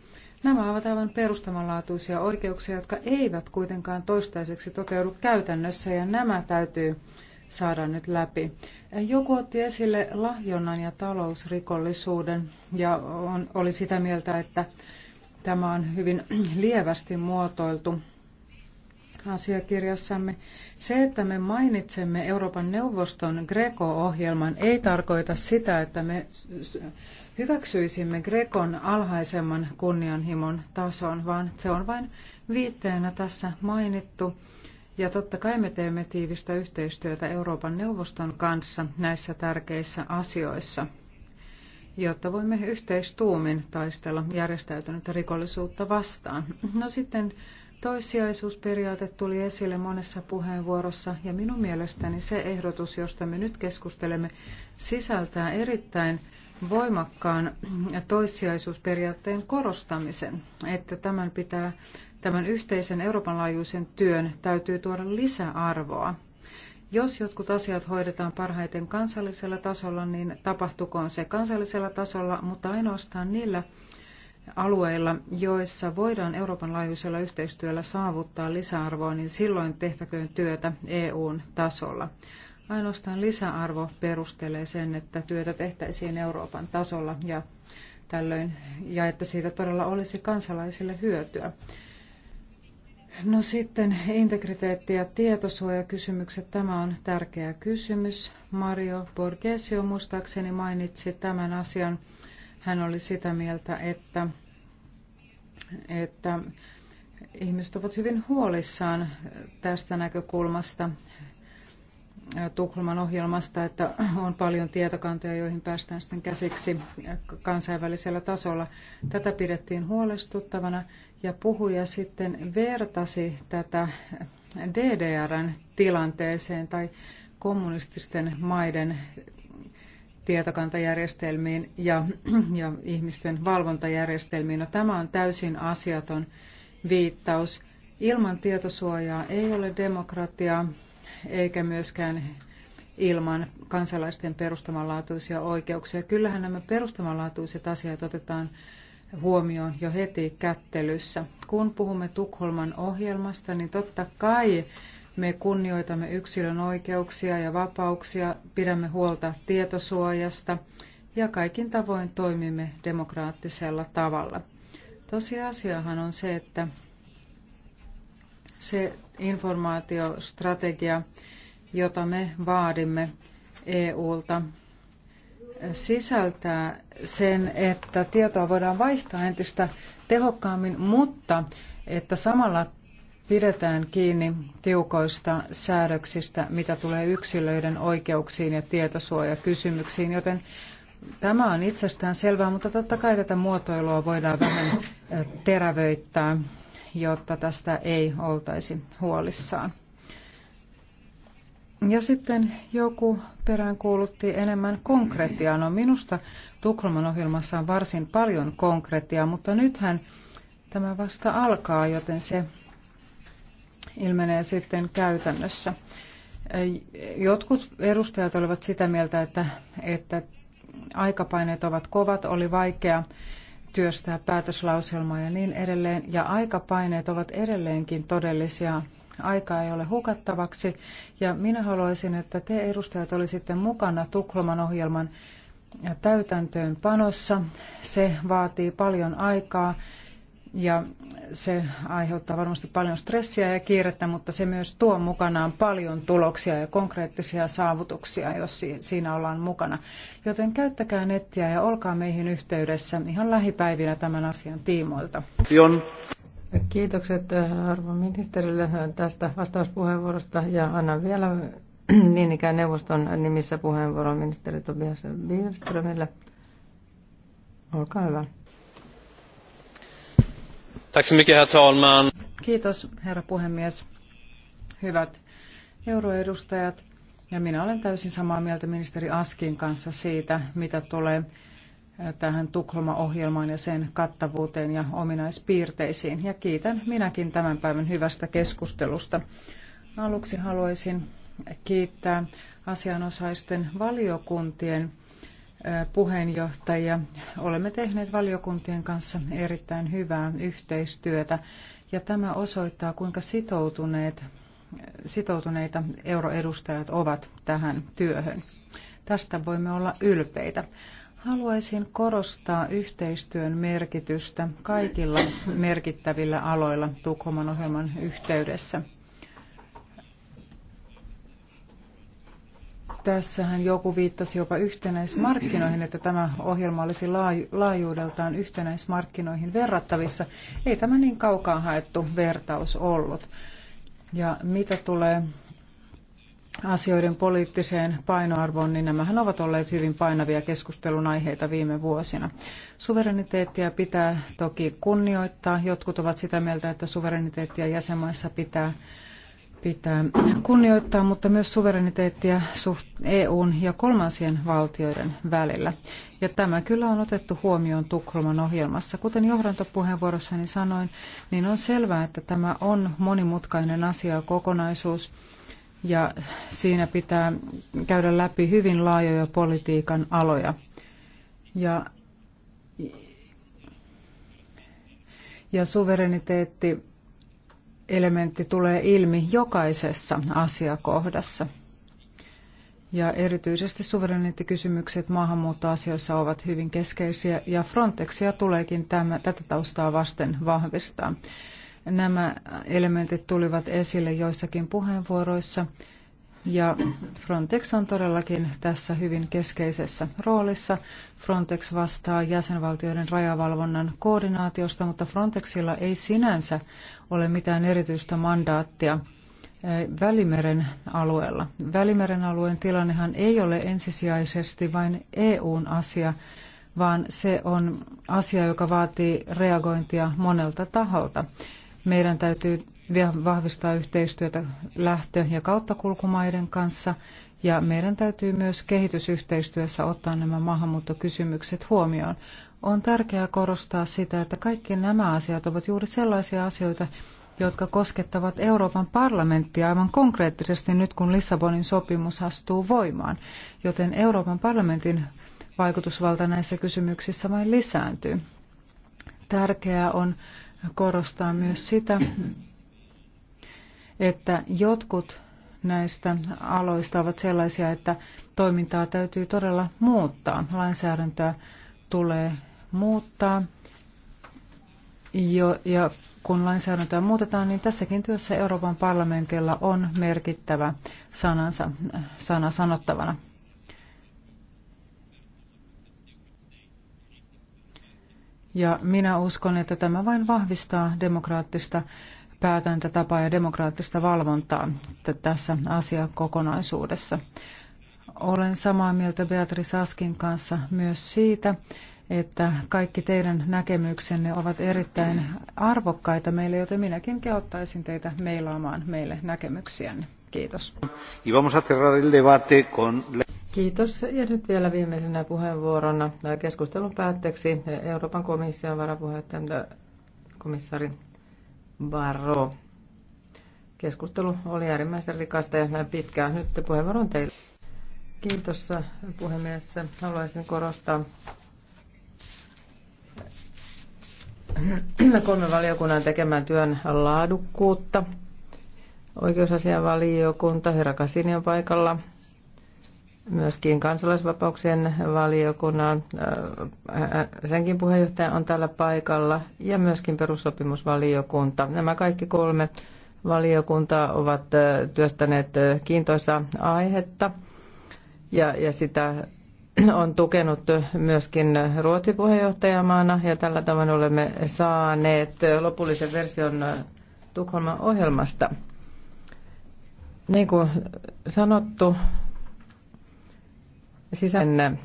Nämä ovat aivan perustavanlaatuisia oikeuksia, jotka eivät kuitenkaan toistaiseksi toteudu käytännössä ja nämä täytyy saada nyt läpi. Joku otti esille lahjonnan ja talousrikollisuuden ja on, oli sitä mieltä, että tämä on hyvin lievästi muotoiltu asiakirjassamme. Se, että me mainitsemme Euroopan neuvoston Greco-ohjelman, ei tarkoita sitä, että me hyväksyisimme Grekon alhaisemman kunnianhimon tason, vaan se on vain viitteenä tässä mainittu. Ja totta kai me teemme tiivistä yhteistyötä Euroopan neuvoston kanssa näissä tärkeissä asioissa, jotta voimme yhteistuumin taistella järjestäytynyttä rikollisuutta vastaan. No sitten Toissijaisuusperiaate tuli esille monessa puheenvuorossa ja minun mielestäni se ehdotus, josta me nyt keskustelemme, sisältää erittäin voimakkaan toissijaisuusperiaatteen korostamisen, että tämän pitää tämän yhteisen Euroopan laajuisen työn täytyy tuoda lisäarvoa. Jos jotkut asiat hoidetaan parhaiten kansallisella tasolla, niin tapahtukoon se kansallisella tasolla, mutta ainoastaan niillä alueilla, joissa voidaan Euroopan laajuisella yhteistyöllä saavuttaa lisäarvoa, niin silloin tehtäköön työtä EUn tasolla. Ainoastaan lisäarvo perustelee sen, että työtä tehtäisiin Euroopan tasolla ja tällöin, ja että siitä todella olisi kansalaisille hyötyä. No sitten integriteetti- ja tietosuojakysymykset. Tämä on tärkeä kysymys. Mario Borgesio muistaakseni mainitsi tämän asian hän oli sitä mieltä, että, että ihmiset ovat hyvin huolissaan tästä näkökulmasta Tukholman ohjelmasta, että on paljon tietokantoja, joihin päästään sitten käsiksi kansainvälisellä tasolla. Tätä pidettiin huolestuttavana ja puhuja sitten vertasi tätä DDRn tilanteeseen tai kommunististen maiden tietokantajärjestelmiin ja, [CLEARS THROAT] ja ihmisten valvontajärjestelmiin. No, tämä on täysin asiaton viittaus. Ilman tietosuojaa ei ole demokratiaa eikä myöskään ilman kansalaisten perustavanlaatuisia oikeuksia. Kyllähän nämä perustavanlaatuiset asiat otetaan huomioon jo heti kättelyssä. Kun puhumme Tukholman ohjelmasta, niin totta kai me kunnioitamme yksilön oikeuksia ja vapauksia, pidämme huolta tietosuojasta ja kaikin tavoin toimimme demokraattisella tavalla. Tosiasiahan on se, että se informaatiostrategia, jota me vaadimme EUlta, sisältää sen, että tietoa voidaan vaihtaa entistä tehokkaammin, mutta että samalla pidetään kiinni tiukoista säädöksistä, mitä tulee yksilöiden oikeuksiin ja tietosuojakysymyksiin, joten tämä on itsestään selvää, mutta totta kai tätä muotoilua voidaan vähän terävöittää, jotta tästä ei oltaisi huolissaan. Ja sitten joku peräänkuulutti enemmän konkretiaa. No minusta Tukholman ohjelmassa on varsin paljon konkretiaa, mutta nythän tämä vasta alkaa, joten se ilmenee sitten käytännössä. Jotkut edustajat olivat sitä mieltä, että, että aikapaineet ovat kovat, oli vaikea työstää päätöslauselmaa ja niin edelleen. Ja aikapaineet ovat edelleenkin todellisia. Aikaa ei ole hukattavaksi. Ja minä haluaisin, että te edustajat olisitte mukana Tukholman ohjelman täytäntöönpanossa. Se vaatii paljon aikaa ja se aiheuttaa varmasti paljon stressiä ja kiirettä, mutta se myös tuo mukanaan paljon tuloksia ja konkreettisia saavutuksia, jos siinä ollaan mukana. Joten käyttäkää nettiä ja olkaa meihin yhteydessä ihan lähipäivinä tämän asian tiimoilta. Kiitokset äh, arvon ministerille äh, tästä vastauspuheenvuorosta ja annan vielä äh, [CLEARS THROAT] niin ikään neuvoston nimissä puheenvuoron ministeri Tobias Billströmille. Olkaa hyvä. Tack så mycket, herr talman. Kiitos, herra puhemies. Hyvät euroedustajat, ja minä olen täysin samaa mieltä ministeri Askin kanssa siitä, mitä tulee tähän Tukloma-ohjelmaan ja sen kattavuuteen ja ominaispiirteisiin. Ja kiitän minäkin tämän päivän hyvästä keskustelusta. Aluksi haluaisin kiittää asianosaisten valiokuntien puheenjohtajia. Olemme tehneet valiokuntien kanssa erittäin hyvää yhteistyötä ja tämä osoittaa, kuinka sitoutuneet, sitoutuneita euroedustajat ovat tähän työhön. Tästä voimme olla ylpeitä. Haluaisin korostaa yhteistyön merkitystä kaikilla merkittävillä aloilla Tukholman ohjelman yhteydessä. Tässähän joku viittasi jopa yhtenäismarkkinoihin, että tämä ohjelma olisi laajuudeltaan yhtenäismarkkinoihin verrattavissa. Ei tämä niin kaukaa haettu vertaus ollut. Ja mitä tulee asioiden poliittiseen painoarvoon, niin nämähän ovat olleet hyvin painavia keskustelun aiheita viime vuosina. Suvereniteettia pitää toki kunnioittaa. Jotkut ovat sitä mieltä, että suvereniteettia jäsenmaissa pitää pitää kunnioittaa, mutta myös suvereniteettia suht EUn ja kolmansien valtioiden välillä. Ja tämä kyllä on otettu huomioon Tukholman ohjelmassa. Kuten johdantopuheenvuorossani sanoin, niin on selvää, että tämä on monimutkainen asia ja kokonaisuus. Ja siinä pitää käydä läpi hyvin laajoja politiikan aloja. Ja, ja suvereniteetti elementti tulee ilmi jokaisessa asiakohdassa. Ja erityisesti suvereniteettikysymykset maahanmuuttoasioissa ovat hyvin keskeisiä ja Frontexia tuleekin tämä, tätä taustaa vasten vahvistaa. Nämä elementit tulivat esille joissakin puheenvuoroissa ja Frontex on todellakin tässä hyvin keskeisessä roolissa. Frontex vastaa jäsenvaltioiden rajavalvonnan koordinaatiosta, mutta Frontexilla ei sinänsä ole mitään erityistä mandaattia eh, Välimeren alueella. Välimeren alueen tilannehan ei ole ensisijaisesti vain EUn asia, vaan se on asia, joka vaatii reagointia monelta taholta. Meidän täytyy vahvistaa yhteistyötä lähtö- ja kauttakulkumaiden kanssa ja meidän täytyy myös kehitysyhteistyössä ottaa nämä maahanmuuttokysymykset huomioon. On tärkeää korostaa sitä, että kaikki nämä asiat ovat juuri sellaisia asioita, jotka koskettavat Euroopan parlamenttia aivan konkreettisesti nyt, kun Lissabonin sopimus astuu voimaan. Joten Euroopan parlamentin vaikutusvalta näissä kysymyksissä vain lisääntyy. Tärkeää on korostaa myös sitä, että jotkut näistä aloista ovat sellaisia, että toimintaa täytyy todella muuttaa. Lainsäädäntöä tulee muuttaa. Jo, ja kun lainsäädäntöä muutetaan, niin tässäkin työssä Euroopan parlamentilla on merkittävä sanansa, sana sanottavana. Ja minä uskon, että tämä vain vahvistaa demokraattista päätäntätapaa ja demokraattista valvontaa tässä asiakokonaisuudessa. Olen samaa mieltä Beatrice Askin kanssa myös siitä, että kaikki teidän näkemyksenne ovat erittäin arvokkaita meille, joten minäkin kehottaisin teitä meilaamaan meille näkemyksiänne. Kiitos. Kiitos. Ja nyt vielä viimeisenä puheenvuorona keskustelun päätteeksi Euroopan komission varapuheenjohtaja komissaari Barro. Keskustelu oli äärimmäisen rikasta ja näin pitkään. Nyt puheenvuoro on teille. Kiitos puhemies. Haluaisin korostaa kolmen valiokunnan tekemän työn laadukkuutta. Oikeusasianvaliokunta, herra Kasini on paikalla. Myöskin kansalaisvapauksien valiokunnan, äh, senkin puheenjohtaja on täällä paikalla, ja myöskin perussopimusvaliokunta. Nämä kaikki kolme valiokuntaa ovat äh, työstäneet äh, kiintoisaa aihetta ja, ja sitä on tukenut myöskin Ruotsin puheenjohtajamaana ja tällä tavoin olemme saaneet lopullisen version Tukholman ohjelmasta. Niin kuin sanottu, sisäinen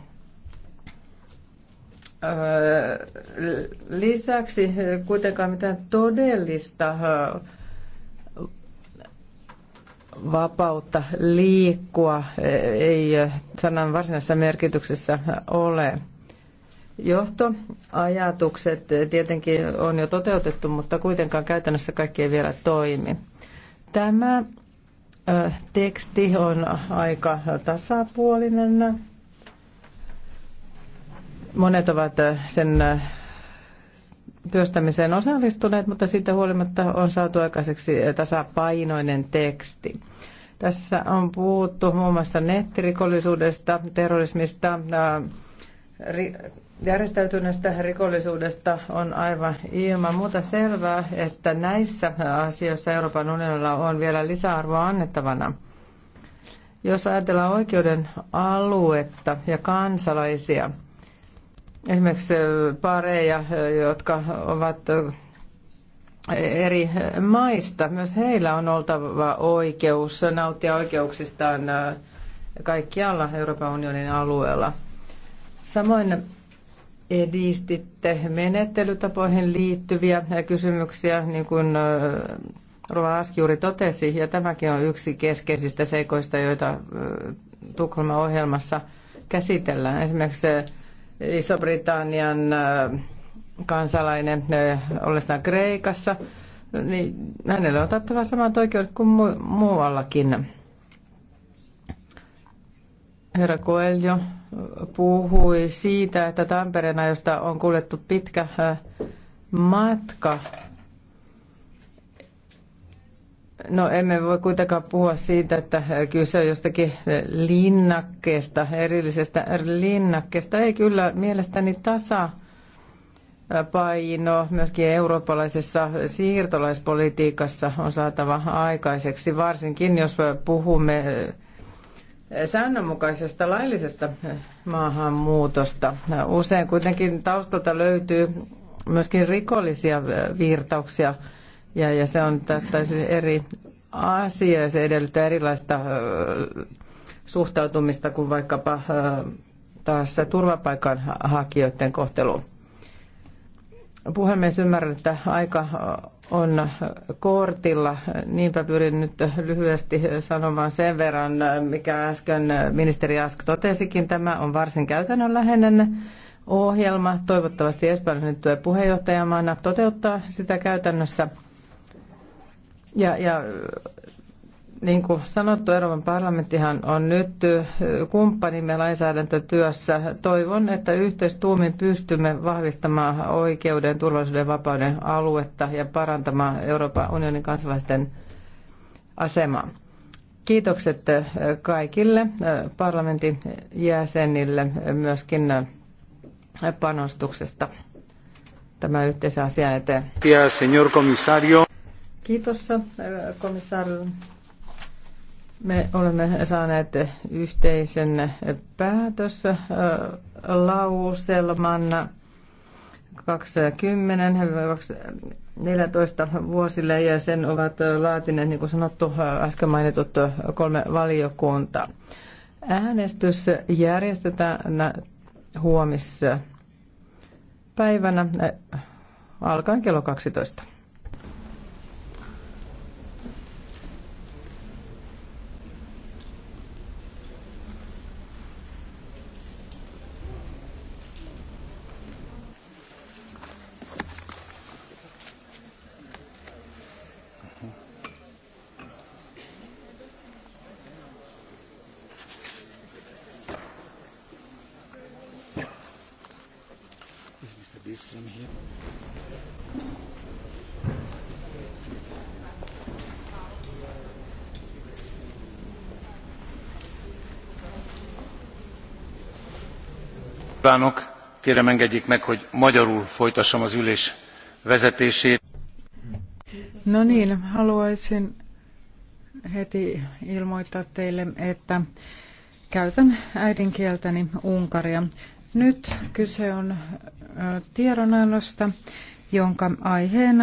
lisäksi kuitenkaan mitään todellista vapautta liikkua ei sanan varsinaisessa merkityksessä ole. Johtoajatukset tietenkin on jo toteutettu, mutta kuitenkaan käytännössä kaikki ei vielä toimi. Tämä teksti on aika tasapuolinen. Monet ovat sen työstämiseen osallistuneet, mutta siitä huolimatta on saatu aikaiseksi tasapainoinen teksti. Tässä on puhuttu muun muassa nettirikollisuudesta, terrorismista, järjestäytyneestä rikollisuudesta on aivan ilman muuta selvää, että näissä asioissa Euroopan unionilla on vielä lisäarvoa annettavana. Jos ajatellaan oikeuden aluetta ja kansalaisia – esimerkiksi pareja, jotka ovat eri maista. Myös heillä on oltava oikeus nauttia oikeuksistaan kaikkialla Euroopan unionin alueella. Samoin edistitte menettelytapoihin liittyviä kysymyksiä, niin kuin Rova Aski juuri totesi, ja tämäkin on yksi keskeisistä seikoista, joita Tukholman ohjelmassa käsitellään. Esimerkiksi Iso-Britannian äh, kansalainen äh, ollessaan Kreikassa, niin hänelle on tattava samat oikeudet kuin mu- muuallakin. Herra Coelho puhui siitä, että Tampereen ajosta on kuljettu pitkä äh, matka No emme voi kuitenkaan puhua siitä, että kyse on jostakin linnakkeesta, erillisestä linnakkeesta. Ei kyllä mielestäni tasa paino myöskin eurooppalaisessa siirtolaispolitiikassa on saatava aikaiseksi, varsinkin jos puhumme säännönmukaisesta laillisesta maahanmuutosta. Usein kuitenkin taustalta löytyy myöskin rikollisia virtauksia – ja, ja se on tästä siis eri asia ja se edellyttää erilaista suhtautumista kuin vaikkapa taas turvapaikanhakijoiden kohteluun. Puhemies, ymmärrän, että aika on kortilla. Niinpä pyrin nyt lyhyesti sanomaan sen verran, mikä äsken ministeri Ask totesikin. Tämä on varsin käytännönläheinen ohjelma. Toivottavasti Espanjan nyt puheenjohtajamaana toteuttaa sitä käytännössä – ja, ja niin kuin sanottu, Euroopan parlamenttihan on nyt kumppanimme lainsäädäntötyössä. Toivon, että yhteistuumin pystymme vahvistamaan oikeuden, turvallisuuden ja vapauden aluetta ja parantamaan Euroopan unionin kansalaisten asemaa. Kiitokset kaikille parlamentin jäsenille myöskin panostuksesta tämä yhteisen asian eteen. Kiitos, señor komissario. Kiitos äh, komissaarille. Me olemme saaneet yhteisen päätöslauselman 2010-2014 vuosille ja sen ovat laatineet, niin kuin sanottu, äsken mainitut kolme valiokuntaa. Äänestys järjestetään huomissa päivänä alkaen kello 12. kvánok! kérem engedjék meg hogy magyarul folytassam az ülés vezetését. No niin, haluaisin heti ilmoittaa teille, että käytän äidinkieltäni Unkaria. Nyt kyse on tiedonannosta, jonka aiheena